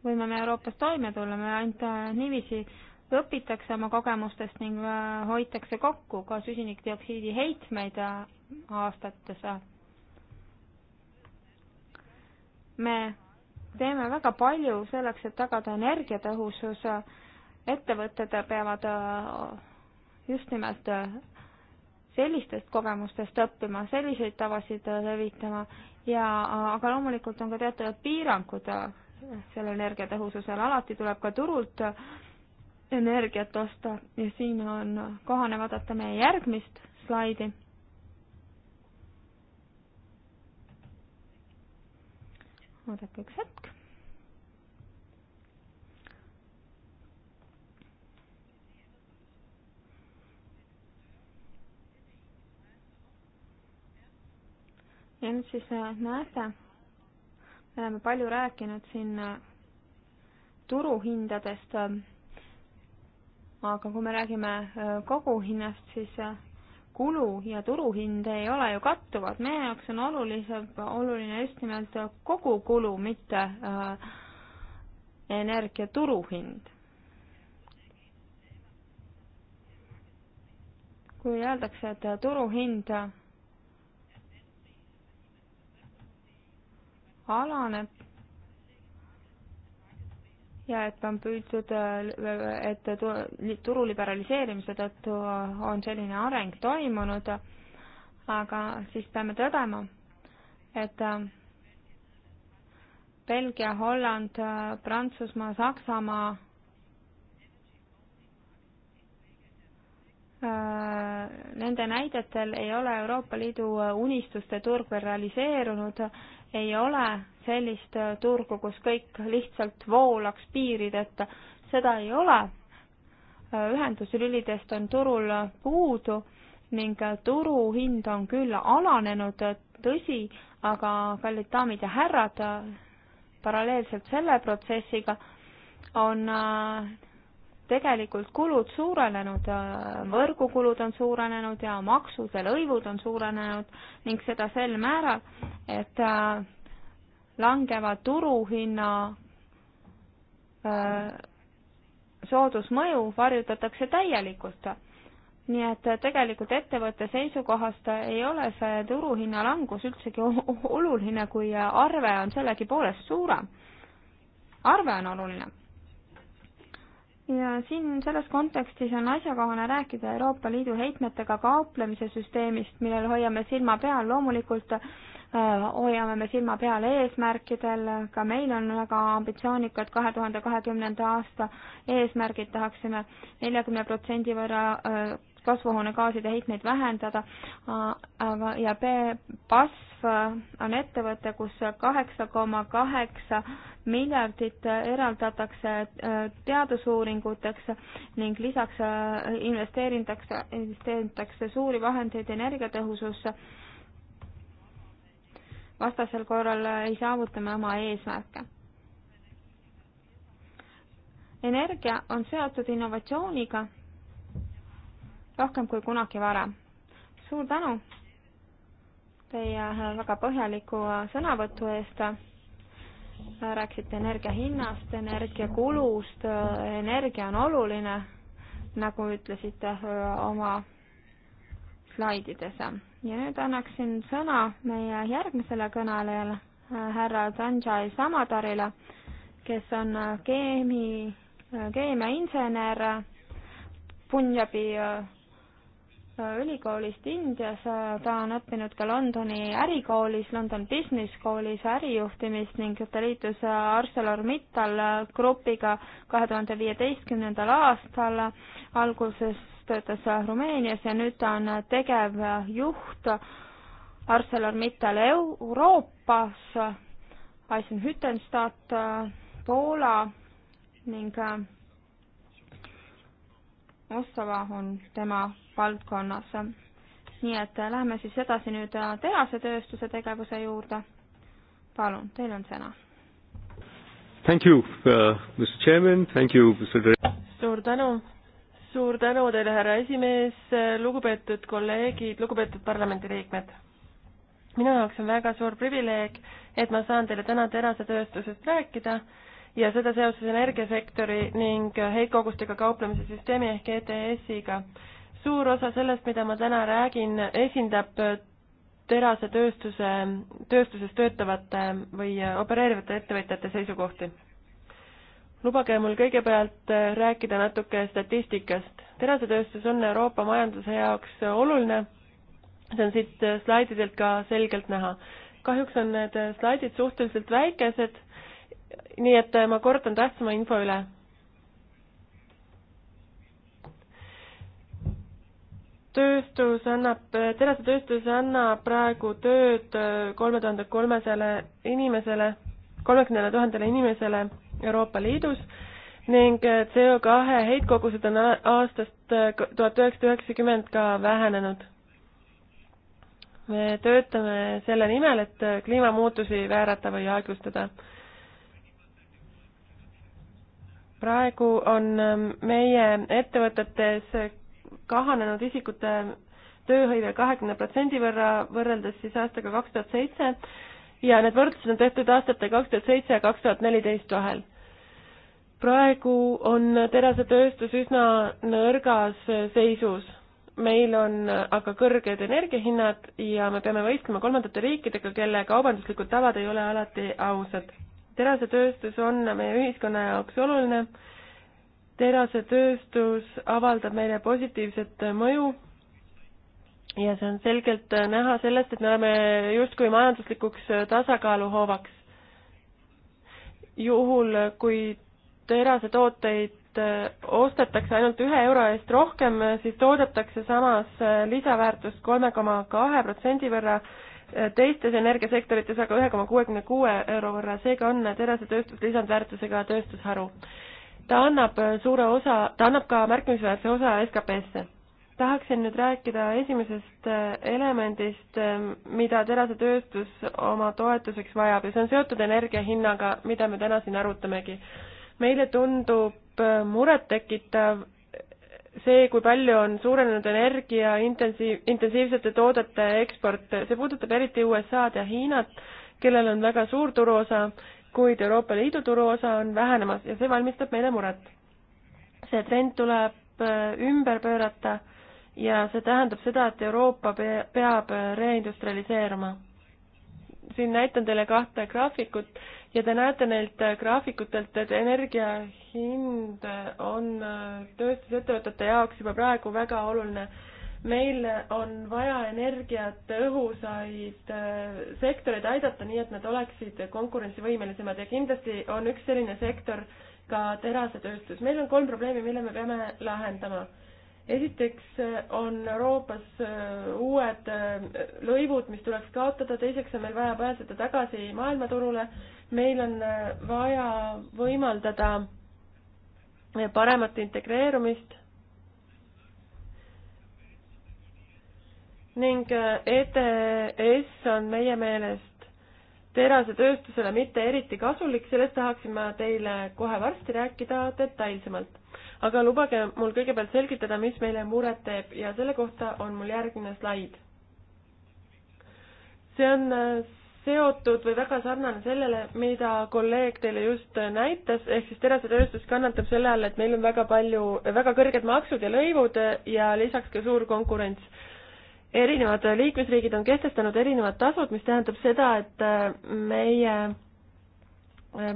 võime me Euroopas toime tulla, me ainult äh, niiviisi õpitakse oma kogemustest ning äh, hoitakse kokku ka süsinikdioksiidi heitmeid äh, aastates. me teeme väga palju selleks, et tagada energiatõhusus ettevõtted peavad äh, just nimelt äh, sellistest kogemustest õppima, selliseid tavasid äh, levitama ja, aga loomulikult on ka teatavad piirangud selle energiatõhususele, alati tuleb ka turult energiat osta ja siin on kohane vaadata meie järgmist slaidi oodake üks hetk. ja nüüd siis äh, näete, me oleme palju rääkinud siin äh, turuhindadest, ähm, aga kui me räägime äh, koguhinnast, siis kulu ja turuhind ei ole ju kattuvad, meie jaoks on olulisem, oluline just nimelt kogukulu, mitte äh, energia turuhind. kui öeldakse, et turuhind alaneb ja et on püütud, et turu liberaliseerimise tõttu on selline areng toimunud, aga siis peame tõdema, et Belgia, Holland, Prantsusmaa, Saksamaa äh, Nende näidetel ei ole Euroopa Liidu unistuste turg veel realiseerunud ei ole sellist äh, turgu, kus kõik lihtsalt voolaks piirideta, seda ei ole. Äh, ühenduslülidest on turul äh, puudu ning turuhind on küll alanenud, tõsi, aga kallid daamid ja härrad, paralleelselt selle protsessiga on tegelikult kulud suurenenud, võrgukulud on suurenenud ja maksud ja lõivud on suurenenud ning seda sel määral, et äh, langeva turuhinna äh, soodusmõju varjutatakse täielikult. nii et tegelikult ettevõtte seisukohast ei ole see turuhinna langus üldsegi oluline, kui arve on sellegipoolest suurem. arve on oluline ja siin selles kontekstis on asjakohane rääkida Euroopa Liidu heitmetega kauplemise süsteemist, millel hoiame silma peal, loomulikult äh, hoiame me silma peal eesmärkidel, ka meil on väga ambitsioonikad kahe tuhande kahekümnenda aasta eesmärgid, tahaksime neljakümne protsendi võrra äh, kasvuhoonegaaside heitmeid vähendada, aga, ja BASF on ettevõte, kus kaheksa koma kaheksa miljardit eraldatakse teadusuuringuteks ning lisaks investeeritakse, investeeritakse suuri vahendeid energiatõhususse. vastasel korral ei saavuta me oma eesmärke energia on seotud innovatsiooniga rohkem kui kunagi varem. suur tänu teie äh, väga põhjaliku äh, sõnavõtu eest. Äh, rääkisite energia hinnast, energia kulust, energia on oluline, nagu ütlesite oma slaidides. ja nüüd annaksin sõna meie järgmisele kõnelejale, härra Sanjay Samadarile, kes on keemi, keemiainsener Punjabi ülikoolist Indias, äh, ta on õppinud ka Londoni ärikoolis, London Business Schoolis ärijuhtimist ning ta liitus äh, ArcelorMittal äh, grupiga kahe tuhande viieteistkümnendal aastal. alguses töötas Rumeenias ja nüüd ta on tegevjuht ArcelorMittal Euroopas, Eisenhüttenstadt, Poola ning Ossava on tema valdkonnas. nii et lähme siis edasi nüüd äh, terasetööstuse tegevuse juurde. palun, teil on sõna. Thank you uh,, Mr Chairman, thank you, Mr. suur tänu, suur tänu teile, härra esimees, lugupeetud kolleegid, lugupeetud parlamendiliikmed. minu jaoks on väga suur privileeg, et ma saan teile täna terasetööstusest rääkida ja seda seoses energiasektori ning heitkogustega kauplemise süsteemi ehk ETS-iga. suur osa sellest, mida ma täna räägin, esindab terasetööstuse, tööstuses töötavate või opereerivate ettevõtjate seisukohti. lubage mul kõigepealt rääkida natuke statistikast. terasetööstus on Euroopa majanduse jaoks oluline, see on siit slaididelt ka selgelt näha. kahjuks on need slaidid suhteliselt väikesed nii et äh, ma kordan tähtsama info üle. tööstus annab, äh, terasetööstus annab praegu tööd äh, kolme tuhande kolmesajale inimesele, kolmekümnele tuhandele inimesele Euroopa Liidus ning CO kahe heitkogused on aastast tuhat üheksasada üheksakümmend ka vähenenud. me töötame selle nimel, et kliimamuutusi väärata või aeglustada praegu on ähm, meie ettevõtetes kahanenud isikute tööhõive kahekümne protsendi võrra võrreldes siis aastaga kaks tuhat seitse ja need võrdlused on tehtud aastate kaks tuhat seitse ja kaks tuhat neliteist vahel. praegu on terasetööstus üsna nõrgas seisus. meil on aga kõrged energiahinnad ja me peame võistlema kolmandate riikidega, kelle kaubanduslikud tavad ei ole alati ausad terasetööstus on meie ühiskonna jaoks oluline. terasetööstus avaldab meile positiivset mõju ja see on selgelt näha sellest, et me oleme justkui majanduslikuks tasakaaluhoovaks. juhul, kui terasetooteid ostetakse ainult ühe euro eest rohkem, siis toodetakse samas lisaväärtust kolme koma kahe protsendi võrra teistes energiasektorites aga ühe koma kuuekümne kuue euro võrra, seega on terasetööstus lisandväärtusega tööstusharu. ta annab suure osa, ta annab ka märkimisväärse osa SKP-sse. tahaksin nüüd rääkida esimesest äh, elemendist, äh, mida terasetööstus oma toetuseks vajab ja see on seotud energia hinnaga, mida me täna siin arutamegi. meile tundub äh, murettekitav, see, kui palju on suurenenud energia intensiiv, intensiivsete toodete eksport, see puudutab eriti USA-d ja Hiinat, kellel on väga suur turuosa, kuid Euroopa Liidu turuosa on vähenemas ja see valmistab meile muret. see trend tuleb äh, ümber pöörata ja see tähendab seda, et Euroopa peab reindustrialiseeruma siin näitan teile kahte graafikut ja te näete neilt graafikutelt, et energia hind on tööstusettevõtete jaoks juba praegu väga oluline. meil on vaja energiat, õhusaid äh, sektoreid aidata, nii et nad oleksid konkurentsivõimelisemad ja kindlasti on üks selline sektor ka terasetööstus. meil on kolm probleemi, mille me peame lahendama esiteks eh, on Euroopas eh, uued eh, lõivud, mis tuleks kaotada, teiseks on meil vaja pääseda tagasi maailmaturule, meil on vaja võimaldada paremat integreerumist ning ETS e on meie meelest terasetööstusele mitte eriti kasulik, sellest tahaksin ma teile kohe varsti rääkida detailsemalt aga lubage mul kõigepealt selgitada, mis meile muret teeb ja selle kohta on mul järgmine slaid. see on äh, seotud või väga sarnane sellele, mida kolleeg teile just äh, näitas, ehk siis terasetööstus kannatab selle all, et meil on väga palju, väga kõrged maksud ja lõivud äh, ja lisaks ka suur konkurents. erinevad liikmesriigid on kehtestanud erinevad tasud, mis tähendab seda, et meie,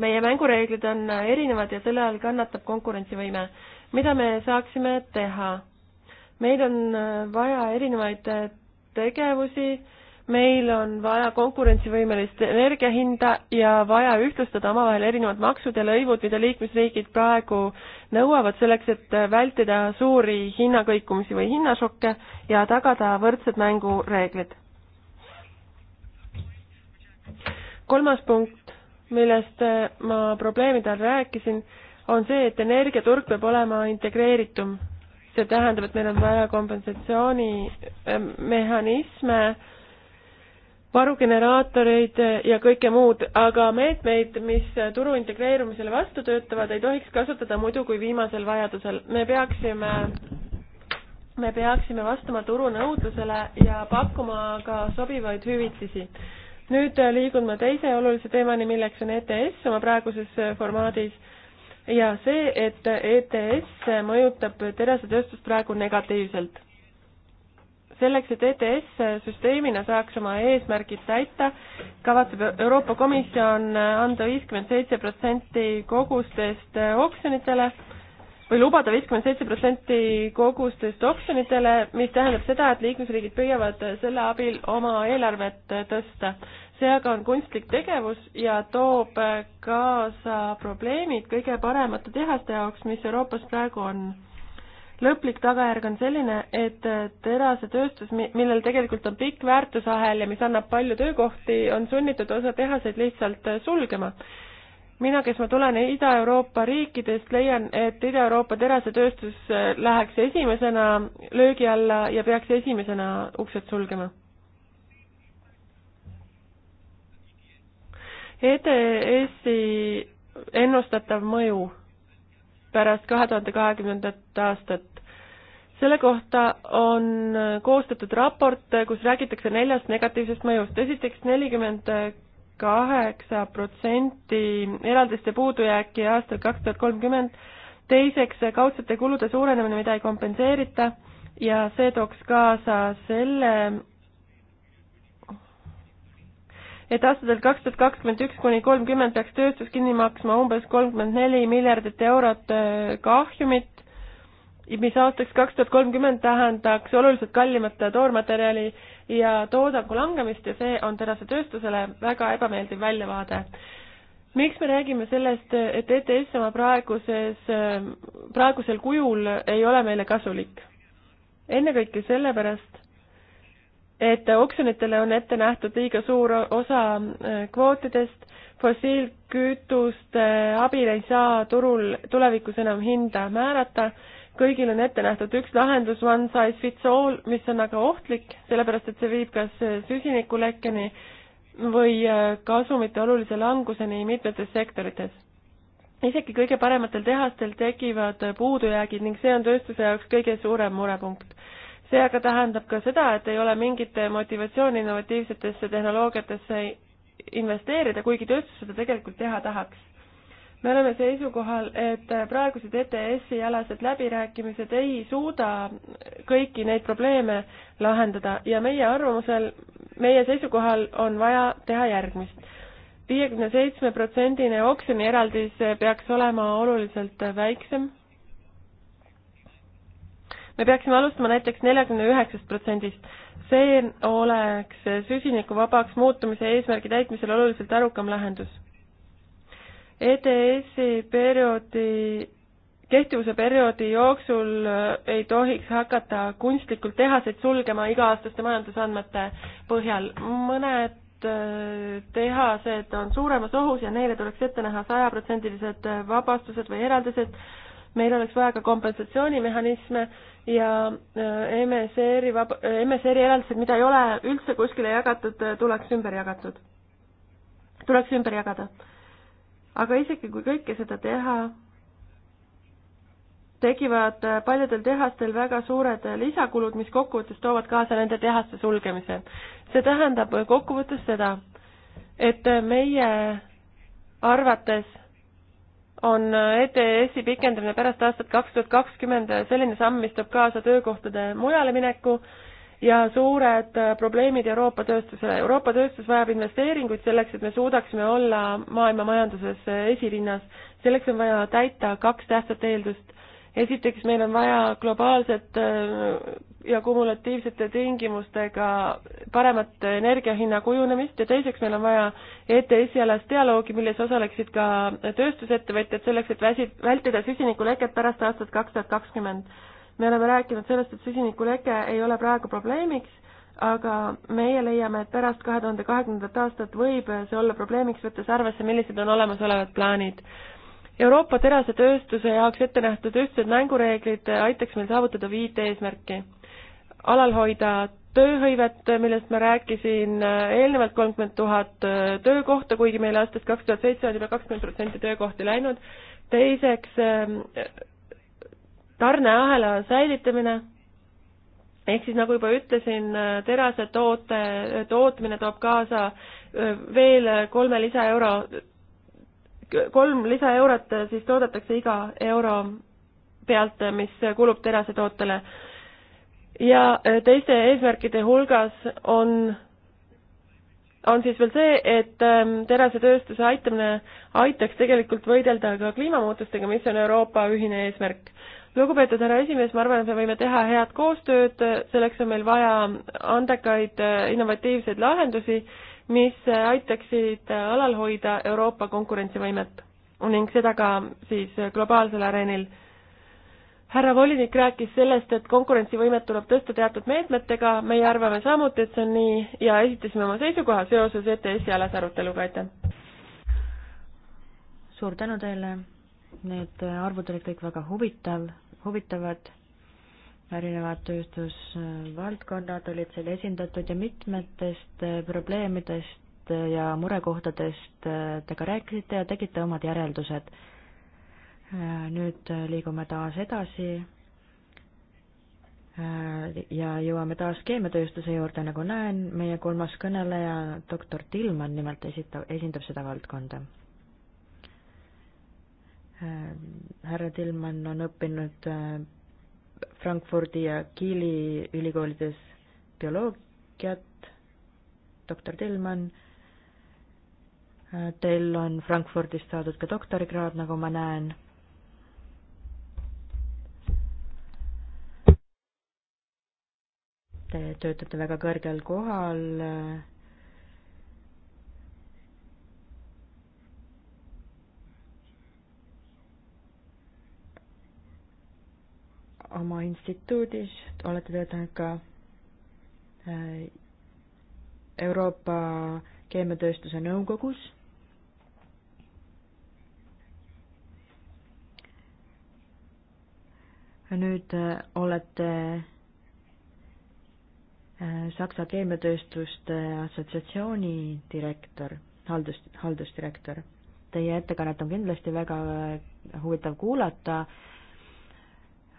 meie mängureeglid on erinevad ja selle all kannatab konkurentsivõime mida me saaksime teha? meil on äh, vaja erinevaid äh, tegevusi, meil on vaja konkurentsivõimelist energiahinda ja vaja ühtlustada omavahel erinevad maksud ja lõivud, mida liikmesriigid praegu nõuavad selleks, et äh, vältida suuri hinnakõikumisi või hinnašokke ja tagada võrdsed mängureeglid. kolmas punkt, millest ma probleemide all rääkisin on see, et energiaturg peab olema integreeritum. see tähendab, et meil on vaja kompensatsioonimehhanisme, ehm, varugeneraatoreid ja kõike muud, aga meetmeid, mis turu integreerumisele vastu töötavad, ei tohiks kasutada muidu kui viimasel vajadusel. me peaksime, me peaksime vastama turu nõudlusele ja pakkuma ka sobivaid hüvitisi. nüüd liigun ma teise olulise teemani, milleks on ETS oma praeguses formaadis ja see, et ETS mõjutab terasetööstust praegu negatiivselt. selleks, et ETS süsteemina saaks oma eesmärgid täita, kavatseb Euroopa Komisjon anda viiskümmend seitse protsenti kogustest oksjonitele või lubada viiskümmend seitse protsenti kogustest oksjonitele, mis tähendab seda, et liikmesriigid püüavad selle abil oma eelarvet tõsta see aga on kunstlik tegevus ja toob kaasa probleemid kõige paremate tehaste jaoks, mis Euroopas praegu on. lõplik tagajärg on selline, et terasetööstus, millel tegelikult on pikk väärtusahel ja mis annab palju töökohti, on sunnitud osa tehaseid lihtsalt sulgema mina, kes ma tulen Ida-Euroopa riikidest, leian, et Ida-Euroopa terasetööstus läheks esimesena löögi alla ja peaks esimesena uksed sulgema EDS-i ennustatav mõju pärast kahe tuhande kahekümnendat aastat. selle kohta on koostatud raport, kus räägitakse neljast negatiivsest mõjust. esiteks nelikümmend kaheksa protsenti eraldiste puudujääki aastal kaks tuhat kolmkümmend, teiseks kaudsete kulude suurenemine, mida ei kompenseerita ja see tooks kaasa selle, et aastatel kaks tuhat kakskümmend üks kuni kolmkümmend peaks tööstus kinni maksma umbes kolmkümmend neli miljardit eurot äh, kahjumit, mis aastaks kaks tuhat kolmkümmend tähendaks oluliselt kallimat toormaterjali ja toodangu langemist ja see on terasetööstusele väga ebameeldiv väljavaade miks me räägime sellest, et ETS oma praeguses, äh, praegusel kujul ei ole meile kasulik? ennekõike sellepärast, et oksjonitele on ette nähtud liiga suur osa äh, kvootidest, fossiilkütuste abil ei saa turul tulevikus enam hinda määrata, kõigil on ette nähtud üks lahendus, one size fits all, mis on aga ohtlik, sellepärast et see viib kas äh, süsinikulekkeni või äh, kasumite olulise languseni mitmetes sektorites. isegi kõige parematel tehastel tekivad puudujäägid ning see on tööstuse jaoks kõige suurem murepunkt see aga tähendab ka seda, et ei ole mingit motivatsiooni innovatiivsetesse tehnoloogiatesse investeerida, kuigi tööstus seda tegelikult teha tahaks. me oleme seisukohal, et praegused ETS-i alased läbirääkimised ei suuda kõiki neid probleeme lahendada ja meie arvamusel, meie seisukohal on vaja teha järgmist viiekümne seitsme protsendine oksjonieraldis peaks olema oluliselt väiksem me peaksime alustama näiteks neljakümne üheksast protsendist. see oleks süsinikuvabaks muutumise eesmärgi täitmisel oluliselt arukam lahendus. EDS-i perioodi, kehtivuse perioodi jooksul ei tohiks hakata kunstlikult tehaseid sulgema iga-aastaste majandusandmete põhjal. mõned äh, tehased on suuremas ohus ja neile tuleks ette näha sajaprotsendilised vabastused või eraldised. meil oleks vaja ka kompensatsioonimehhanisme ja äh, MSR-i vab-, äh, MSR-i eraldised, mida ei ole üldse kuskile jagatud, äh, tuleks ümber jagatud, tuleks ümber jagada. aga isegi, kui kõike seda teha, tekivad paljudel tehastel väga suured lisakulud, mis kokkuvõttes toovad kaasa nende tehaste sulgemise. see tähendab kokkuvõttes seda, et meie arvates on ETS-i pikendamine pärast aastat kaks tuhat kakskümmend selline samm, mis toob kaasa töökohtade mujale mineku ja suured probleemid Euroopa tööstusele. Euroopa tööstus vajab investeeringuid selleks, et me suudaksime olla maailma majanduses esirinnas. selleks on vaja täita kaks tähtsat eeldust esiteks, meil on vaja globaalset äh, ja kumulatiivsete tingimustega paremat energiahinna kujunemist ja teiseks meil on vaja ETS-i alast dialoogi, milles osaleksid ka tööstusettevõtjad selleks, et väsi-, vältida süsinikuleket pärast aastat kaks tuhat kakskümmend. me oleme rääkinud sellest, et süsinikuleke ei ole praegu probleemiks, aga meie leiame, et pärast kahe tuhande kahekümnendat aastat võib see olla probleemiks, võttes arvesse, millised on olemasolevad plaanid Euroopa terasetööstuse jaoks ette nähtud ühtsed mängureeglid aitaks meil saavutada viit eesmärki. alal hoida tööhõivet, millest ma rääkisin eelnevalt, kolmkümmend tuhat töökohta, kuigi meil aastast kaks tuhat seitse on juba kakskümmend protsenti töökohti läinud. teiseks, ähm, tarneahela säilitamine ehk siis nagu juba ütlesin, terase toote tootmine toob kaasa äh, veel kolme lisaeuro kolm lisaeurot siis toodetakse iga euro pealt, mis kulub terasetootele. ja teiste eesmärkide hulgas on, on siis veel see, et ähm, terasetööstuse aitamine aitaks tegelikult võidelda ka kliimamuutustega, mis on Euroopa ühine eesmärk. lugupeetud härra esimees, ma arvan, et me võime teha head koostööd, selleks on meil vaja andekaid äh, innovatiivseid lahendusi mis aitaksid alal hoida Euroopa konkurentsivõimet ning seda ka siis globaalsel areenil. härra volinik rääkis sellest, et konkurentsivõimet tuleb tõsta teatud meetmetega, meie arvame samuti, et see on nii ja esitasime oma seisukoha seoses ETS-i alase aruteluga, aitäh! suur tänu teile, need arvud olid kõik väga huvitav, huvitavad erinevad tööstusvaldkonnad olid seal esindatud ja mitmetest probleemidest ja murekohtadest te ka rääkisite ja tegite omad järeldused. nüüd liigume taas edasi ja jõuame taas keemiatööstuse juurde, nagu näen, meie kolmas kõneleja, doktor Tilman nimelt esitab, esindab seda valdkonda härra Tillmann on õppinud Frankfurdi ja Kiili ülikoolides bioloogiat, doktor Tillmann, äh, teil on Frankfurdist saadud ka doktorikraad, nagu ma näen. Te töötate väga kõrgel kohal äh, oma instituudis, olete töötanud ka äh, Euroopa keemiatööstuse nõukogus. nüüd äh, olete äh, Saksa keemiatööstuste assotsiatsiooni direktor, haldus, haldusdirektor. Teie ettekannet on kindlasti väga huvitav kuulata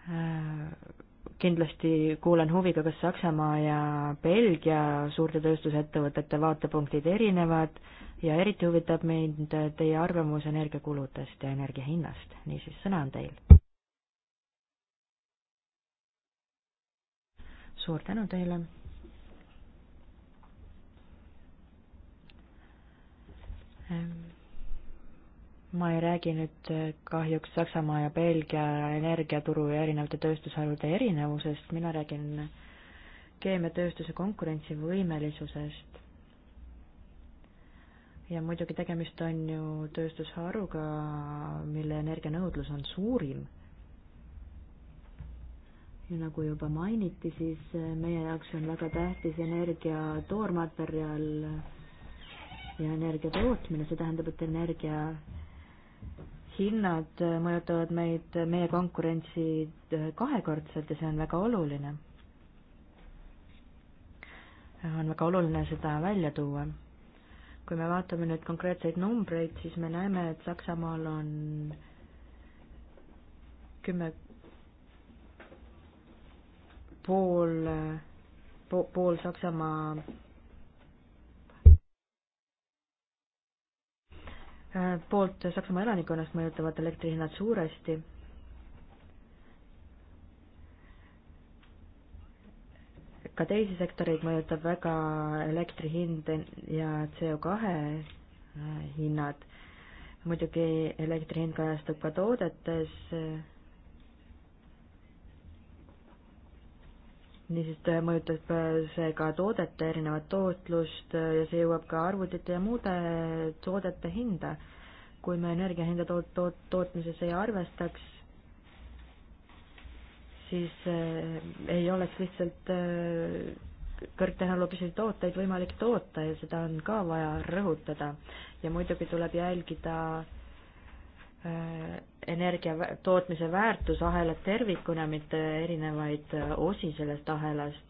Äh, kindlasti kuulan huviga, kas Saksamaa ja Belgia suurte tööstusettevõtete vaatepunktid erinevad ja eriti huvitab mind teie arvamus energiakuludest ja energia hinnast, niisiis sõna on teil. suur tänu teile. Um ma ei räägi nüüd äh, kahjuks Saksamaa ja Belgia energiaturu ja erinevate tööstusharude erinevusest, mina räägin keemiatööstuse konkurentsivõimelisusest. ja muidugi tegemist on ju tööstusharuga, mille energianõudlus on suurim. ja nagu juba mainiti, siis äh, meie jaoks on väga tähtis energia toormaterjal ja energia tootmine, see tähendab, et energia hinnad äh, mõjutavad meid, äh, meie konkurentsi äh, kahekordselt ja see on väga oluline. on väga oluline seda välja tuua. kui me vaatame nüüd konkreetseid numbreid, siis me näeme, et Saksamaal on kümme pool po,, pool Saksamaa Äh, poolt Saksamaa elanikkonnast mõjutavad elektrihinnad suuresti. ka teisi sektoreid mõjutab väga elektri hind ja CO2 äh, hinnad. muidugi elektri hind kajastub ka toodetes äh, niisiis mõjutab äh, see ka toodete erinevat tootlust äh, ja see jõuab ka arvutite ja muude toodete hinda. kui me energia hinda toot-, toot-, tootmises ei arvestaks, siis äh, ei oleks lihtsalt kõrgtehnoloogilisi tooteid võimalik toota ja seda on ka vaja rõhutada. ja muidugi tuleb jälgida energia tootmise väärtusahelat tervikuna, mitte erinevaid äh, osi sellest ahelast.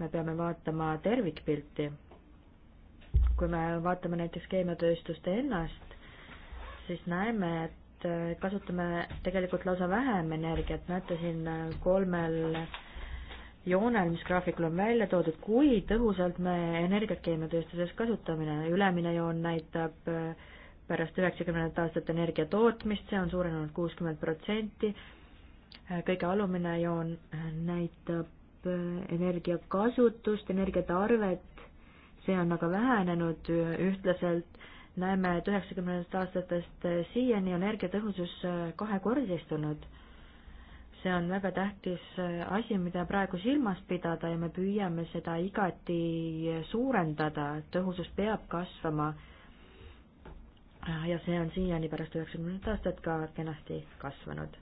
me peame vaatama tervikpilti. kui me vaatame näiteks keemiatööstuste ennast, siis näeme, et äh, kasutame tegelikult lausa vähem energiat, näete siin äh, kolmel joonel, mis graafikul on välja toodud, kui tõhusalt me energiat keemiatööstuses kasutame. ülemine joon näitab äh, pärast üheksakümnendat aastat energia tootmist, see on suurenenud kuuskümmend protsenti. kõige alumine joon näitab äh, energiakasutust, energiatarvet, see on aga vähenenud ühtlaselt. näeme, et üheksakümnendatest aastatest äh, siiani on energiatõhusus äh, kahekordistunud. see on väga tähtis asi, mida praegu silmas pidada ja me püüame seda igati suurendada, tõhusus peab kasvama Ah, ja see on siiani pärast üheksakümnendat aastat ka kenasti kasvanud.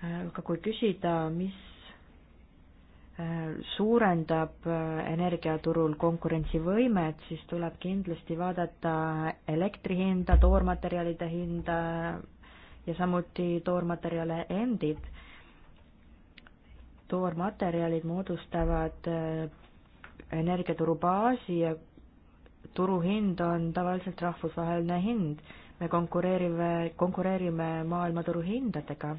Ah, aga kui küsida, mis ah, suurendab energiaturul konkurentsivõimet, siis tuleb kindlasti vaadata elektri hinda, toormaterjalide hinda ja samuti toormaterjale endid. toormaterjalid moodustavad energiaturu baasi ja turuhind on tavaliselt rahvusvaheline hind. me konkureerime, konkureerime maailmaturu hindadega.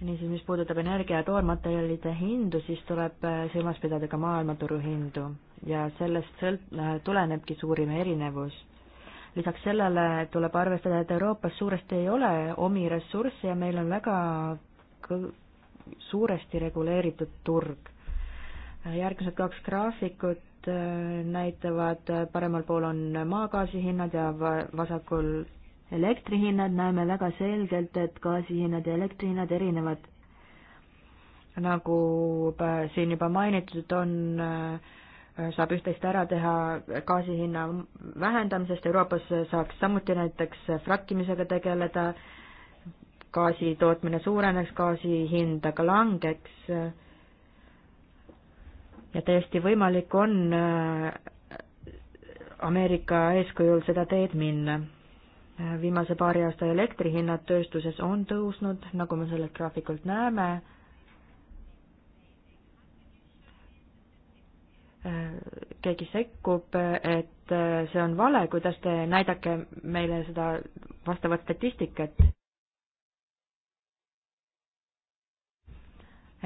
niisiis, mis puudutab energia ja toormaterjalide hindu, siis tuleb äh, silmas pidada ka maailmaturu hindu ja sellest sõlt-, äh, tulenebki suurim erinevus. lisaks sellele tuleb arvestada, et Euroopas suuresti ei ole omi ressursse ja meil on väga suuresti reguleeritud turg Äh, järgmised kaks graafikut äh, näitavad, äh, paremal pool on maagaasi hinnad ja vasakul elektrihinnad, näeme väga selgelt, et gaasihinnad ja elektrihinnad erinevad. nagu siin juba mainitud, on, saab üht-teist ära teha gaasi hinna vähendamisest, Euroopas saaks samuti näiteks frakkimisega tegeleda, gaasi tootmine suureneks, gaasi hind aga langeks ja täiesti võimalik on äh, Ameerika eeskujul seda teed minna. Äh, viimase paari aasta elektrihinnad tööstuses on tõusnud, nagu me sellelt graafikult näeme. Äh, keegi sekkub, et see on vale, kuidas te näidake meile seda vastavat statistikat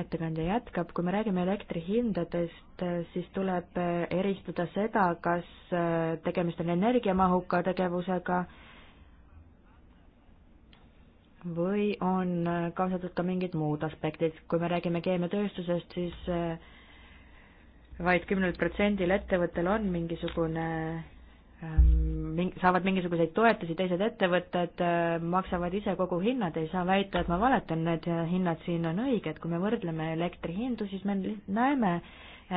ettekandja jätkab, kui me räägime elektrihindadest, siis tuleb eh, eristada seda, kas eh, tegemist on energiamahuka tegevusega või on eh, kaasatud ka mingid muud aspektid. kui me räägime keemiatööstusest, siis vaid kümnel protsendil ettevõttel on mingisugune ehm, ming-, saavad mingisuguseid toetusi, teised ettevõtted äh, maksavad ise kogu hinnad, ei saa väita, et ma valetan, need hinnad siin on õiged, kui me võrdleme elektri hindu, siis me näeme,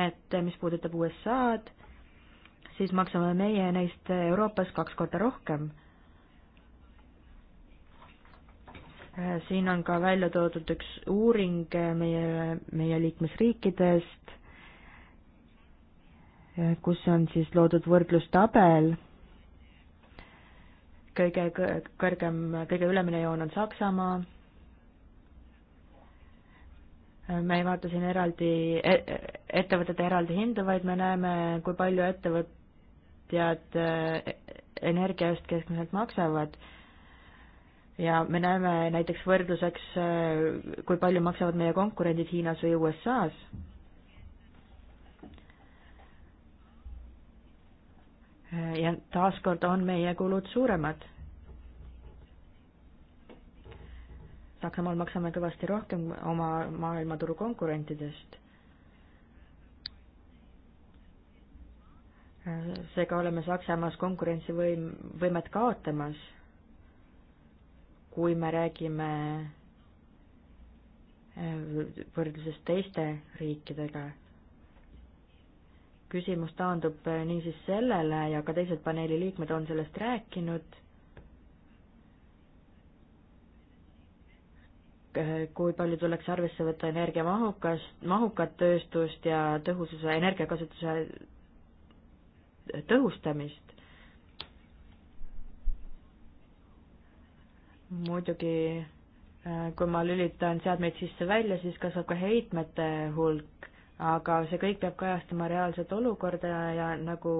et mis puudutab USA-d, siis maksame meie neist Euroopas kaks korda rohkem. Äh, siin on ka välja toodud üks uuring meie, meie liikmesriikidest, äh, kus on siis loodud võrdlustabel kõige kõrgem, kõige ülemine joon on Saksamaa, me ei vaata siin eraldi, e-, ettevõtete eraldi hindu, vaid me näeme, kui palju ettevõtjad e-, energia eest keskmiselt maksavad ja me näeme näiteks võrdluseks, kui palju maksavad meie konkurendid Hiinas või USA-s ja taaskord on meie kulud suuremad. Saksamaal maksame kõvasti rohkem oma maailmaturu konkurentidest. seega oleme Saksamaas konkurentsivõim, võimet kaotamas, kui me räägime eh, võrdluses teiste riikidega küsimus taandub äh, niisiis sellele ja ka teised paneeli liikmed on sellest rääkinud, äh, kui palju tuleks arvesse võtta energiamahukas, mahukat tööstust ja tõhususe, energiakasutuse äh, tõhustamist. muidugi, kui ma lülitan seadmeid sisse-välja, siis kasvab ka heitmete hulk aga see kõik peab kajastama reaalset olukorda ja nagu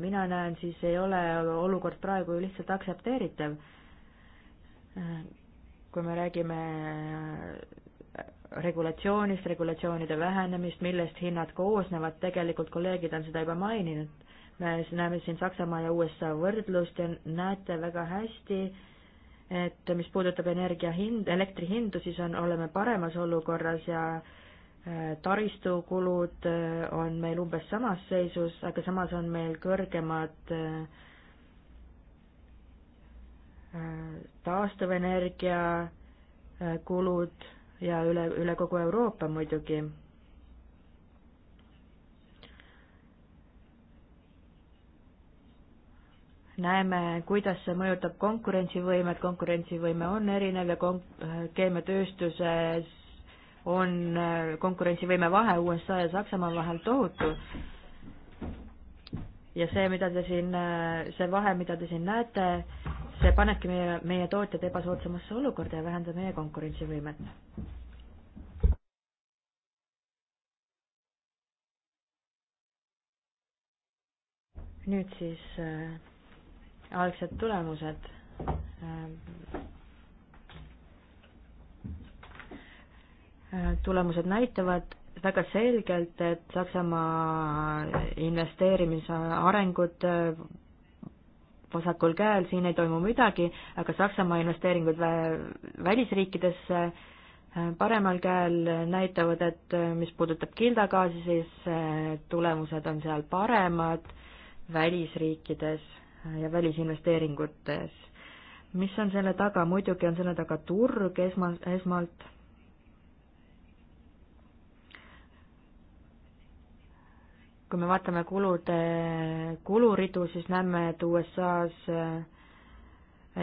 mina näen, siis ei ole olukord praegu ju lihtsalt aktsepteeritav. kui me räägime regulatsioonist, regulatsioonide vähenemist, millest hinnad koosnevad, tegelikult kolleegid on seda juba maininud. me näeme siin Saksamaa ja USA võrdlust ja näete väga hästi, et mis puudutab energia hind, elektri hindu, siis on, oleme paremas olukorras ja äh, taristukulud äh, on meil umbes samas seisus, aga samas on meil kõrgemad äh, taastuvenergia äh, kulud ja üle, üle kogu Euroopa muidugi. näeme, kuidas see mõjutab konkurentsivõimet, konkurentsivõime on erinev ja kon-, keemiatööstuses on äh, konkurentsivõime vahe USA ja Saksamaa vahel tohutu. ja see, mida te siin, äh, see vahe, mida te siin näete, see panebki meie, meie tootjad ebasoodsamasse olukorda ja vähendab meie konkurentsivõimet. nüüd siis äh, algsed tulemused äh, Äh, tulemused näitavad väga selgelt, et Saksamaa investeerimise arengud äh, vasakul käel, siin ei toimu midagi, aga Saksamaa investeeringud välisriikidesse äh, paremal käel näitavad, et mis puudutab kildagaasi, siis tulemused on seal paremad välisriikides ja välisinvesteeringutes. mis on selle taga, muidugi on selle taga turg esma, esmalt kui me vaatame kulude, kuluridu, siis näeme, et USA-s äh,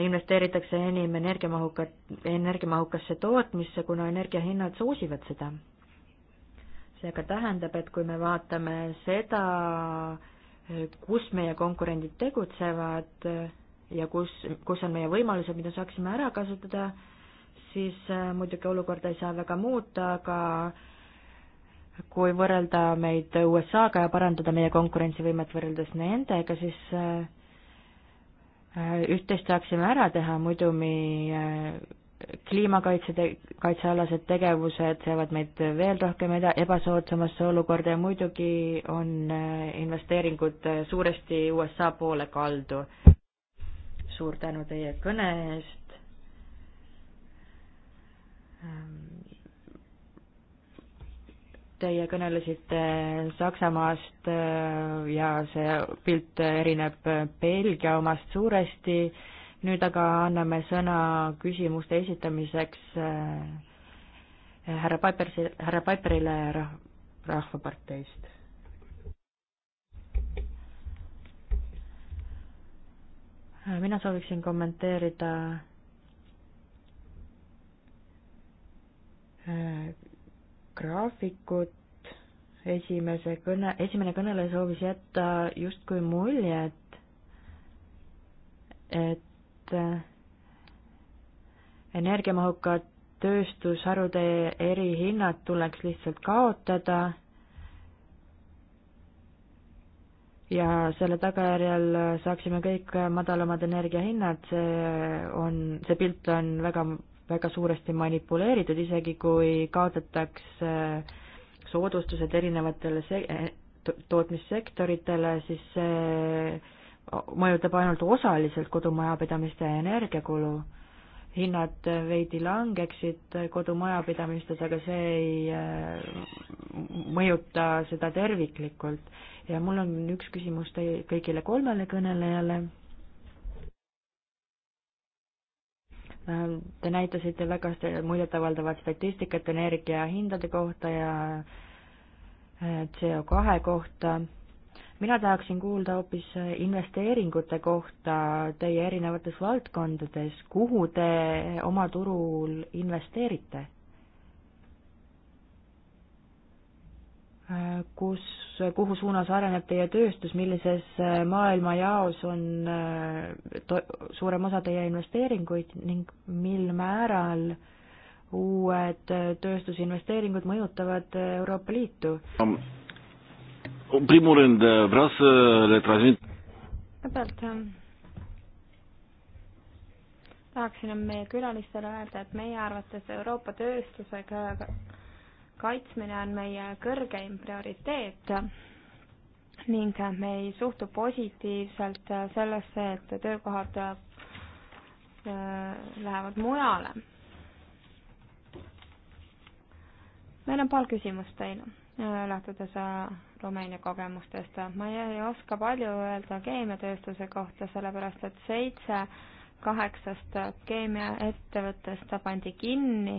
investeeritakse enim energiamahukat, energiamahukasse tootmisse, kuna energiahinnad soosivad seda. see aga tähendab, et kui me vaatame seda, äh, kus meie konkurendid tegutsevad äh, ja kus, kus on meie võimalused, mida saaksime ära kasutada, siis muidugi olukorda ei saa väga muuta, aga kui võrrelda meid USA-ga ja parandada meie konkurentsivõimet võrreldes nendega, siis äh, äh, üht-teist saaksime ära teha, muidu me äh, kliimakaitse, kaitsealased tegevused seavad meid veel rohkem eda-, ebasoodsamasse olukorda ja muidugi on investeeringud suuresti USA poole kaldu. suur tänu teie kõne eest ähm, Teie kõnelesite Saksamaast äh, ja see pilt erineb äh, Belgia omast suuresti. nüüd aga anname sõna küsimuste esitamiseks äh, härra Paipers, härra Paiperile rah-, Rahvaparteist. mina sooviksin kommenteerida graafikut, esimese kõne, esimene kõneleja soovis jätta justkui muljet, et äh, energiamahukad tööstusharude erihinnad tuleks lihtsalt kaotada ja selle tagajärjel saaksime kõik madalamad energiahinnad, see on, see pilt on väga väga suuresti manipuleeritud, isegi kui kaotatakse äh, soodustused erinevatele se-, eh, tootmissektoritele, siis see mõjutab ainult osaliselt kodumajapidamiste energiakulu. hinnad äh, veidi langeksid äh, kodumajapidamistes, aga see ei mõjuta seda terviklikult. ja mul on üks küsimus teie kõigile kolmele kõnelejale Te näitasite väga muljetavaldavat statistikat energiahindade kohta ja äh, CO2 kohta. mina tahaksin kuulda hoopis äh, investeeringute kohta teie erinevates valdkondades, kuhu te oma turul investeerite kus, kuhu suunas areneb teie tööstus, millises äh, maailmajaos on äh, to-, suurem osa teie investeeringuid ning mil määral uued äh, tööstusinvesteeringud mõjutavad Euroopa Liitu? Um, uh, kõigepealt um, tahaksin meie külalistele öelda, et meie arvates Euroopa tööstusega kaitsmine on meie kõrgeim prioriteet ning me ei suhtu positiivselt sellesse, et töökohad äh, lähevad mujale. meil on paar küsimust teile, äh, lähtudes äh, Rumeenia kogemustest. ma ei oska palju öelda keemiatööstuse kohta, sellepärast et seitse kaheksast keemiaettevõttest pandi kinni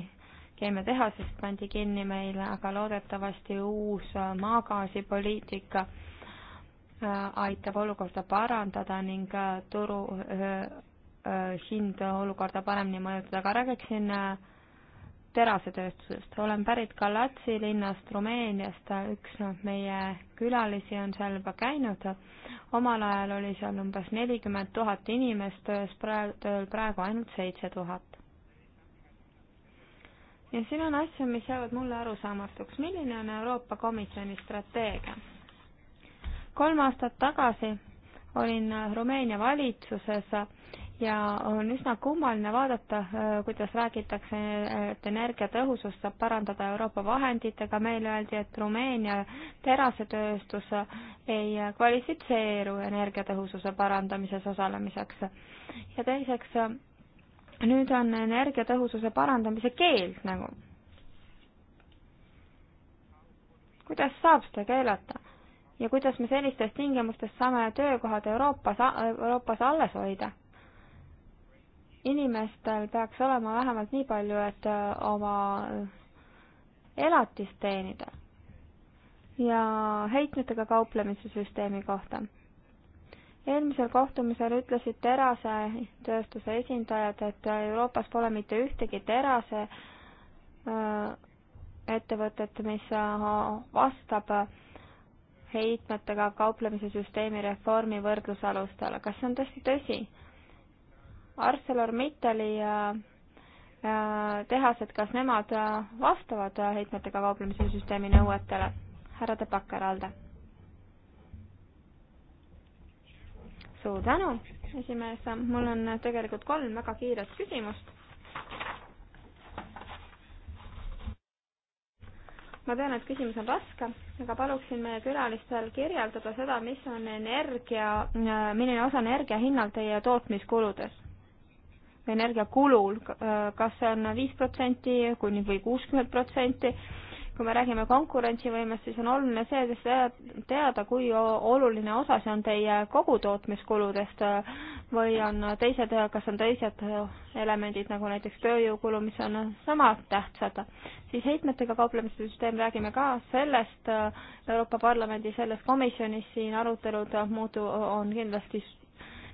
keemiatehasest pandi kinni meil, aga loodetavasti uus äh, maagaasipoliitika äh, aitab olukorda parandada ning äh, turu hind olukorda paremini mõjutada, aga räägiksin terasetööstusest. olen pärit Galatsi linnast Rumeeniast, üks noh, meie külalisi on seal juba käinud. omal ajal oli seal umbes nelikümmend tuhat inimest töös, praegu, tööl praegu ainult seitse tuhat ja siin on asju, mis jäävad mulle arusaamatuks. milline on Euroopa Komisjoni strateegia? kolm aastat tagasi olin äh, Rumeenia valitsuses ja on üsna kummaline vaadata, äh, kuidas räägitakse, et energiatõhusust saab parandada Euroopa vahenditega, meile öeldi, et Rumeenia terasetööstus ei kvalifitseeru energiatõhususe parandamises osalemiseks. ja teiseks nüüd on energiatõhususe parandamise keeld nagu. kuidas saab seda keelata ja kuidas me sellistes tingimustes saame töökohad Euroopas, Euroopas alles hoida? inimestel peaks olema vähemalt nii palju, et äh, oma elatist teenida ja heitmetega kauplemise süsteemi kohta eelmisel kohtumisel ütlesid terasetööstuse esindajad, et Euroopas pole mitte ühtegi terase äh, ettevõtet, mis äh, vastab heitmetega kauplemise süsteemi reformi võrdlusalustele. kas see on tõesti tõsi? ArcelorMittali äh, tehased, kas nemad vastavad heitmetega kauplemise süsteemi nõuetele? härra De Backer, Alde suur tänu, esimees, mul on tegelikult kolm väga kiiret küsimust. ma tean, et küsimus on raske, aga paluksin meie külalistel kirjeldada seda, mis on energia, milline osa energia hinnal teie tootmiskuludes või energiakulul, kas see on viis protsenti kuni või kuuskümmend protsenti kui me räägime konkurentsivõimest, siis on oluline see, et teada, kui oluline osa see on teie kogutootmiskuludest äh, või on teised, äh, kas on teised äh, elemendid, nagu näiteks tööjõukulu, mis on sama tähtsad. siis heitmetega kauplemise süsteem, räägime ka sellest Euroopa Parlamendi selles komisjonis, siin arutelud muutu-, on kindlasti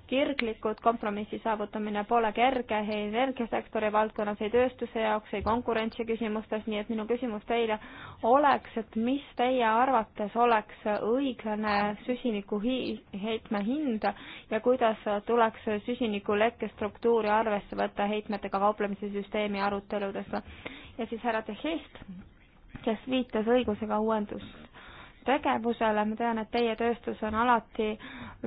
kirglikud, kompromissi saavutamine pole kerge ei energiasektori valdkonnas, ei tööstuse jaoks, ei konkurentsi küsimustes, nii et minu küsimus teile oleks, et mis teie arvates oleks õiglane süsiniku hi-, heitme hind ja kuidas tuleks süsinikulekke struktuuri arvesse võtta heitmetega kauplemise süsteemi aruteludes. ja siis härra Tehest, kes viitas õigusega uuendus uuendustegevusele, ma tean, et teie tööstus on alati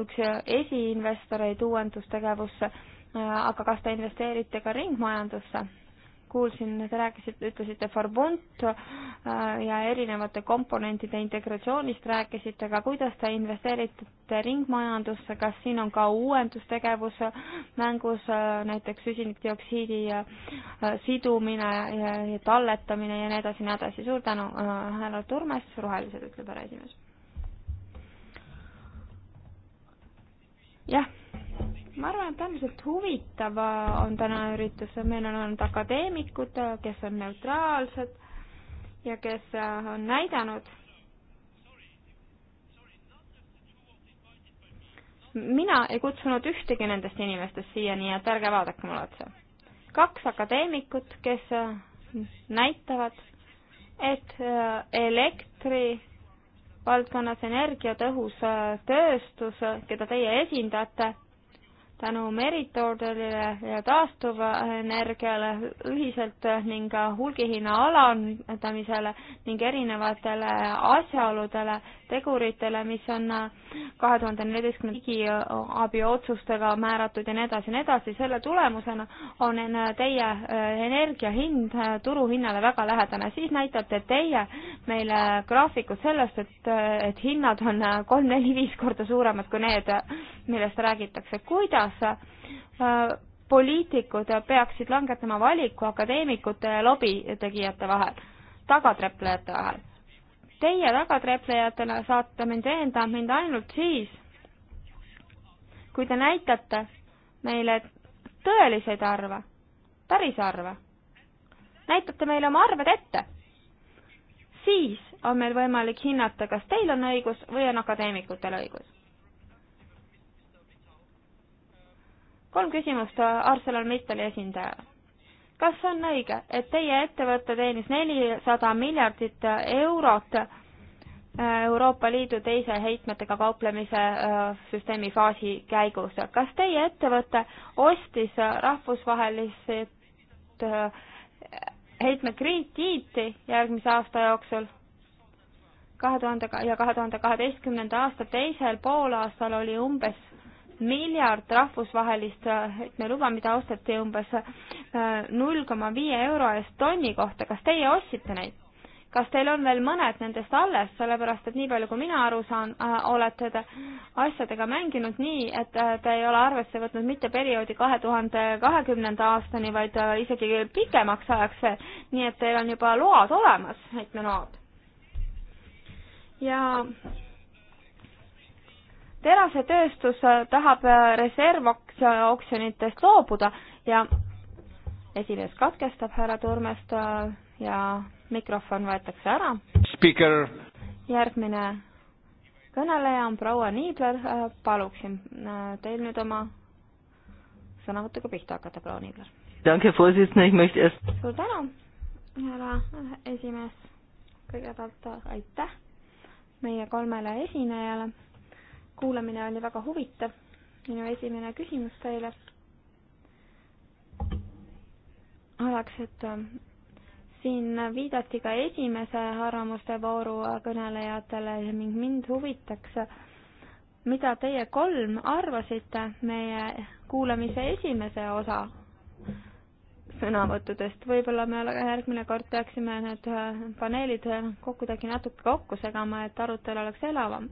üks esiinvestoreid uuendustegevusse, aga kas te investeerite ka ringmajandusse? kuulsin, te rääkisite, ütlesite Farbont äh, ja erinevate komponentide integratsioonist rääkisite, aga kuidas te investeerite ringmajandusse, kas siin on ka uuendustegevus mängus, äh, näiteks süsinikdioksiidi äh, sidumine ja talletamine ja nii edasi, nii edasi. suur tänu, härra Turmes, rohelised, ütleb härra esimees. jah ma arvan, et äärmiselt huvitav on täna üritus, meil on olnud akadeemikud, kes on neutraalsed ja kes äh, on näidanud, mina ei kutsunud ühtegi nendest inimestest siia, nii et ärge vaadake mulle otsa. kaks akadeemikut, kes äh, näitavad, et äh, elektri valdkonnas energiatõhus tööstus, keda teie esindate, tänu meritoodolile ja taastuva energiale ühiselt ning hulgihinna alandamisele ning erinevatele asjaoludele teguritele, mis on äh, kahe tuhande neljateistkümnenda riigiabi äh, otsustega määratud ja nii edasi ja nii edasi, selle tulemusena on äh, teie energia hind turuhinnale väga lähedane. siis näitate teie meile graafikud sellest, et, et hinnad on kolm-neli-viis korda suuremad kui need, millest räägitakse. kuidas poliitikud peaksid langetama valiku akadeemikute ja lobitegijate vahel, tagatreplejate vahel? Teie tagatreplejatena saate mind veenda mind ainult siis, kui te näitate meile tõeliseid arve, päris arve. näitate meile oma arved ette. siis on meil võimalik hinnata, kas teil on õigus või on akadeemikutel õigus. kolm küsimust Arsenal Mittali esindajale kas on õige, et teie ettevõte teenis nelisada miljardit eurot äh, Euroopa Liidu teise heitmetega kauplemise äh, süsteemi faasi käigus, kas teie ettevõte ostis rahvusvahelised äh, heitmekrediiti järgmise aasta jooksul? kahe tuhande ja kahe tuhande kaheteistkümnenda aasta teisel poolaastal oli umbes miljard rahvusvahelist heitmeluba, äh, mida osteti umbes äh, null koma viie euro eest tonni kohta, kas teie ostsite neid? kas teil on veel mõned nendest alles, sellepärast et nii palju, kui mina aru saan, äh, olete te asjadega mänginud nii, et te ei ole arvesse võtnud mitte perioodi kahe tuhande kahekümnenda aastani, vaid isegi pikemaks ajaks veel, nii et teil on juba load olemas, heitmeload. ja terasetööstus äh, tahab äh, reservoksjonitest äh, loobuda ja esimees katkestab härra Turmest ja mikrofon võetakse ära. järgmine kõneleja on proua Niibler, paluksin teil nüüd oma sõnavõtuga pihta hakata, proua Niibler. suur tänu, härra esimees. kõigepealt aitäh meie kolmele esinejale kuulamine oli väga huvitav. minu esimene küsimus teile oleks, et ähm, siin viidati ka esimese arvamuste vooru kõnelejatele ning mind huvitaks, mida teie kolm arvasite meie kuulamise esimese osa sõnavõttudest, võib-olla me järgmine kord peaksime need äh, paneelid äh, kuidagi natuke kokku segama, et arutelu oleks elavam.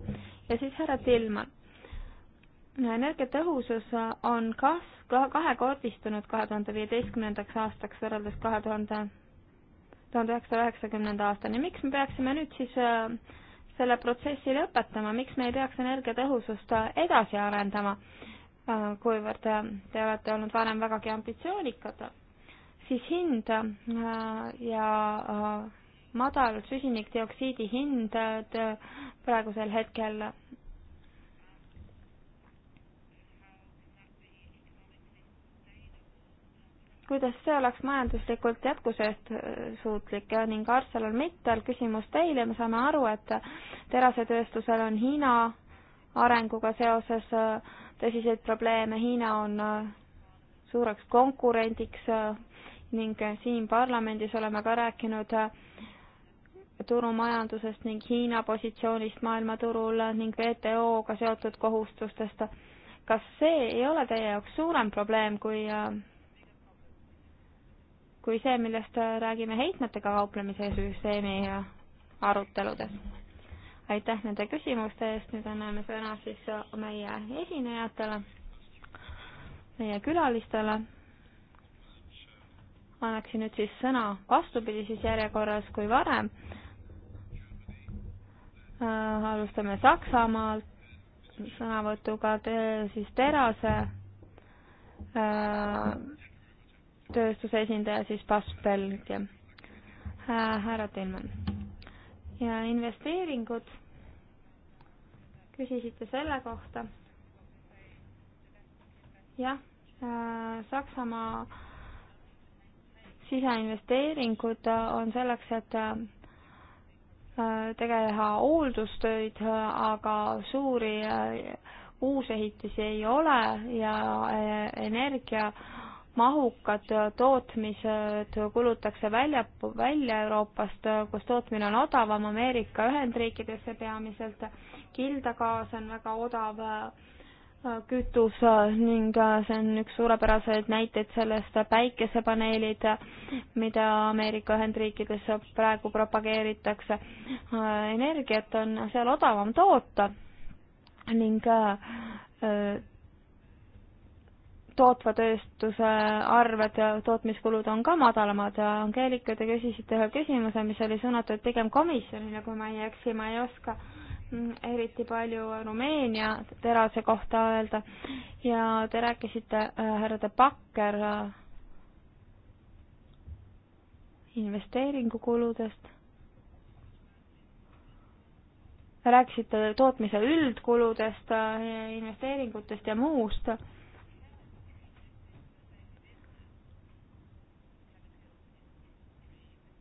ja siis härra Tilman. energiatõhusus äh, on kas-, kahekordistunud kahe tuhande viieteistkümnendaks aastaks võrreldes kahe tuhande, tuhande üheksasaja üheksakümnenda aastani. miks me peaksime nüüd siis selle protsessi lõpetama, miks me ei peaks energiatõhusust edasi arendama? kuivõrd te olete olnud varem vägagi ambitsioonikad siis hind äh, ja äh, madal süsinikdioksiidi hind äh, praegusel hetkel kuidas see oleks majanduslikult jätkusuutlik ja ning ArcelorMittal küsimus teile, me saame aru, et terasetööstusel on Hiina arenguga seoses tõsiseid probleeme, Hiina on suureks konkurendiks ning siin parlamendis oleme ka rääkinud äh, turumajandusest ning Hiina positsioonist maailmaturul ning WTO-ga seotud kohustustest. kas see ei ole teie jaoks suurem probleem kui, äh, kui see, millest äh, räägime heitmetega kauplemise süsteemi aruteludes? aitäh nende küsimuste eest, nüüd anname sõna siis meie esinejatele, meie külalistele annaksin nüüd siis sõna vastupidises järjekorras kui varem. Äh, alustame Saksamaalt sõnavõtuga te, siis Terase äh, tööstuse esindaja siis Bas Belgia, äh, härra Tilman. ja investeeringud, küsisite selle kohta. jah, Saksamaa siseinvesteeringud äh, on selleks, et äh, teha hooldustöid, äh, aga suuri uusehitisi ei ole ja energia mahukad tootmised kulutakse välja, välja Euroopast, kus tootmine on odavam, Ameerika Ühendriikidesse peamiselt. kildagaas on väga odav kütus äh, ning äh, see on üks suurepäraseid näiteid sellest, äh, päikesepaneelid, mida Ameerika Ühendriikides praegu propageeritakse. energiat on seal odavam toota ning tootva tööstuse arved ja tootmiskulud on ka madalamad ja Angeelika, te küsisite ühe küsimuse, mis oli suunatud pigem komisjonile, kui ma ei eksi, ma ei oska äh, Mm, eriti palju Rumeenia terase kohta öelda ja te rääkisite äh, härra De Backer äh, investeeringukuludest. rääkisite tootmise üldkuludest, äh, investeeringutest ja muust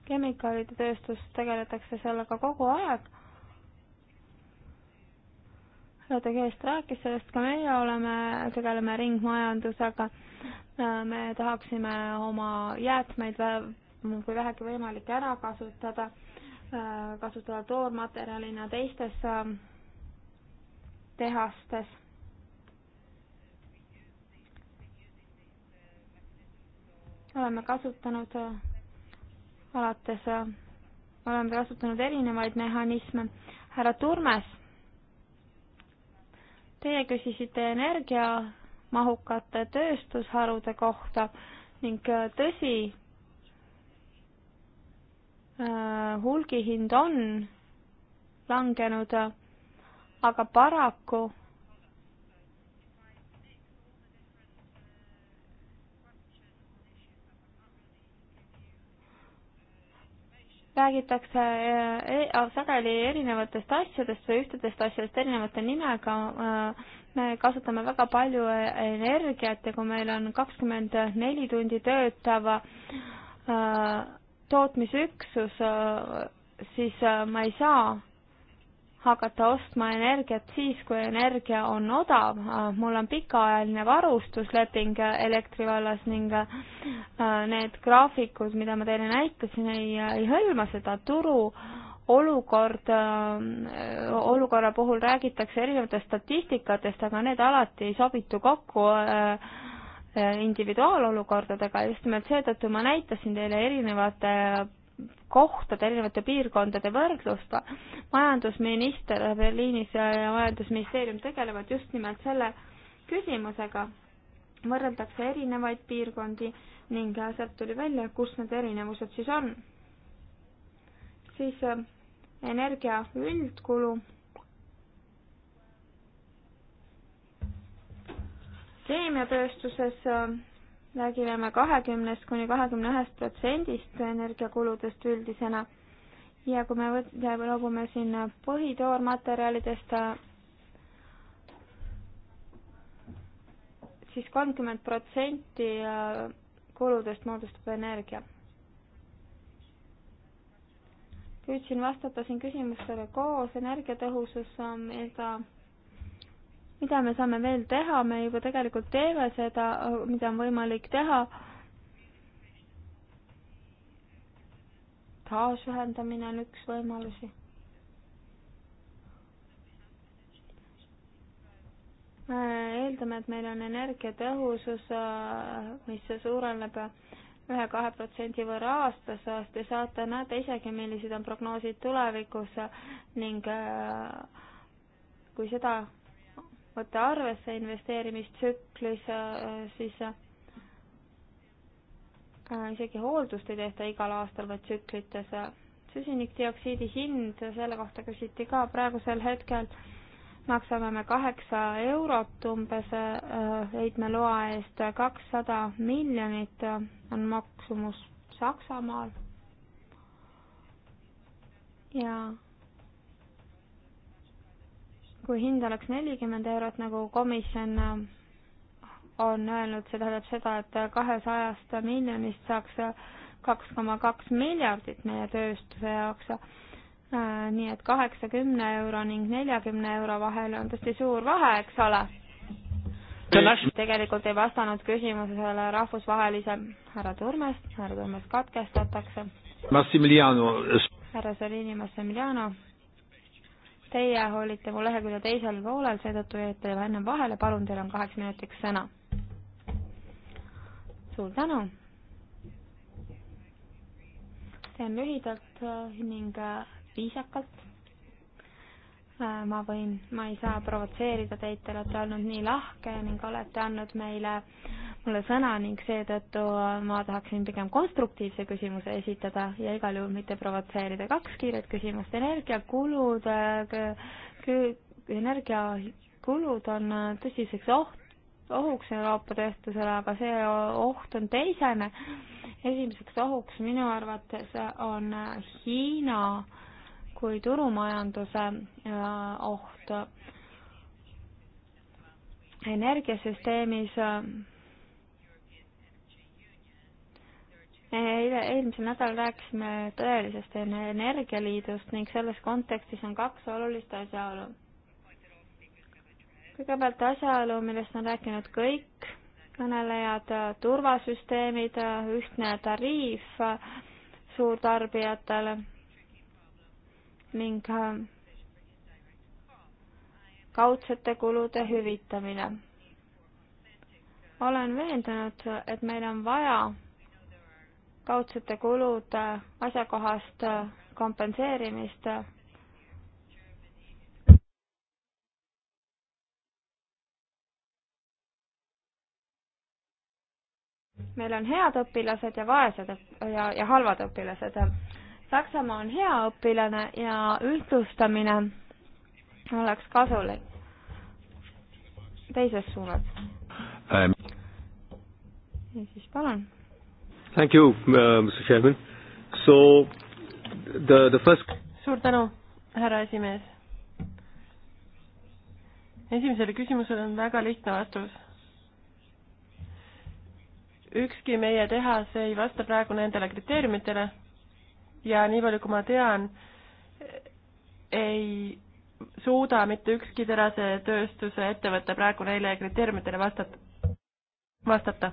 kemikaalide tööstus, tegeletakse sellega kogu aeg Tegeest rääkis sellest ka meie oleme, tegeleme ringmajandusega. me tahaksime oma jäätmeid kui vähegi võimalik ära kasutada, kasutada toormaterjalina teistes ähm, tehastes oleme kasutanud äh, alates, äh, oleme kasutanud erinevaid mehhanisme. härra Turmes Teie küsisite energiamahukate tööstusharude kohta ning äh, tõsi, äh, hulgihind on langenud, aga paraku räägitakse e, e, sageli erinevatest asjadest või ühtedest asjadest erinevate nimega. Äh, me kasutame väga palju e, energiat ja kui meil on kakskümmend neli tundi töötav äh, tootmisüksus, äh, siis ma ei saa hakata ostma energiat siis, kui energia on odav. Ah, mul on pikaajaline varustusleping elektri vallas ning ah, need graafikud, mida ma teile näitasin, ei, ei hõlma seda turu olukord, ah, olukorra puhul räägitakse erinevatest statistikatest, aga need alati ei sobitu kokku individuaalolukordadega, just nimelt seetõttu ma näitasin teile erinevate kohtade, erinevate piirkondade võrdlust. majandusminister Berliinis ja majandusministeerium tegelevad just nimelt selle küsimusega. võrreldakse erinevaid piirkondi ning sealt tuli välja, kus need erinevused siis on. siis äh, energia üldkulu. keemiatööstuses äh, räägime me kahekümnest kuni kahekümne ühest protsendist energiakuludest üldisena ja kui me võt-, loobume siin põhitoormaterjalidest, siis kolmkümmend protsenti äh, kuludest moodustab energia. püüdsin vastata siin küsimustele koos, energiatõhusus, mida mida me saame veel teha, me juba tegelikult teeme seda, mida on võimalik teha. taasühendamine on üks võimalusi. me eeldame, et meil on energiatõhusus, mis suureneb ühe-kahe protsendi võrra aastas, te saate näha isegi, millised on prognoosid tulevikus ning äh, kui seda võtta arvesse investeerimistsüklis, äh, siis äh, isegi hooldust ei tehta igal aastal, vaid tsüklites. süsinikdioksiidi hind, selle kohta küsiti ka, praegusel hetkel maksame me kaheksa eurot umbes äh, heitmeloa eest, kakssada miljonit on maksumus Saksamaal ja kui hind oleks nelikümmend eurot, nagu komisjon äh, on öelnud, see tähendab seda, et kahesajast miljonist saaks kaks koma kaks miljardit meie tööstuse jaoks. Äh, nii et kaheksakümne euro ning neljakümne euro vahel on tõesti suur vahe, eks ole. tegelikult ei vastanud küsimusele rahvusvahelise härra Turmest, härra Turmes katkestatakse. härra Solini Massimiliano Teie olite mu lehekülje teisel poolel, seetõttu jäite ennem vahele, palun, teil on kaheks minutiks sõna. suur tänu. teen lühidalt äh, ning äh, viisakalt. Äh, ma võin, ma ei saa provotseerida teid, te olete olnud nii lahke ning olete andnud meile äh, mulle sõna ning seetõttu äh, ma tahaksin pigem konstruktiivse küsimuse esitada ja igal juhul mitte provotseerida. kaks kiiret küsimust. energiakulud, äh, energiakulud on äh, tõsiseks oht, ohuks Euroopa tööstusele, aga see oht on teisene. esimeseks ohuks minu arvates on Hiina kui turumajanduse oht energiasüsteemis Eh, eile, eelmisel nädalal rääkisime tõelisest energialiidust ning selles kontekstis on kaks olulist asjaolu. kõigepealt asjaolu, millest on rääkinud kõik kõnelejad, turvasüsteemid, ühtne tariif suurtarbijatele ning äh, kaudsete kulude hüvitamine. olen veendunud, et meil on vaja kaudsete kulude asjakohast kompenseerimist meil on head õpilased ja vaesed ja, ja halvad õpilased. Saksamaa on hea õpilane ja ühtlustamine oleks kasulik teises suunas. ja ähm. siis palun Thank you, uh, Mr Chairman. So the, the first. suur tänu, härra esimees. esimesele küsimusele on väga lihtne vastus. ükski meie tehas ei vasta praegu nendele kriteeriumitele ja nii palju, kui ma tean, ei suuda mitte ükski terasetööstuse ettevõte praegu neile kriteeriumitele vastata, vastata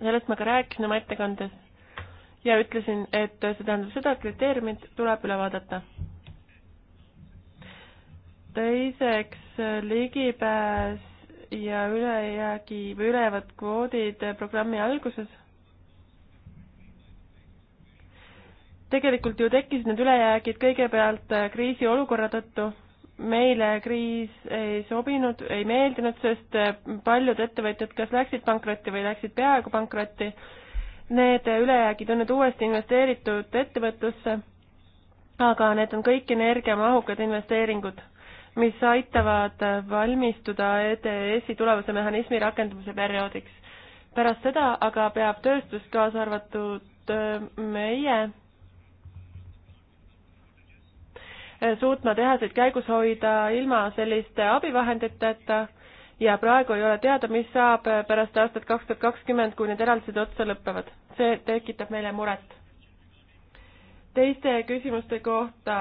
sellest ma ka rääkisin oma ettekandes ja ütlesin, et see tähendab seda, et kriteeriumid tuleb üle vaadata. teiseks, ligipääs ja ülejäägi või ülejäävad kvoodid programmi alguses. tegelikult ju tekkisid need ülejäägid kõigepealt kriisiolukorra tõttu meile kriis ei sobinud, ei meeldinud, sest äh, paljud ettevõtjad kas läksid pankrotti või läksid peaaegu pankrotti. Need äh, ülejäägid on nüüd uuesti investeeritud ettevõtlusse, aga need on kõik energiamahukad investeeringud, mis aitavad äh, valmistuda EDS-i tulevase mehhanismi rakendamise perioodiks. pärast seda aga peab tööstus, kaasa arvatud meie, Eh, suutma tehaseid käigus hoida ilma selliste abivahenditeta ja praegu ei ole teada, mis saab eh, pärast aastat kaks tuhat kakskümmend, kui need eraldised otsa lõpevad. see tekitab meile muret. teiste küsimuste kohta,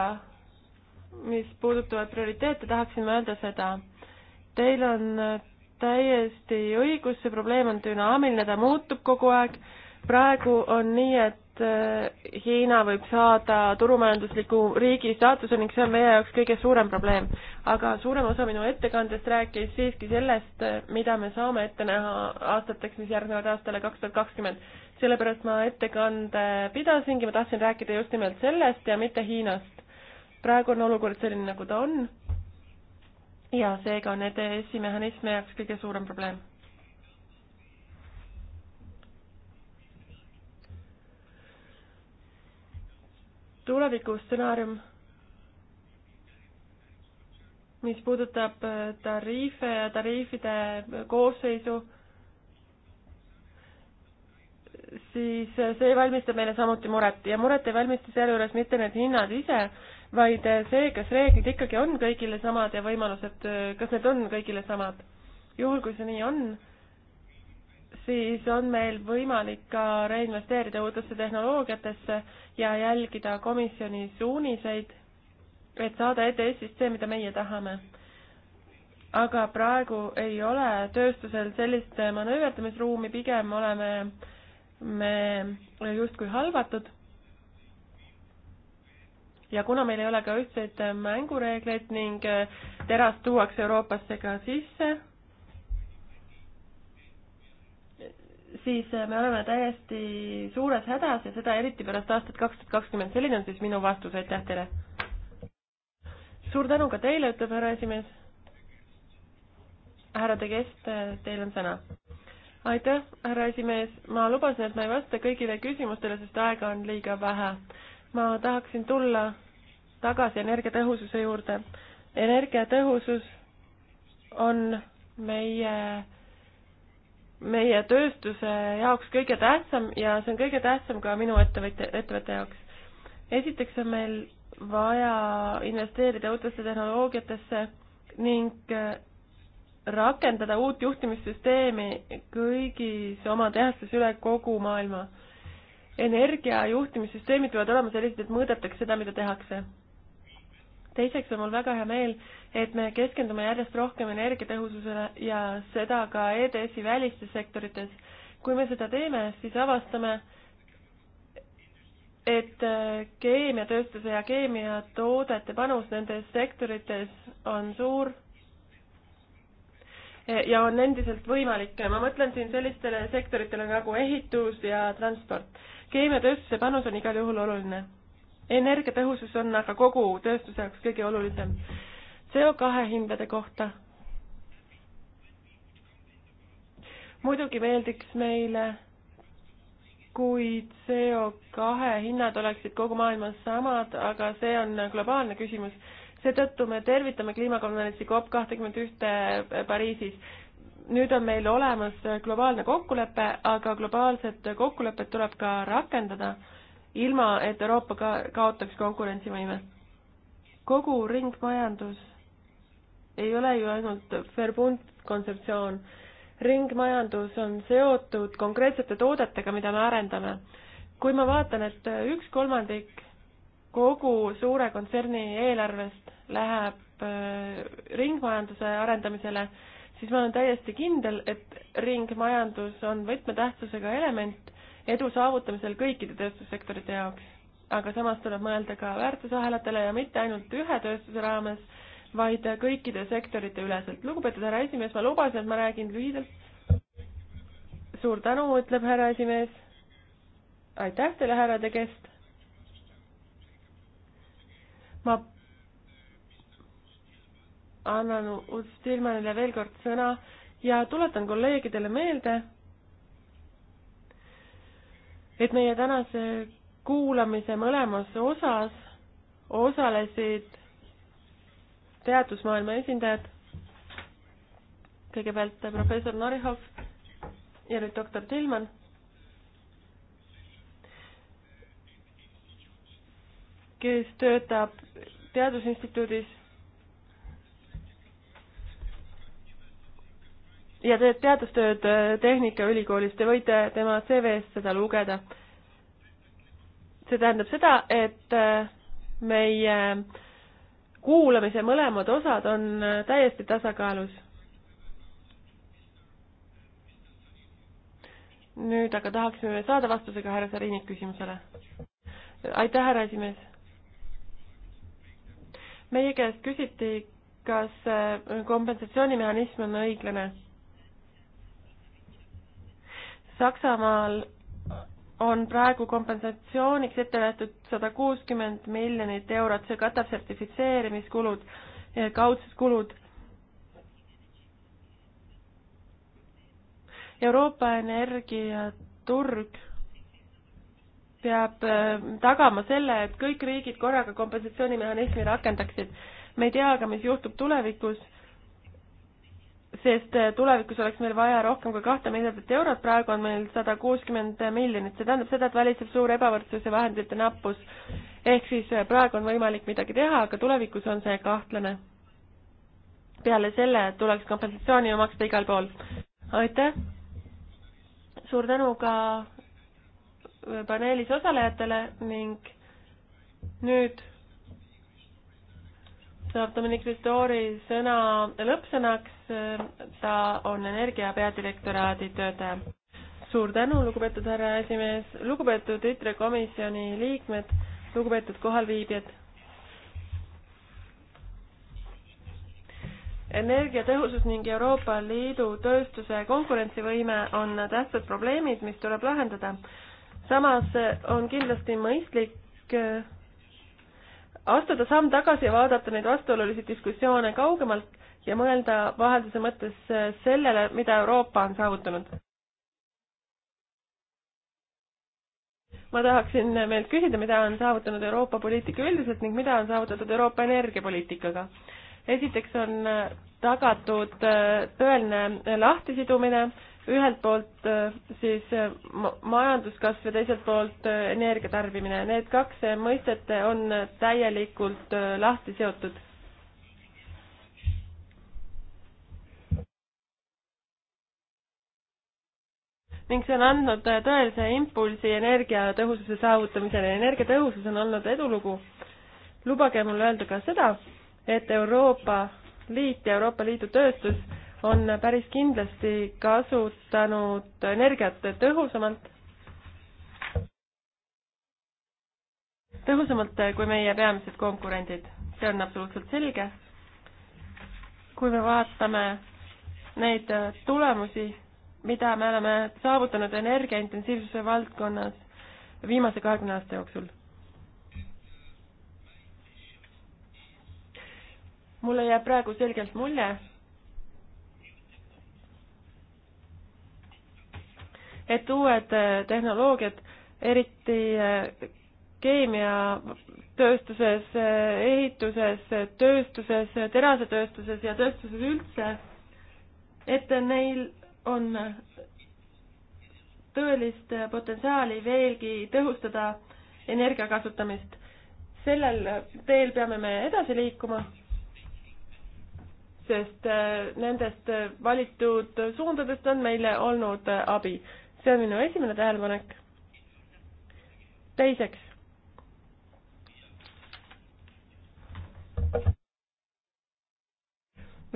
mis puudutavad prioriteete, tahaksin ma öelda seda. Teil on eh, täiesti õigus, see probleem on dünaamiline, ta muutub kogu aeg. praegu on nii, et Äh, Hiina võib saada turumajandusliku riigi staatuse ning see on meie jaoks kõige suurem probleem. aga suurem osa minu ettekandest rääkis siiski sellest, mida me saame ette näha aastateks, mis järgnevad aastale kaks tuhat kakskümmend. sellepärast ma ettekande pidasingi, ma tahtsin rääkida just nimelt sellest ja mitte Hiinast. praegu on olukord selline, nagu ta on. ja seega on EDS-i mehhanism meie jaoks kõige suurem probleem tulevikustsenaarium, mis puudutab äh, tariife ja tariifide äh, koosseisu, siis äh, see valmistab meile samuti muret ja muret ei valmista sealjuures mitte need hinnad ise, vaid see, kas reeglid ikkagi on kõigile samad ja võimalused, kas need on kõigile samad. juhul, kui see nii on, siis on meil võimalik ka reinvesteerida uutesse tehnoloogiatesse ja jälgida komisjoni suuniseid, et saada ETS-ist see, mida meie tahame. aga praegu ei ole tööstusel sellist manööverdamisruumi, pigem oleme me justkui halvatud. ja kuna meil ei ole ka ühtseid mängureegleid ning teras tuuakse Euroopasse ka sisse, siis eh, me oleme täiesti suures hädas ja seda eriti pärast aastat kaks tuhat kakskümmend. selline on siis minu vastus, aitäh teile. suur tänu ka teile, ütleb härra esimees. härra De Gest, eh, teil on sõna. aitäh, härra esimees, ma lubasin, et ma ei vasta kõigile küsimustele, sest aega on liiga vähe. ma tahaksin tulla tagasi energiatõhususe juurde. energiatõhusus on meie meie tööstuse jaoks kõige tähtsam ja see on kõige tähtsam ka minu ettevõtja, ettevõtte jaoks. esiteks on meil vaja investeerida uutesse tehnoloogiatesse ning äh, rakendada uut juhtimissüsteemi kõigis oma tehastes üle kogu maailma. energia juhtimissüsteemid peavad olema sellised, et mõõdetakse seda, mida tehakse teiseks on mul väga hea meel, et me keskendume järjest rohkem energiatõhususele ja seda ka EDS-i välistes sektorites. kui me seda teeme, siis avastame, et äh, keemiatööstuse ja keemiatoodete panus nendes sektorites on suur e, ja on endiselt võimalik. ma mõtlen siin sellistele sektoritele nagu ehitus ja transport. keemiatööstuse panus on igal juhul oluline energiatõhusus on aga kogu tööstuse jaoks kõige olulisem. CO2 hindade kohta. muidugi meeldiks meile, kui CO2 hinnad oleksid kogu maailmas samad, aga see on globaalne küsimus. seetõttu me tervitame kliimakonverentsi COP kahtekümmend ühte Pariisis nüüd on meil olemas globaalne kokkulepe, aga globaalset kokkulepet tuleb ka rakendada ilma et Euroopa ka kaotaks konkurentsivõime. kogu ringmajandus ei ole ju ainult Verbund kontseptsioon. ringmajandus on seotud konkreetsete toodetega, mida me arendame. kui ma vaatan, et üks kolmandik kogu suure kontserni eelarvest läheb äh, ringmajanduse arendamisele, siis ma olen täiesti kindel, et ringmajandus on võtmetähtsusega element edu saavutamisel kõikide tööstussektorite jaoks. aga samas tuleb mõelda ka väärtusahelatele ja mitte ainult ühe tööstuse raames, vaid kõikide sektorite üleselt. lugupeetud härra esimees, ma lubasin, et ma räägin lühidalt. suur tänu, ütleb härra esimees. aitäh teile, härra De Kest. ma annan Ulf Tilmanile veel kord sõna ja tuletan kolleegidele meelde et meie tänase kuulamise mõlemas osas osalesid teadusmaailma esindajad, kõigepealt professor Norihov ja nüüd doktor Tillmann. kes töötab teadusinstituudis ja teeb teadustööd äh, Tehnikaülikoolis, te võite tema CV-st seda lugeda. see tähendab seda, et äh, meie äh, kuulamise mõlemad osad on täiesti tasakaalus. nüüd aga tahaksime saada vastuse ka härra Sarinik küsimusele. aitäh, härra esimees. meie käest küsiti, kas kompensatsioonimehhanism on õiglane Saksamaal on praegu kompensatsiooniks ette nähtud sada kuuskümmend miljonit eurot, see katab sertifitseerimiskulud, kaudsed kulud. Euroopa energiaturg peab äh, tagama selle, et kõik riigid korraga kompensatsioonimehhanismi rakendaksid. me ei tea aga, mis juhtub tulevikus sest äh, tulevikus oleks meil vaja rohkem kui kahte miljardit eurot, praegu on meil sada kuuskümmend miljonit, see tähendab seda, et valitseb suur ebavõrdsus ja vahendite nappus. ehk siis äh, praegu on võimalik midagi teha, aga tulevikus on see kahtlane. peale selle tuleks kompensatsiooni ju maksta igal pool. aitäh! suur tänu ka äh, paneelis osalejatele ning nüüd saab Dominic Ristori sõna lõppsõnaks ta on Energia peadirektoraadi töötaja. suur tänu, lugupeetud härra esimees, lugupeetud ITRE komisjoni liikmed, lugupeetud kohalviibijad energiatõhusus ning Euroopa Liidu tööstuse konkurentsivõime on tähtsad probleemid, mis tuleb lahendada. samas on kindlasti mõistlik äh, astuda samm tagasi ja vaadata neid vastuolulisi diskussioone kaugemalt ja mõelda vahelduse mõttes äh, sellele, mida Euroopa on saavutanud. ma tahaksin meilt küsida, mida on saavutanud Euroopa poliitika üldiselt ning mida on saavutatud Euroopa energiapoliitikaga. esiteks on äh, tagatud äh, tõeline lahtisidumine, ühelt poolt siis majanduskasv ja teiselt poolt energia tarbimine. Need kaks mõistet on täielikult lahti seotud ning see on andnud tõelise impulsi energiatõhususe saavutamisele. energiatõhusus on olnud edulugu. lubage mul öelda ka seda, et Euroopa Liit ja Euroopa Liidu tööstus on päris kindlasti kasutanud energiat tõhusamalt, tõhusamalt kui meie peamised konkurendid, see on absoluutselt selge. kui me vaatame neid tulemusi, mida me oleme saavutanud energiaintensiivsuse valdkonnas viimase kahekümne aasta jooksul. mulle jääb praegu selgelt mulje, et uued äh, tehnoloogiad, eriti äh, keemiatööstuses, äh, ehituses, tööstuses, terasetööstuses ja tööstuses üldse, et neil on tõelist potentsiaali veelgi tõhustada energia kasutamist. sellel teel peame me edasi liikuma, sest äh, nendest valitud suundadest on meile olnud abi. see on minu esimene tähelepanek. teiseks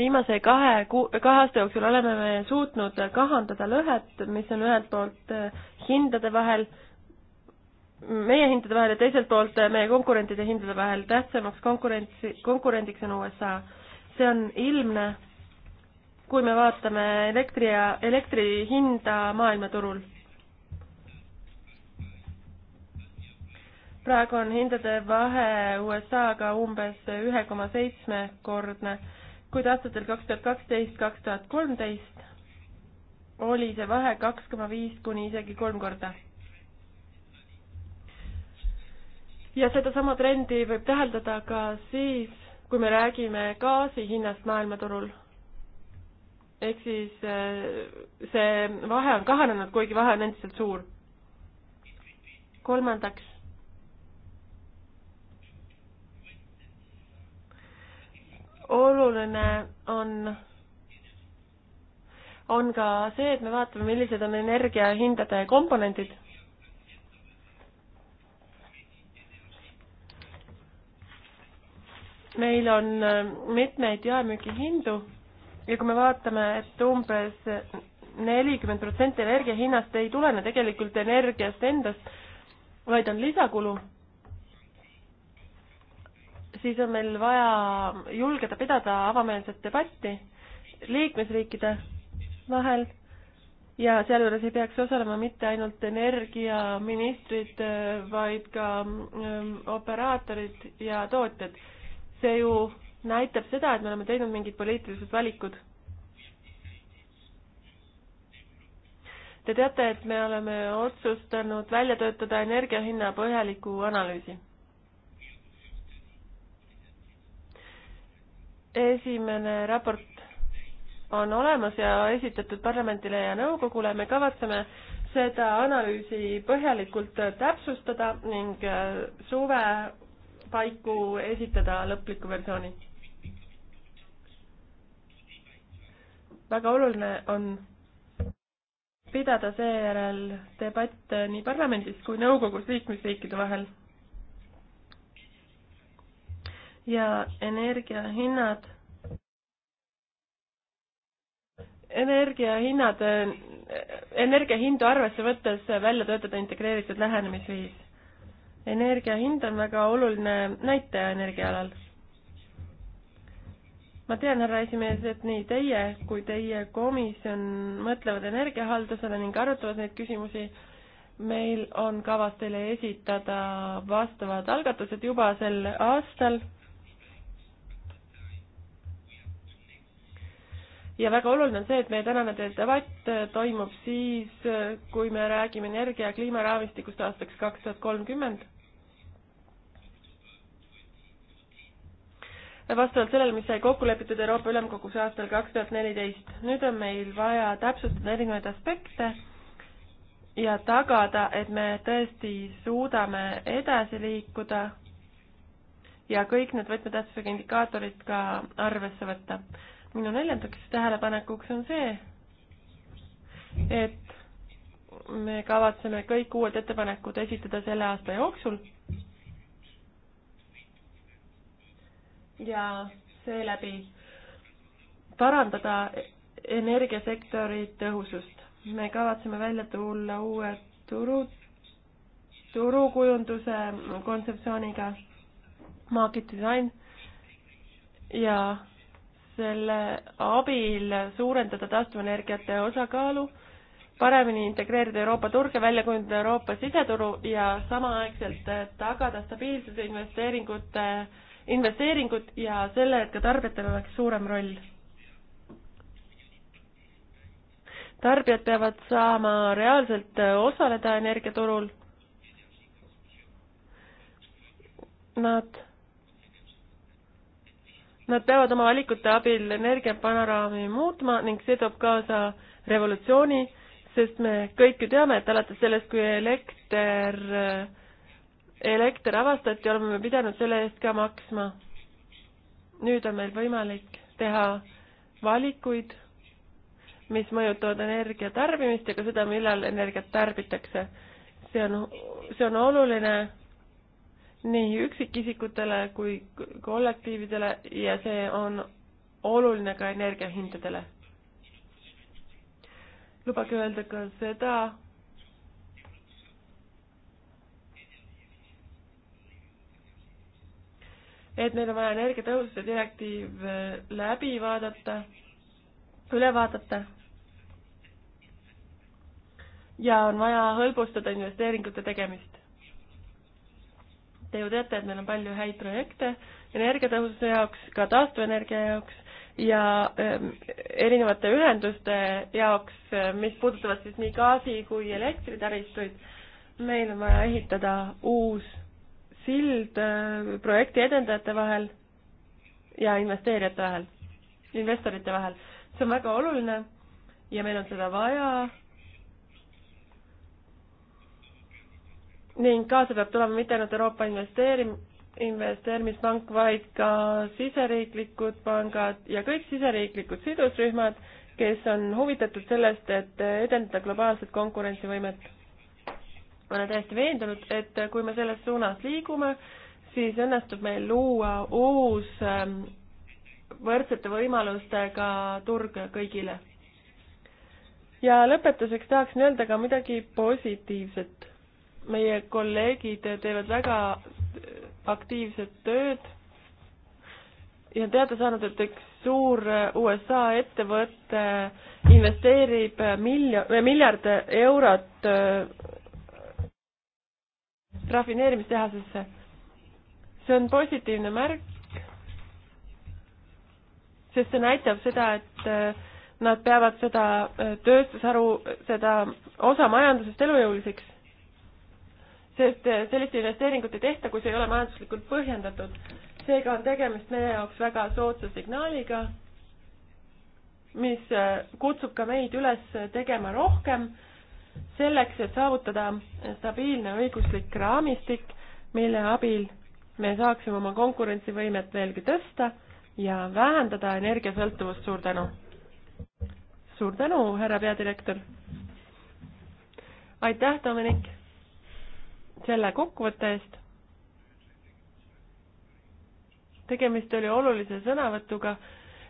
viimase kahe kuu, kahe aasta jooksul oleme me suutnud kahandada lõhet, mis on ühelt poolt äh, hindade vahel, meie hindade vahel ja teiselt poolt äh, meie konkurentide hindade vahel. tähtsamaks konkurentsi, konkurendiks on USA. see on ilmne, kui me vaatame elektri ja elektri hinda maailmaturul. praegu on hindade vahe USA-ga umbes ühe koma seitsmekordne kuid aastatel kaks tuhat kaksteist, kaks tuhat kolmteist oli see vahe kaks koma viis kuni isegi kolm korda. ja sedasama trendi võib täheldada ka siis, kui me räägime gaasi hinnast maailmaturul. ehk siis äh, see vahe on kahanenud, kuigi vahe on endiselt suur. kolmandaks oluline on, on ka see, et me vaatame, millised on energiahindade komponendid. meil on äh, mitmeid jaemüügihindu ja kui me vaatame, et umbes nelikümmend protsenti energia hinnast ei tulene tegelikult energiast endast, vaid on lisakulu siis on meil vaja julgeda pidada avameelset debatti liikmesriikide vahel ja sealjuures ei peaks osalema mitte ainult energiaministrid, vaid ka ähm, operaatorid ja tootjad. see ju näitab seda, et me oleme teinud mingid poliitilised valikud. Te teate, et me oleme otsustanud välja töötada energiahinna põhjaliku analüüsi esimene raport on olemas ja esitatud parlamendile ja nõukogule, me kavatseme seda analüüsi põhjalikult täpsustada ning äh, suve paiku esitada lõpliku versiooni. väga oluline on pidada seejärel debatt nii parlamendis kui nõukogus liikmesriikide vahel ja energiahinnad, energiahinnad, energiahindu arvesse võttes välja töötada integreeritud lähenemisviis. energiahind on väga oluline näitaja energiaalal ma tean, härra esimees, et nii teie kui teie komisjon mõtlevad energiahaldusele ning arutavad neid küsimusi. meil on kavas teile esitada vastavad algatused juba sel aastal ja väga oluline on see, et meie tänane debatt äh, toimub siis, äh, kui me räägime energia- ja kliimaraamistikust aastaks kaks tuhat kolmkümmend. vastavalt sellele, mis sai kokku lepitud Euroopa Ülemkogus aastal kaks tuhat neliteist. nüüd on meil vaja täpsustada erinevaid aspekte ja tagada, et me tõesti suudame edasi liikuda ja kõik need võtmetähtsusega indikaatorid ka arvesse võtta minu neljandaks tähelepanekuks on see, et me kavatseme kõik uued ettepanekud esitada selle aasta jooksul. ja seeläbi parandada energiasektori tõhusust. me kavatseme välja tulla uue turu, turukujunduse kontseptsiooniga, market design ja selle abil suurendada taastuvenergiate osakaalu, paremini integreerida Euroopa turge, välja kujundada Euroopa siseturu ja samaaegselt tagada stabiilsuse investeeringute, investeeringud ja selle, et ka tarbijatel oleks suurem roll. tarbijad peavad saama reaalselt osaleda energiaturul. Nad Nad peavad oma valikute abil energiapanoraami muutma ning see toob kaasa revolutsiooni, sest me kõik ju teame, et alates sellest, kui elekter, elekter avastati, oleme me pidanud selle eest ka maksma. nüüd on meil võimalik teha valikuid, mis mõjutavad energia tarbimist ja ka seda, millal energiat tarbitakse. see on, see on oluline nii üksikisikutele kui kollektiividele ja see on oluline ka energiahindadele. lubage öelda ka seda, et meil on vaja energiatõhususe direktiiv äh, läbi vaadata, üle vaadata ja on vaja hõlbustada investeeringute tegemist. Te ju teate, et meil on palju häid projekte energiatõhususe jaoks, ka taastuvenergia jaoks ja ähm, erinevate ühenduste jaoks, äh, mis puudutavad siis nii gaasi kui elektritaristuid. meil on vaja ehitada uus sild äh, projekti edendajate vahel ja investeerijate vahel, investorite vahel. see on väga oluline ja meil on seda vaja ning kaasa peab tulema mitte ainult Euroopa investeerim-, investeerimispank, vaid ka siseriiklikud pangad ja kõik siseriiklikud sidusrühmad, kes on huvitatud sellest, et edendada globaalset konkurentsivõimet. ma olen täiesti veendunud, et kui me selles suunas liigume, siis õnnestub meil luua uus ähm, võrdsete võimalustega turg kõigile. ja lõpetuseks tahaksin öelda ka midagi positiivset meie kolleegid teevad väga aktiivset tööd ja on teada saanud, et üks suur USA ettevõte investeerib miljon, miljard eurot äh, rafineerimistehasesse. see on positiivne märk, sest see näitab seda, et äh, nad peavad seda äh, tööstusharu, seda osa majandusest elujõuliseks sest eh, sellist investeeringut ei tehta, kui see ei ole majanduslikult põhjendatud. seega on tegemist meie jaoks väga soodsa signaaliga, mis eh, kutsub ka meid üles tegema rohkem selleks, et saavutada stabiilne õiguslik raamistik, mille abil me saaksime oma konkurentsivõimet veelgi tõsta ja vähendada energiasõltuvust. suur tänu! suur tänu, härra peadirektor! aitäh, Dominik! selle kokkuvõtte eest. tegemist oli olulise sõnavõtuga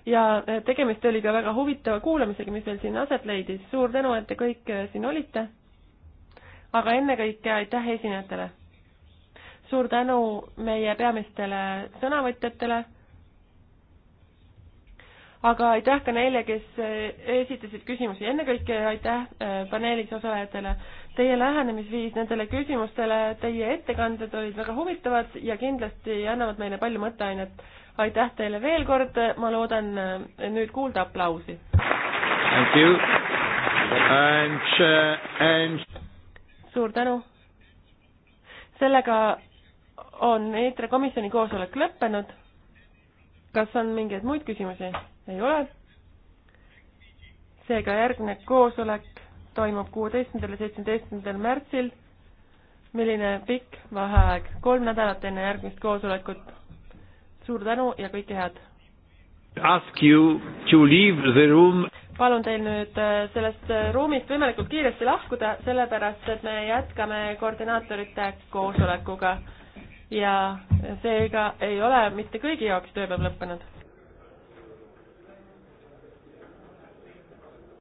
ja eh, tegemist oli ka väga huvitava kuulamisega, mis meil siin aset leidis. suur tänu, et te kõik eh, siin olite. aga ennekõike aitäh esinejatele. suur tänu meie peamistele sõnavõtjatele. aga aitäh ka neile, kes eh, esitasid küsimusi. ennekõike aitäh paneelis osalejatele teie lähenemisviis nendele küsimustele, teie ettekanded olid väga huvitavad ja kindlasti annavad meile palju mõtteainet. aitäh teile veel kord, ma loodan nüüd kuulda aplausi. Uh, and... suur tänu. sellega on EITRE komisjoni koosolek lõppenud. kas on mingeid muid küsimusi? ei ole. seega järgneb koosolek toimub kuueteistkümnendal ja seitsmeteistkümnendal märtsil. milline pikk vaheaeg, kolm nädalat enne järgmist koosolekut. suur tänu ja kõike head! Ask you to leave the room. palun teil nüüd äh, sellest äh, ruumist võimalikult kiiresti lahkuda, sellepärast et me jätkame koordinaatorite koosolekuga ja seega ei ole mitte kõigi jaoks tööpäev lõppenud